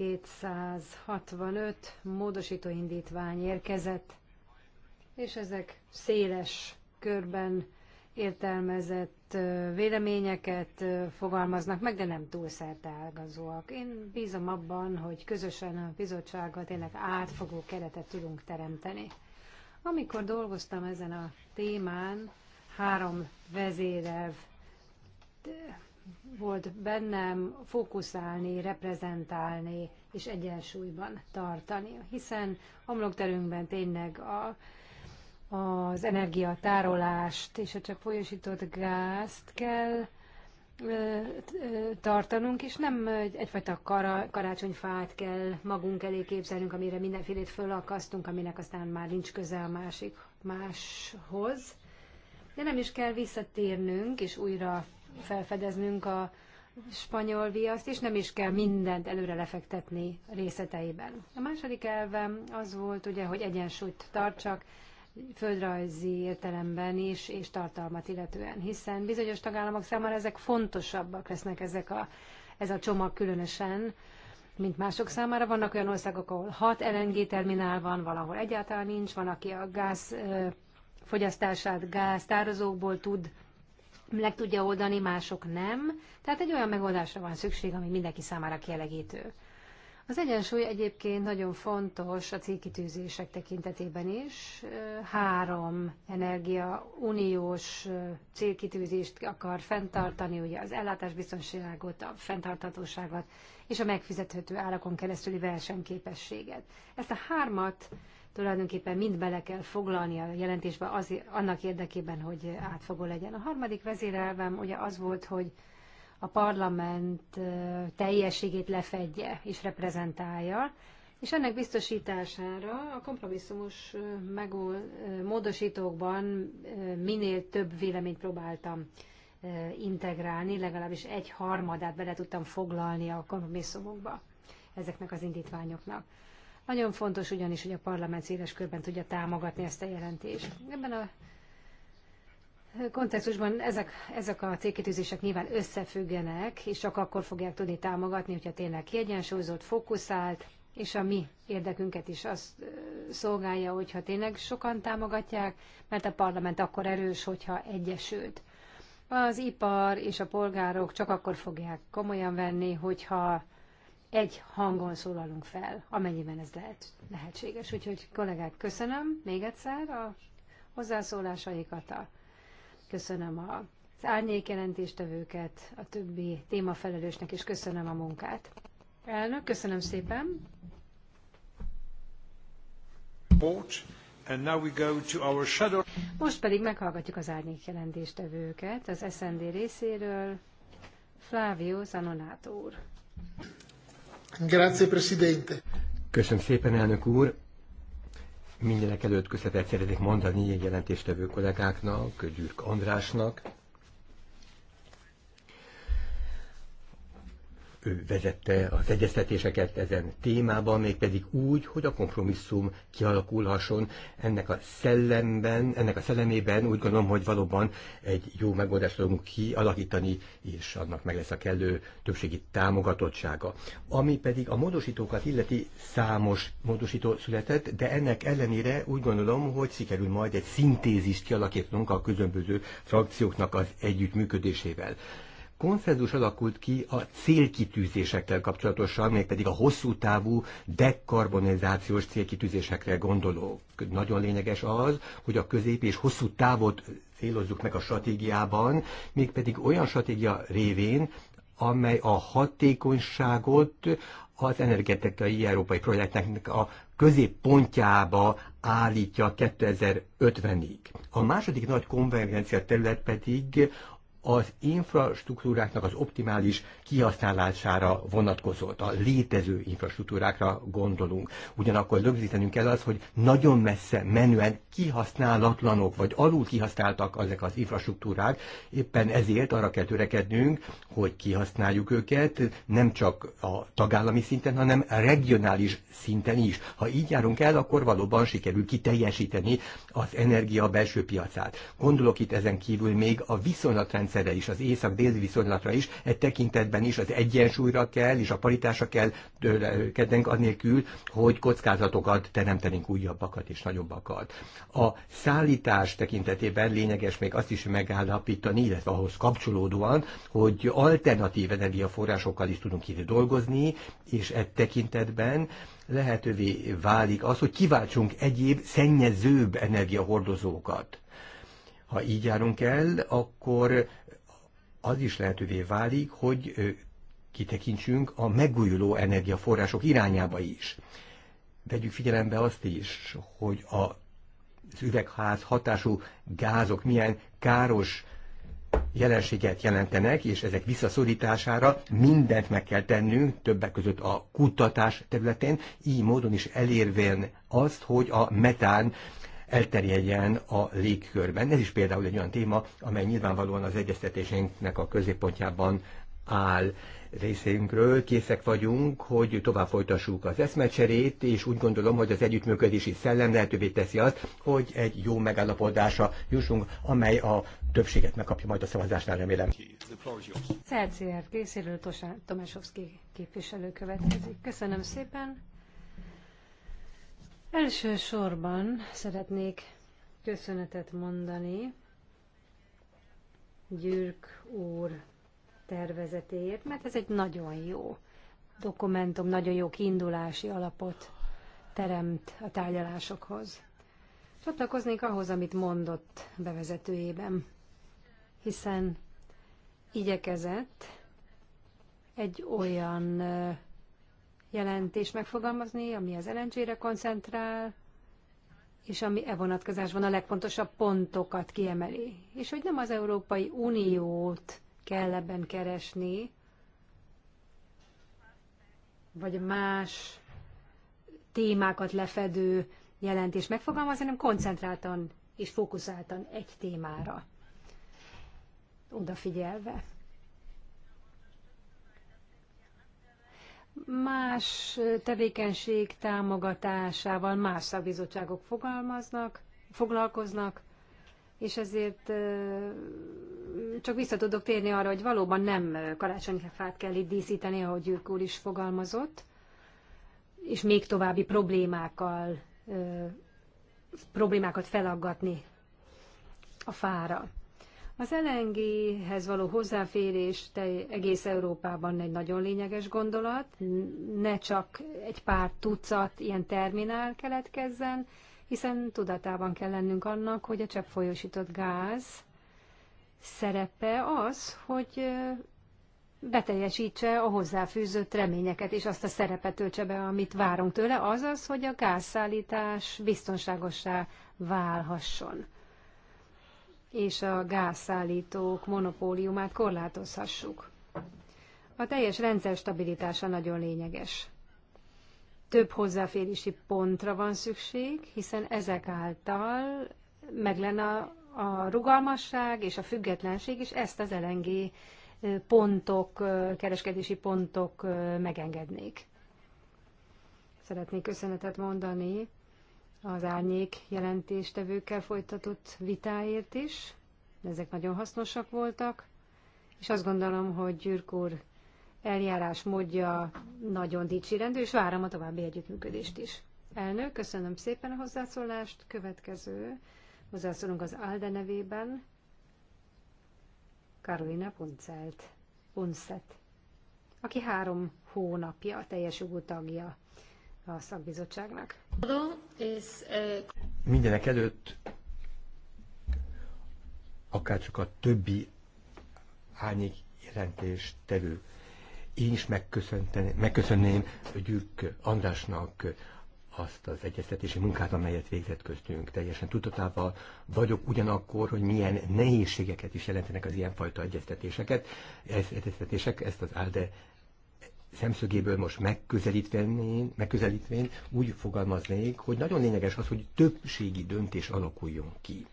265 módosító indítvány érkezett, és ezek széles körben értelmezett véleményeket fogalmaznak meg, de nem túl ágazóak. Én bízom abban, hogy közösen a bizottsággal tényleg átfogó keretet tudunk teremteni. Amikor dolgoztam ezen a témán, három vezérev volt bennem fókuszálni, reprezentálni és egyensúlyban tartani, hiszen homlokterünkben tényleg a, az energiatárolást és a csak folyosított gázt kell tartanunk, és nem egyfajta kara, karácsonyfát kell magunk elé képzelnünk, amire mindenfélét fölakasztunk, aminek aztán már nincs közel másik máshoz. De nem is kell visszatérnünk és újra felfedeznünk a spanyol viaszt, és nem is kell mindent előre lefektetni részleteiben. A második elvem az volt, ugye, hogy egyensúlyt tartsak, földrajzi értelemben is, és tartalmat illetően, hiszen bizonyos tagállamok számára ezek fontosabbak lesznek ezek a, ez a csomag különösen, mint mások számára. Vannak olyan országok, ahol hat LNG terminál van, valahol egyáltalán nincs, van, aki a gáz fogyasztását gáztározókból tud meg tudja oldani, mások nem. Tehát egy olyan megoldásra van szükség, ami mindenki számára kielegítő. Az egyensúly egyébként nagyon fontos a célkitűzések tekintetében is. Három energia uniós célkitűzést akar fenntartani, ugye az ellátásbiztonságot, a fenntarthatóságot és a megfizethető árakon keresztüli versenyképességet. Ezt a hármat tulajdonképpen mind bele kell foglalni a jelentésbe az, annak érdekében, hogy átfogó legyen. A harmadik vezérelvem ugye az volt, hogy a parlament teljességét lefedje és reprezentálja, és ennek biztosítására a kompromisszumos módosítókban minél több véleményt próbáltam integrálni, legalábbis egy harmadát bele tudtam foglalni a kompromisszumokba ezeknek az indítványoknak. Nagyon fontos ugyanis, hogy a parlament széles körben tudja támogatni ezt a jelentést. Ebben a kontextusban ezek, ezek a célkitűzések nyilván összefüggenek, és csak akkor fogják tudni támogatni, hogyha tényleg kiegyensúlyozott, fókuszált, és a mi érdekünket is azt szolgálja, hogyha tényleg sokan támogatják, mert a parlament akkor erős, hogyha egyesült. Az ipar és a polgárok csak akkor fogják komolyan venni, hogyha egy hangon szólalunk fel, amennyiben ez lehet, lehetséges. Úgyhogy kollégák, köszönöm még egyszer a hozzászólásaikat, a, köszönöm a, az árnyék jelentéstevőket, a többi témafelelősnek, és köszönöm a munkát. Elnök, köszönöm szépen. Most pedig meghallgatjuk az árnyék jelentéstevőket az SND részéről. Flávio Zanonátor. Grazie, Presidente. Köszönöm szépen, elnök úr. Mindenek előtt köszönetet szeretnék mondani egy jelentéstevő kollégáknak, Gyürk Andrásnak, ő vezette az egyeztetéseket ezen témában, mégpedig úgy, hogy a kompromisszum kialakulhasson ennek a szellemben, ennek a szellemében úgy gondolom, hogy valóban egy jó megoldást tudunk kialakítani, és annak meg lesz a kellő többségi támogatottsága. Ami pedig a módosítókat illeti számos módosító született, de ennek ellenére úgy gondolom, hogy sikerül majd egy szintézist kialakítanunk a különböző frakcióknak az együttműködésével konszenzus alakult ki a célkitűzésekkel kapcsolatosan, mégpedig a hosszú távú dekarbonizációs célkitűzésekre gondolok. Nagyon lényeges az, hogy a közép és hosszú távot célozzuk meg a stratégiában, mégpedig olyan stratégia révén, amely a hatékonyságot az energetikai európai projektnek a középpontjába állítja 2050-ig. A második nagy konvergencia terület pedig az infrastruktúráknak az optimális kihasználására vonatkozott, a létező infrastruktúrákra gondolunk. Ugyanakkor rögzítenünk kell az, hogy nagyon messze menően kihasználatlanok, vagy alul kihasználtak ezek az infrastruktúrák, éppen ezért arra kell törekednünk, hogy kihasználjuk őket, nem csak a tagállami szinten, hanem regionális szinten is. Ha így járunk el, akkor valóban sikerül kiteljesíteni az energia belső piacát. Gondolok itt ezen kívül még a viszonylatrend rendszerre is, az észak-déli viszonylatra is, egy tekintetben is az egyensúlyra kell, és a paritásra kell törekednünk annélkül, hogy kockázatokat teremtenünk újabbakat és nagyobbakat. A szállítás tekintetében lényeges még azt is megállapítani, illetve ahhoz kapcsolódóan, hogy alternatív energiaforrásokkal is tudunk itt dolgozni, és egy tekintetben lehetővé válik az, hogy kiváltsunk egyéb szennyezőbb energiahordozókat. Ha így járunk el, akkor az is lehetővé válik, hogy kitekintsünk a megújuló energiaforrások irányába is. Vegyük figyelembe azt is, hogy a, az üvegház hatású gázok milyen káros jelenséget jelentenek, és ezek visszaszorítására mindent meg kell tennünk, többek között a kutatás területén, így módon is elérvén azt, hogy a metán elterjedjen a légkörben. Ez is például egy olyan téma, amely nyilvánvalóan az egyeztetésünknek a középpontjában áll részünkről készek vagyunk, hogy tovább folytassuk az eszmecserét, és úgy gondolom, hogy az együttműködési szellem lehetővé teszi azt, hogy egy jó megállapodásra jussunk, amely a többséget megkapja majd a szavazásnál, remélem. CRCR készülő Tomásovszki képviselő következik. Köszönöm szépen. Elsősorban szeretnék köszönetet mondani Gyürk úr tervezetéért, mert ez egy nagyon jó dokumentum, nagyon jó kiindulási alapot teremt a tárgyalásokhoz. Csatlakoznék ahhoz, amit mondott bevezetőjében, hiszen igyekezett egy olyan jelentést megfogalmazni, ami az LNG-re koncentrál, és ami e vonatkozásban a legfontosabb pontokat kiemeli. És hogy nem az Európai Uniót kell ebben keresni, vagy más témákat lefedő jelentés megfogalmazni, hanem koncentráltan és fókuszáltan egy témára odafigyelve. más tevékenység támogatásával más szakbizottságok fogalmaznak, foglalkoznak, és ezért csak vissza tudok térni arra, hogy valóban nem fát kell itt díszíteni, ahogy ők úr is fogalmazott, és még további problémákkal, problémákat felaggatni a fára. Az LNG-hez való hozzáférés egész Európában egy nagyon lényeges gondolat, ne csak egy pár tucat ilyen terminál keletkezzen, hiszen tudatában kell lennünk annak, hogy a cseppfolyósított gáz szerepe az, hogy beteljesítse a hozzáfűzött reményeket, és azt a szerepet töltse be, amit várunk tőle, azaz, hogy a gázszállítás biztonságosá válhasson és a gázszállítók monopóliumát korlátozhassuk. A teljes rendszer stabilitása nagyon lényeges. Több hozzáférési pontra van szükség, hiszen ezek által meg lenne a rugalmasság és a függetlenség, és ezt az LNG pontok, kereskedési pontok megengednék. Szeretnék köszönetet mondani az árnyék jelentéstevőkkel folytatott vitáért is. Ezek nagyon hasznosak voltak, és azt gondolom, hogy Gyürk úr eljárás módja nagyon dicsérendő, és várom a további együttműködést is. Elnök, köszönöm szépen a hozzászólást. Következő hozzászólunk az ALDE nevében. Karolina Puncelt. Puncet, aki három hónapja teljes jogú tagja a szakbizottságnak. Mindenek előtt akárcsak a többi árnyék jelentés tevő. Én is megköszönném Gyűk Andrásnak azt az egyeztetési munkát, amelyet végzett köztünk. Teljesen tudatában vagyok ugyanakkor, hogy milyen nehézségeket is jelentenek az ilyenfajta egyeztetéseket. Ezt, egyeztetések, ezt az ALDE szemszögéből most megközelítvén, megközelítvén úgy fogalmaznék, hogy nagyon lényeges az, hogy többségi döntés alakuljon ki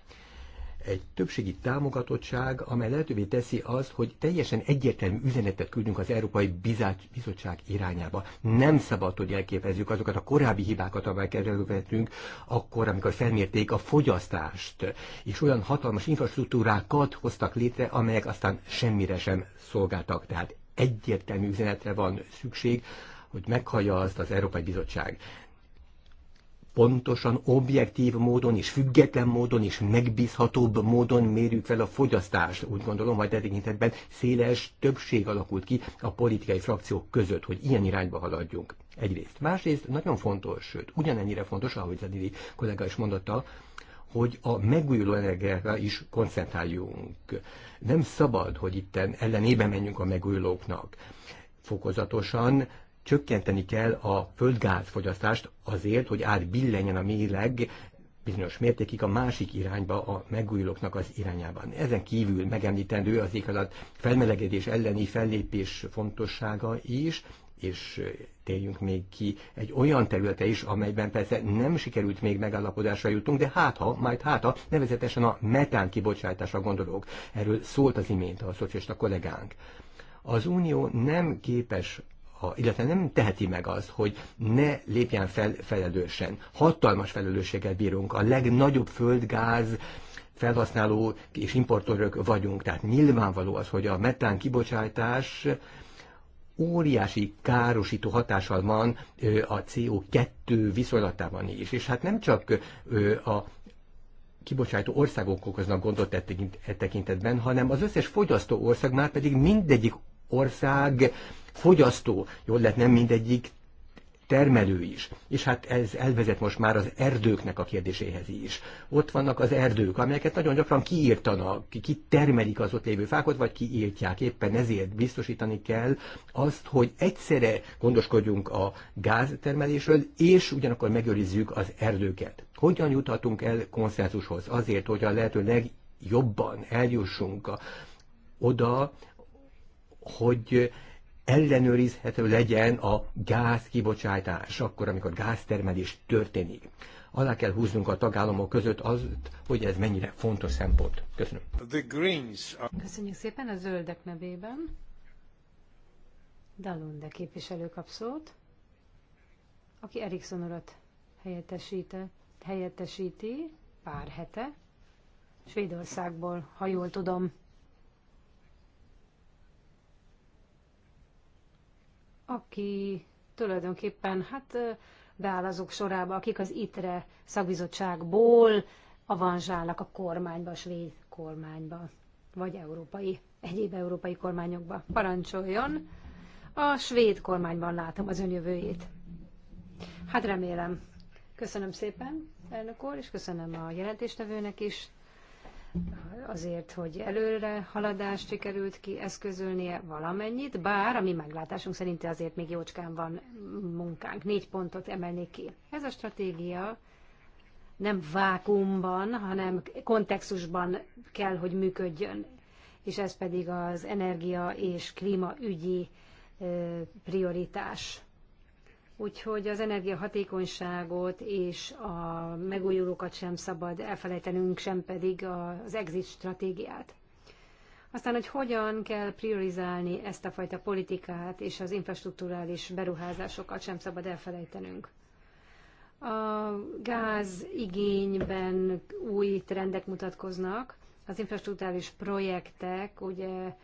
egy többségi támogatottság, amely lehetővé teszi azt, hogy teljesen egyértelmű üzenetet küldünk az Európai Bizottság irányába. Nem szabad, hogy elképezzük azokat a korábbi hibákat, amelyeket elővettünk, akkor, amikor felmérték a fogyasztást, és olyan hatalmas infrastruktúrákat hoztak létre, amelyek aztán semmire sem szolgáltak. Tehát egyértelmű üzenetre van szükség, hogy meghallja azt az Európai Bizottság. Pontosan, objektív módon és független módon és megbízhatóbb módon mérjük fel a fogyasztást. Úgy gondolom, hogy e tekintetben széles többség alakult ki a politikai frakciók között, hogy ilyen irányba haladjunk. Egyrészt. Másrészt nagyon fontos, sőt, ugyanennyire fontos, ahogy Zadili kollega is mondotta, hogy a megújuló energiára is koncentráljunk. Nem szabad, hogy itt ellenébe menjünk a megújulóknak. Fokozatosan csökkenteni kell a földgázfogyasztást azért, hogy átbillenjen a méleg bizonyos mértékig a másik irányba, a megújulóknak az irányában. Ezen kívül megemlítendő az éghajlat felmelegedés elleni fellépés fontossága is, és térjünk még ki egy olyan területe is, amelyben persze nem sikerült még megállapodásra jutunk, de hát ha, majd hát ha, nevezetesen a metán kibocsátásra gondolok. Erről szólt az imént a szocialista kollégánk. Az Unió nem képes a, illetve nem teheti meg azt, hogy ne lépjen fel felelősen. Hatalmas felelősséggel bírunk. A legnagyobb földgáz felhasználó és importőrök vagyunk. Tehát nyilvánvaló az, hogy a metán kibocsátás óriási károsító hatással van a CO2 viszonylatában is. És hát nem csak a kibocsátó országok okoznak gondot e, e tekintetben, hanem az összes fogyasztó ország már pedig mindegyik ország fogyasztó. Jól lehet, nem mindegyik termelő is. És hát ez elvezet most már az erdőknek a kérdéséhez is. Ott vannak az erdők, amelyeket nagyon gyakran kiírtanak, ki termelik az ott lévő fákat, vagy kiírtják. Éppen ezért biztosítani kell azt, hogy egyszerre gondoskodjunk a gáztermelésről, és ugyanakkor megőrizzük az erdőket. Hogyan juthatunk el konszenzushoz? Azért, hogy a lehető legjobban eljussunk a, oda, hogy ellenőrizhető legyen a gázkibocsátás, akkor, amikor gáztermelés történik. Alá kell húznunk a tagállamok között az, hogy ez mennyire fontos szempont. Köszönöm. The Greens are... Köszönjük szépen a zöldek nevében. Dalunde képviselő kap szót, aki Erikson urat helyettesíti pár hete. Svédországból, ha jól tudom. aki tulajdonképpen hát beáll azok sorába, akik az ITRE szakbizottságból avanzsálnak a kormányba, a svéd kormányba, vagy európai, egyéb európai kormányokba. Parancsoljon! A svéd kormányban látom az önjövőjét. Hát remélem. Köszönöm szépen, elnök úr, és köszönöm a jelentéstevőnek is azért, hogy előre haladást sikerült ki eszközölnie valamennyit, bár a mi meglátásunk szerint azért még jócskán van munkánk. Négy pontot emelnék ki. Ez a stratégia nem vákumban, hanem kontextusban kell, hogy működjön. És ez pedig az energia és klíma ügyi prioritás. Úgyhogy az energiahatékonyságot és a megújulókat sem szabad elfelejtenünk, sem pedig az exit stratégiát. Aztán, hogy hogyan kell priorizálni ezt a fajta politikát és az infrastruktúrális beruházásokat sem szabad elfelejtenünk. A gáz igényben új trendek mutatkoznak. Az infrastruktúrális projektek ugye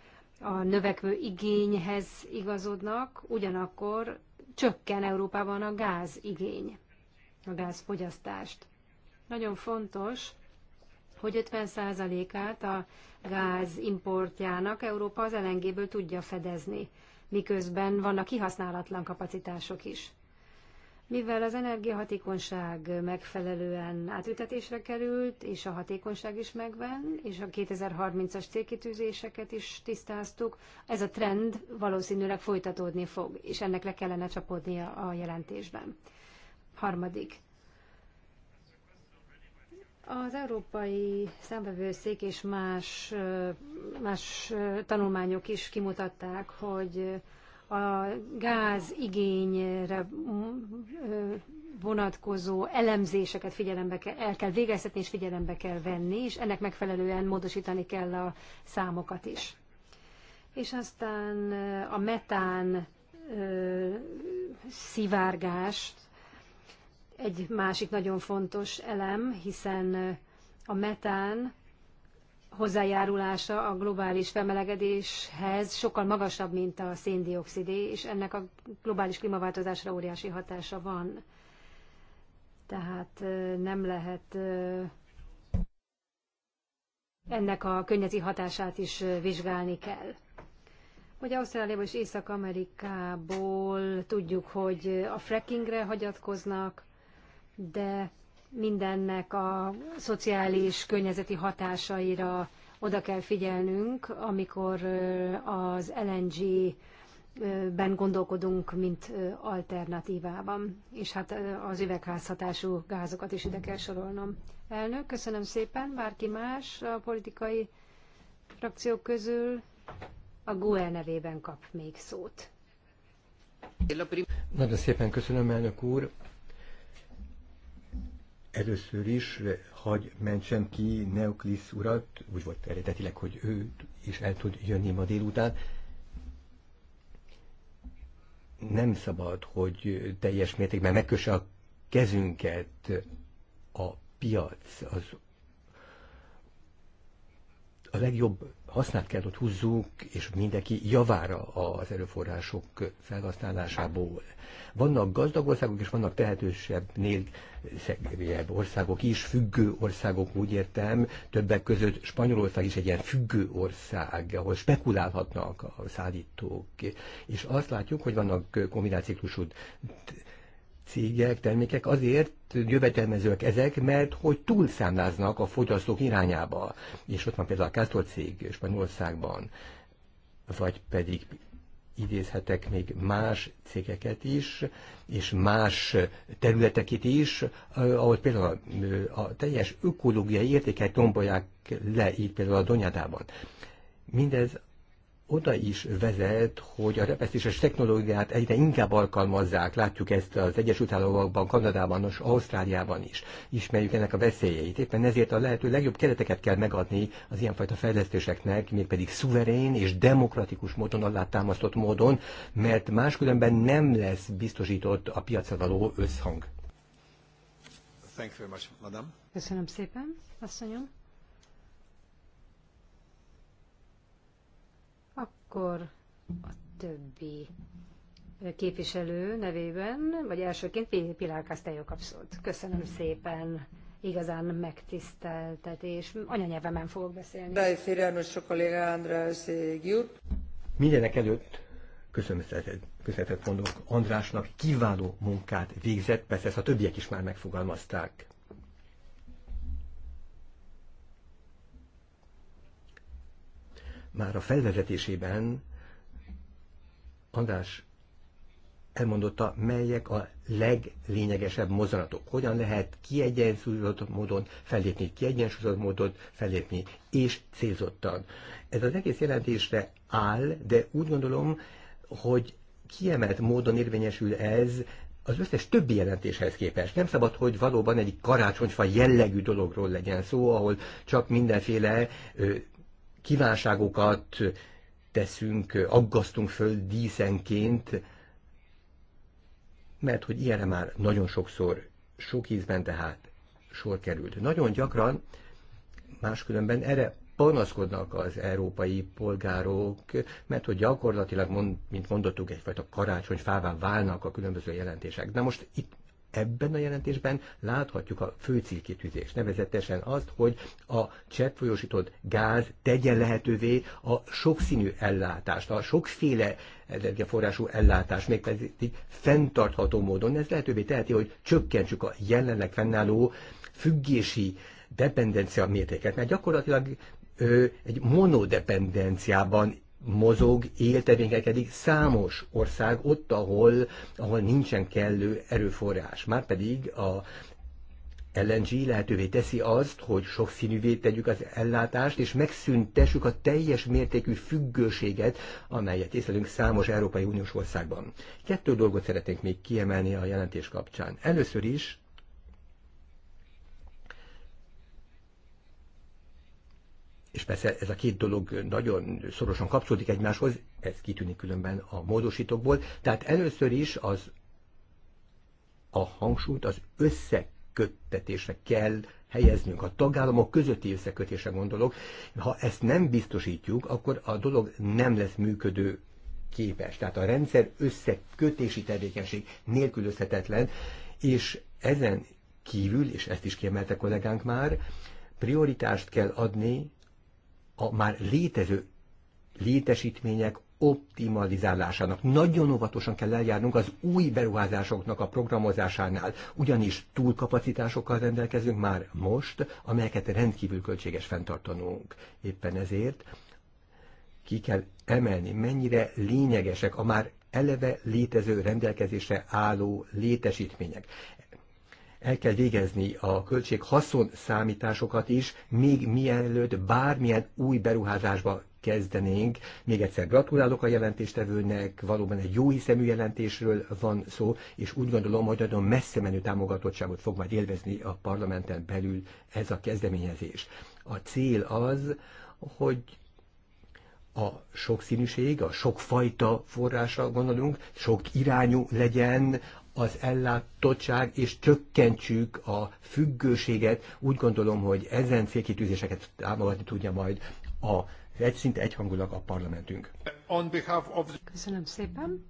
a növekvő igényhez igazodnak, ugyanakkor csökken Európában a gázigény, a gázfogyasztást. Nagyon fontos, hogy 50%-át a gáz importjának Európa az LNG-ből tudja fedezni, miközben vannak kihasználatlan kapacitások is. Mivel az energiahatékonyság megfelelően átültetésre került, és a hatékonyság is megvan, és a 2030-as célkitűzéseket is tisztáztuk, ez a trend valószínűleg folytatódni fog, és ennek le kellene csapódnia a jelentésben. Harmadik. Az európai számbevőszék és más, más tanulmányok is kimutatták, hogy a gáz igényre mm, vonatkozó elemzéseket figyelembe kell, el kell végeztetni és figyelembe kell venni, és ennek megfelelően módosítani kell a számokat is. És aztán a metán szivárgás egy másik nagyon fontos elem, hiszen a metán hozzájárulása a globális felmelegedéshez sokkal magasabb, mint a széndiokszidé, és ennek a globális klímaváltozásra óriási hatása van. Tehát nem lehet ennek a könnyezi hatását is vizsgálni kell. Hogy Ausztráliából és Észak-Amerikából tudjuk, hogy a frackingre hagyatkoznak, de mindennek a szociális, környezeti hatásaira oda kell figyelnünk, amikor az LNG ben gondolkodunk, mint alternatívában. És hát az üvegházhatású gázokat is ide kell sorolnom. Elnök, köszönöm szépen. Bárki más a politikai frakciók közül a GUE nevében kap még szót. Nagyon szépen köszönöm, elnök úr. Először is hagy mentsem ki Neoklisz urat, úgy volt eredetileg, hogy ő is el tud jönni ma délután. Nem szabad, hogy teljes mértékben megköse a kezünket a piac, az a legjobb hasznát kell, hogy húzzuk, és mindenki javára az erőforrások felhasználásából. Vannak gazdag országok, és vannak tehetősebb, nélszegélyebb országok is, függő országok, úgy értem, többek között Spanyolország is egy ilyen függő ország, ahol spekulálhatnak a szállítók. És azt látjuk, hogy vannak kombinációs cégek, termékek azért jövedelmezőek ezek, mert hogy túlszámláznak a fogyasztók irányába. És ott van például a Castor cég Spanyolországban, vagy pedig idézhetek még más cégeket is, és más területeket is, ahol például a teljes ökológiai értéket tombolják le, így például a Donyadában. Mindez oda is vezet, hogy a repesztéses technológiát egyre inkább alkalmazzák. Látjuk ezt az Egyesült Államokban, Kanadában és Ausztráliában is. Ismerjük ennek a veszélyeit. Éppen ezért a lehető legjobb kereteket kell megadni az ilyenfajta fejlesztéseknek, mégpedig szuverén és demokratikus módon, alátámasztott módon, mert máskülönben nem lesz biztosított a piacra való összhang. Thank you very much, madam. Köszönöm szépen, asszonyom. akkor a többi képviselő nevében, vagy elsőként Pilár Castello kap Köszönöm szépen, igazán megtiszteltetés. Anyanyelvemen fogok beszélni. a András Mindenek előtt szépen, köszönetet mondok Andrásnak, kiváló munkát végzett, persze ezt a többiek is már megfogalmazták. már a felvezetésében András elmondotta, melyek a leglényegesebb mozanatok. Hogyan lehet kiegyensúlyozott módon fellépni, kiegyensúlyozott módon fellépni, és célzottan. Ez az egész jelentésre áll, de úgy gondolom, hogy kiemelt módon érvényesül ez az összes többi jelentéshez képest. Nem szabad, hogy valóban egy karácsonyfa jellegű dologról legyen szó, ahol csak mindenféle ö, kívánságokat teszünk, aggasztunk föl díszenként, mert hogy ilyenre már nagyon sokszor, sok ízben tehát sor került. Nagyon gyakran máskülönben erre panaszkodnak az európai polgárok, mert hogy gyakorlatilag, mint mondottuk, egyfajta karácsonyfává válnak a különböző jelentések. Na most itt ebben a jelentésben láthatjuk a fő célkitűzést, nevezetesen azt, hogy a cseppfolyósított gáz tegye lehetővé a sokszínű ellátást, a sokféle energiaforrású ellátást, mégpedig fenntartható módon. Ez lehetővé teheti, hogy csökkentsük a jelenleg fennálló függési dependencia mértéket, mert gyakorlatilag ő egy monodependenciában mozog, él, tevékenykedik számos ország ott, ahol, ahol nincsen kellő erőforrás. Márpedig a LNG lehetővé teszi azt, hogy sokszínűvé tegyük az ellátást, és megszüntessük a teljes mértékű függőséget, amelyet észlelünk számos Európai Uniós országban. Kettő dolgot szeretnénk még kiemelni a jelentés kapcsán. Először is és persze ez a két dolog nagyon szorosan kapcsolódik egymáshoz, ez kitűnik különben a módosítókból, tehát először is az a hangsúlyt az összeköttetésre kell helyeznünk, a tagállamok közötti összekötésre gondolok. Ha ezt nem biztosítjuk, akkor a dolog nem lesz működő képes. Tehát a rendszer összekötési tevékenység nélkülözhetetlen, és ezen kívül, és ezt is kiemelte kollégánk már, prioritást kell adni a már létező létesítmények optimalizálásának. Nagyon óvatosan kell eljárnunk az új beruházásoknak a programozásánál, ugyanis túlkapacitásokkal rendelkezünk már most, amelyeket rendkívül költséges fenntartanunk. Éppen ezért ki kell emelni, mennyire lényegesek a már eleve létező rendelkezésre álló létesítmények el kell végezni a költség haszon számításokat is, még mielőtt bármilyen új beruházásba kezdenénk. Még egyszer gratulálok a jelentéstevőnek, valóban egy jó hiszemű jelentésről van szó, és úgy gondolom, hogy nagyon messze menő támogatottságot fog majd élvezni a parlamenten belül ez a kezdeményezés. A cél az, hogy a sokszínűség, a sokfajta forrásra gondolunk, sok irányú legyen az ellátottság, és csökkentsük a függőséget. Úgy gondolom, hogy ezen célkitűzéseket támogatni tudja majd a egy szinte egyhangulag a parlamentünk. On behalf of... Köszönöm szépen.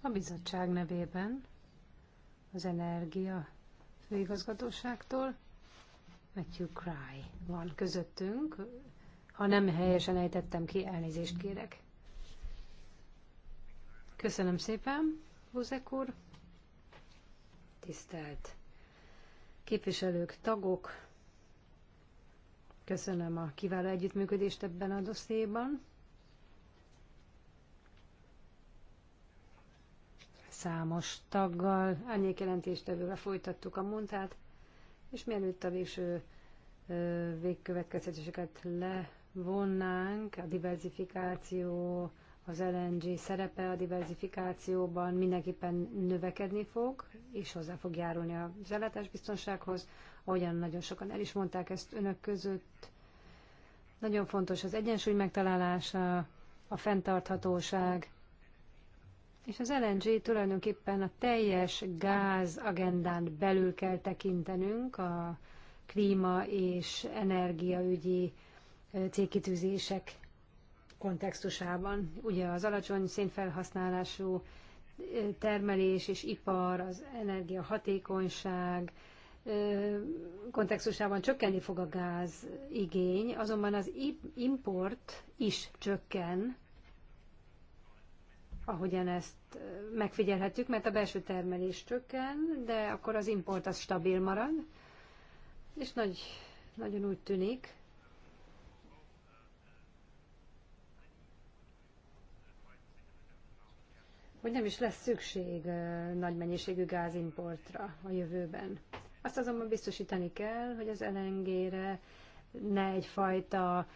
A bizottság nevében az Energia Főigazgatóságtól Matthew Cry van közöttünk. Ha nem helyesen ejtettem ki, elnézést kérek. Köszönöm szépen, Buzek úr tisztelt képviselők, tagok, köszönöm a kiváló együttműködést ebben a dosszéban. Számos taggal, árnyékjelentéstevővel folytattuk a munkát, és mielőtt a végső végkövetkeztetéseket levonnánk, a diversifikáció az LNG szerepe a diversifikációban mindenképpen növekedni fog, és hozzá fog járulni az biztonsághoz, Ahogyan nagyon sokan el is mondták ezt önök között, nagyon fontos az egyensúly megtalálása, a fenntarthatóság, és az LNG tulajdonképpen a teljes gáz agendán belül kell tekintenünk a klíma és energiaügyi célkitűzések kontextusában. Ugye az alacsony szénfelhasználású termelés és ipar, az energiahatékonyság kontextusában csökkenni fog a gáz igény, azonban az import is csökken, ahogyan ezt megfigyelhetjük, mert a belső termelés csökken, de akkor az import az stabil marad, és nagy, nagyon úgy tűnik, hogy nem is lesz szükség nagy mennyiségű gázimportra a jövőben. Azt azonban biztosítani kell, hogy az LNG-re ne egyfajta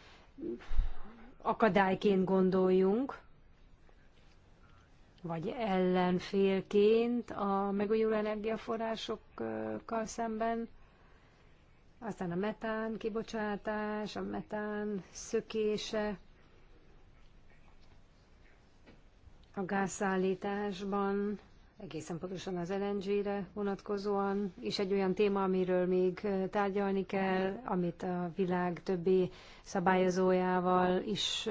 akadályként gondoljunk, vagy ellenfélként a megújuló energiaforrásokkal szemben, aztán a metán kibocsátás, a metán szökése, a gázszállításban, egészen pontosan az LNG-re vonatkozóan, és egy olyan téma, amiről még tárgyalni kell, amit a világ többi szabályozójával is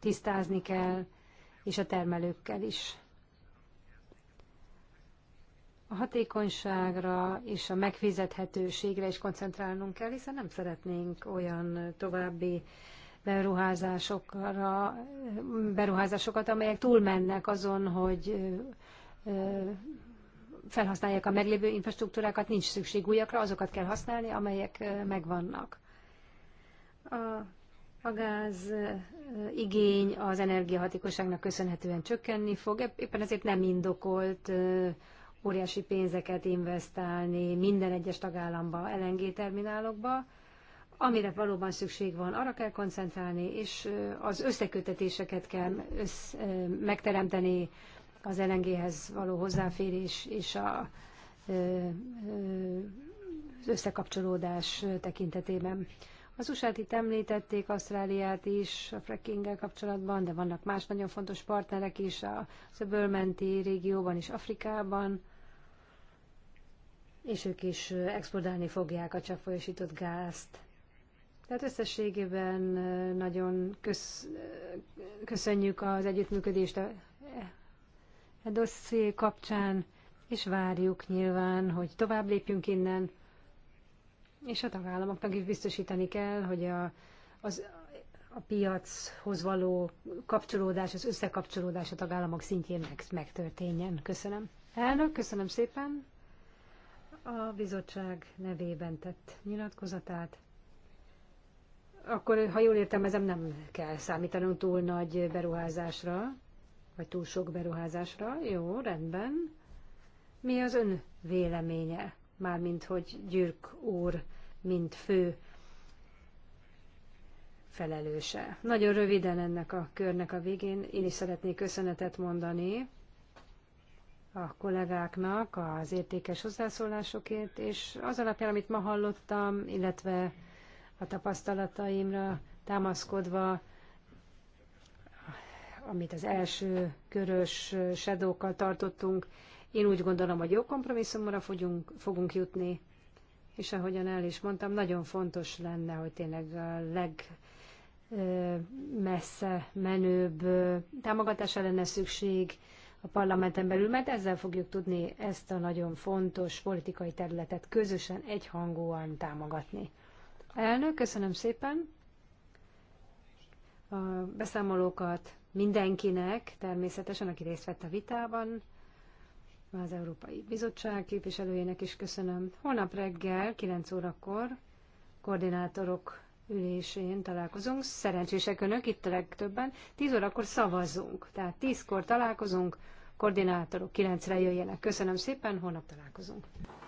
tisztázni kell, és a termelőkkel is. A hatékonyságra és a megfizethetőségre is koncentrálnunk kell, hiszen nem szeretnénk olyan további beruházásokra, beruházásokat, amelyek túlmennek azon, hogy felhasználják a meglévő infrastruktúrákat, nincs szükség újakra, azokat kell használni, amelyek megvannak. A, a gáz igény az energiahatékosságnak köszönhetően csökkenni fog, éppen ezért nem indokolt óriási pénzeket investálni minden egyes tagállamba, LNG terminálokba, Amire valóban szükség van, arra kell koncentrálni, és az összekötetéseket kell össz, megteremteni az LNG-hez való hozzáférés és a, az összekapcsolódás tekintetében. Az usa itt említették, Ausztráliát is a frackinggel kapcsolatban, de vannak más nagyon fontos partnerek is a szöbölmenti régióban és Afrikában, és ők is exportálni fogják a csapfolyósított gázt tehát összességében nagyon kösz, köszönjük az együttműködést a, a e dosszié kapcsán, és várjuk nyilván, hogy tovább lépjünk innen, és a tagállamoknak is biztosítani kell, hogy a, az, a piachoz való kapcsolódás, az összekapcsolódás a tagállamok szintjén meg, megtörténjen. Köszönöm. Elnök, köszönöm szépen a bizottság nevében tett nyilatkozatát akkor, ha jól értelmezem, nem kell számítanunk túl nagy beruházásra, vagy túl sok beruházásra. Jó, rendben. Mi az ön véleménye? Mármint, hogy Gyürk úr, mint fő felelőse. Nagyon röviden ennek a körnek a végén én is szeretnék köszönetet mondani a kollégáknak az értékes hozzászólásokért, és az alapján, amit ma hallottam, illetve a tapasztalataimra támaszkodva, amit az első körös sedókkal tartottunk, én úgy gondolom, hogy jó kompromisszumra fogunk, fogunk jutni, és ahogyan el is mondtam, nagyon fontos lenne, hogy tényleg a messze menőbb támogatásra lenne szükség a parlamenten belül, mert ezzel fogjuk tudni ezt a nagyon fontos politikai területet közösen, egyhangúan támogatni. Elnök, köszönöm szépen a beszámolókat mindenkinek, természetesen, aki részt vett a vitában, az Európai Bizottság képviselőjének is köszönöm. Holnap reggel 9 órakor koordinátorok ülésén találkozunk. Szerencsések önök, itt a legtöbben. 10 órakor szavazunk, tehát 10-kor találkozunk, koordinátorok 9-re jöjjenek. Köszönöm szépen, holnap találkozunk.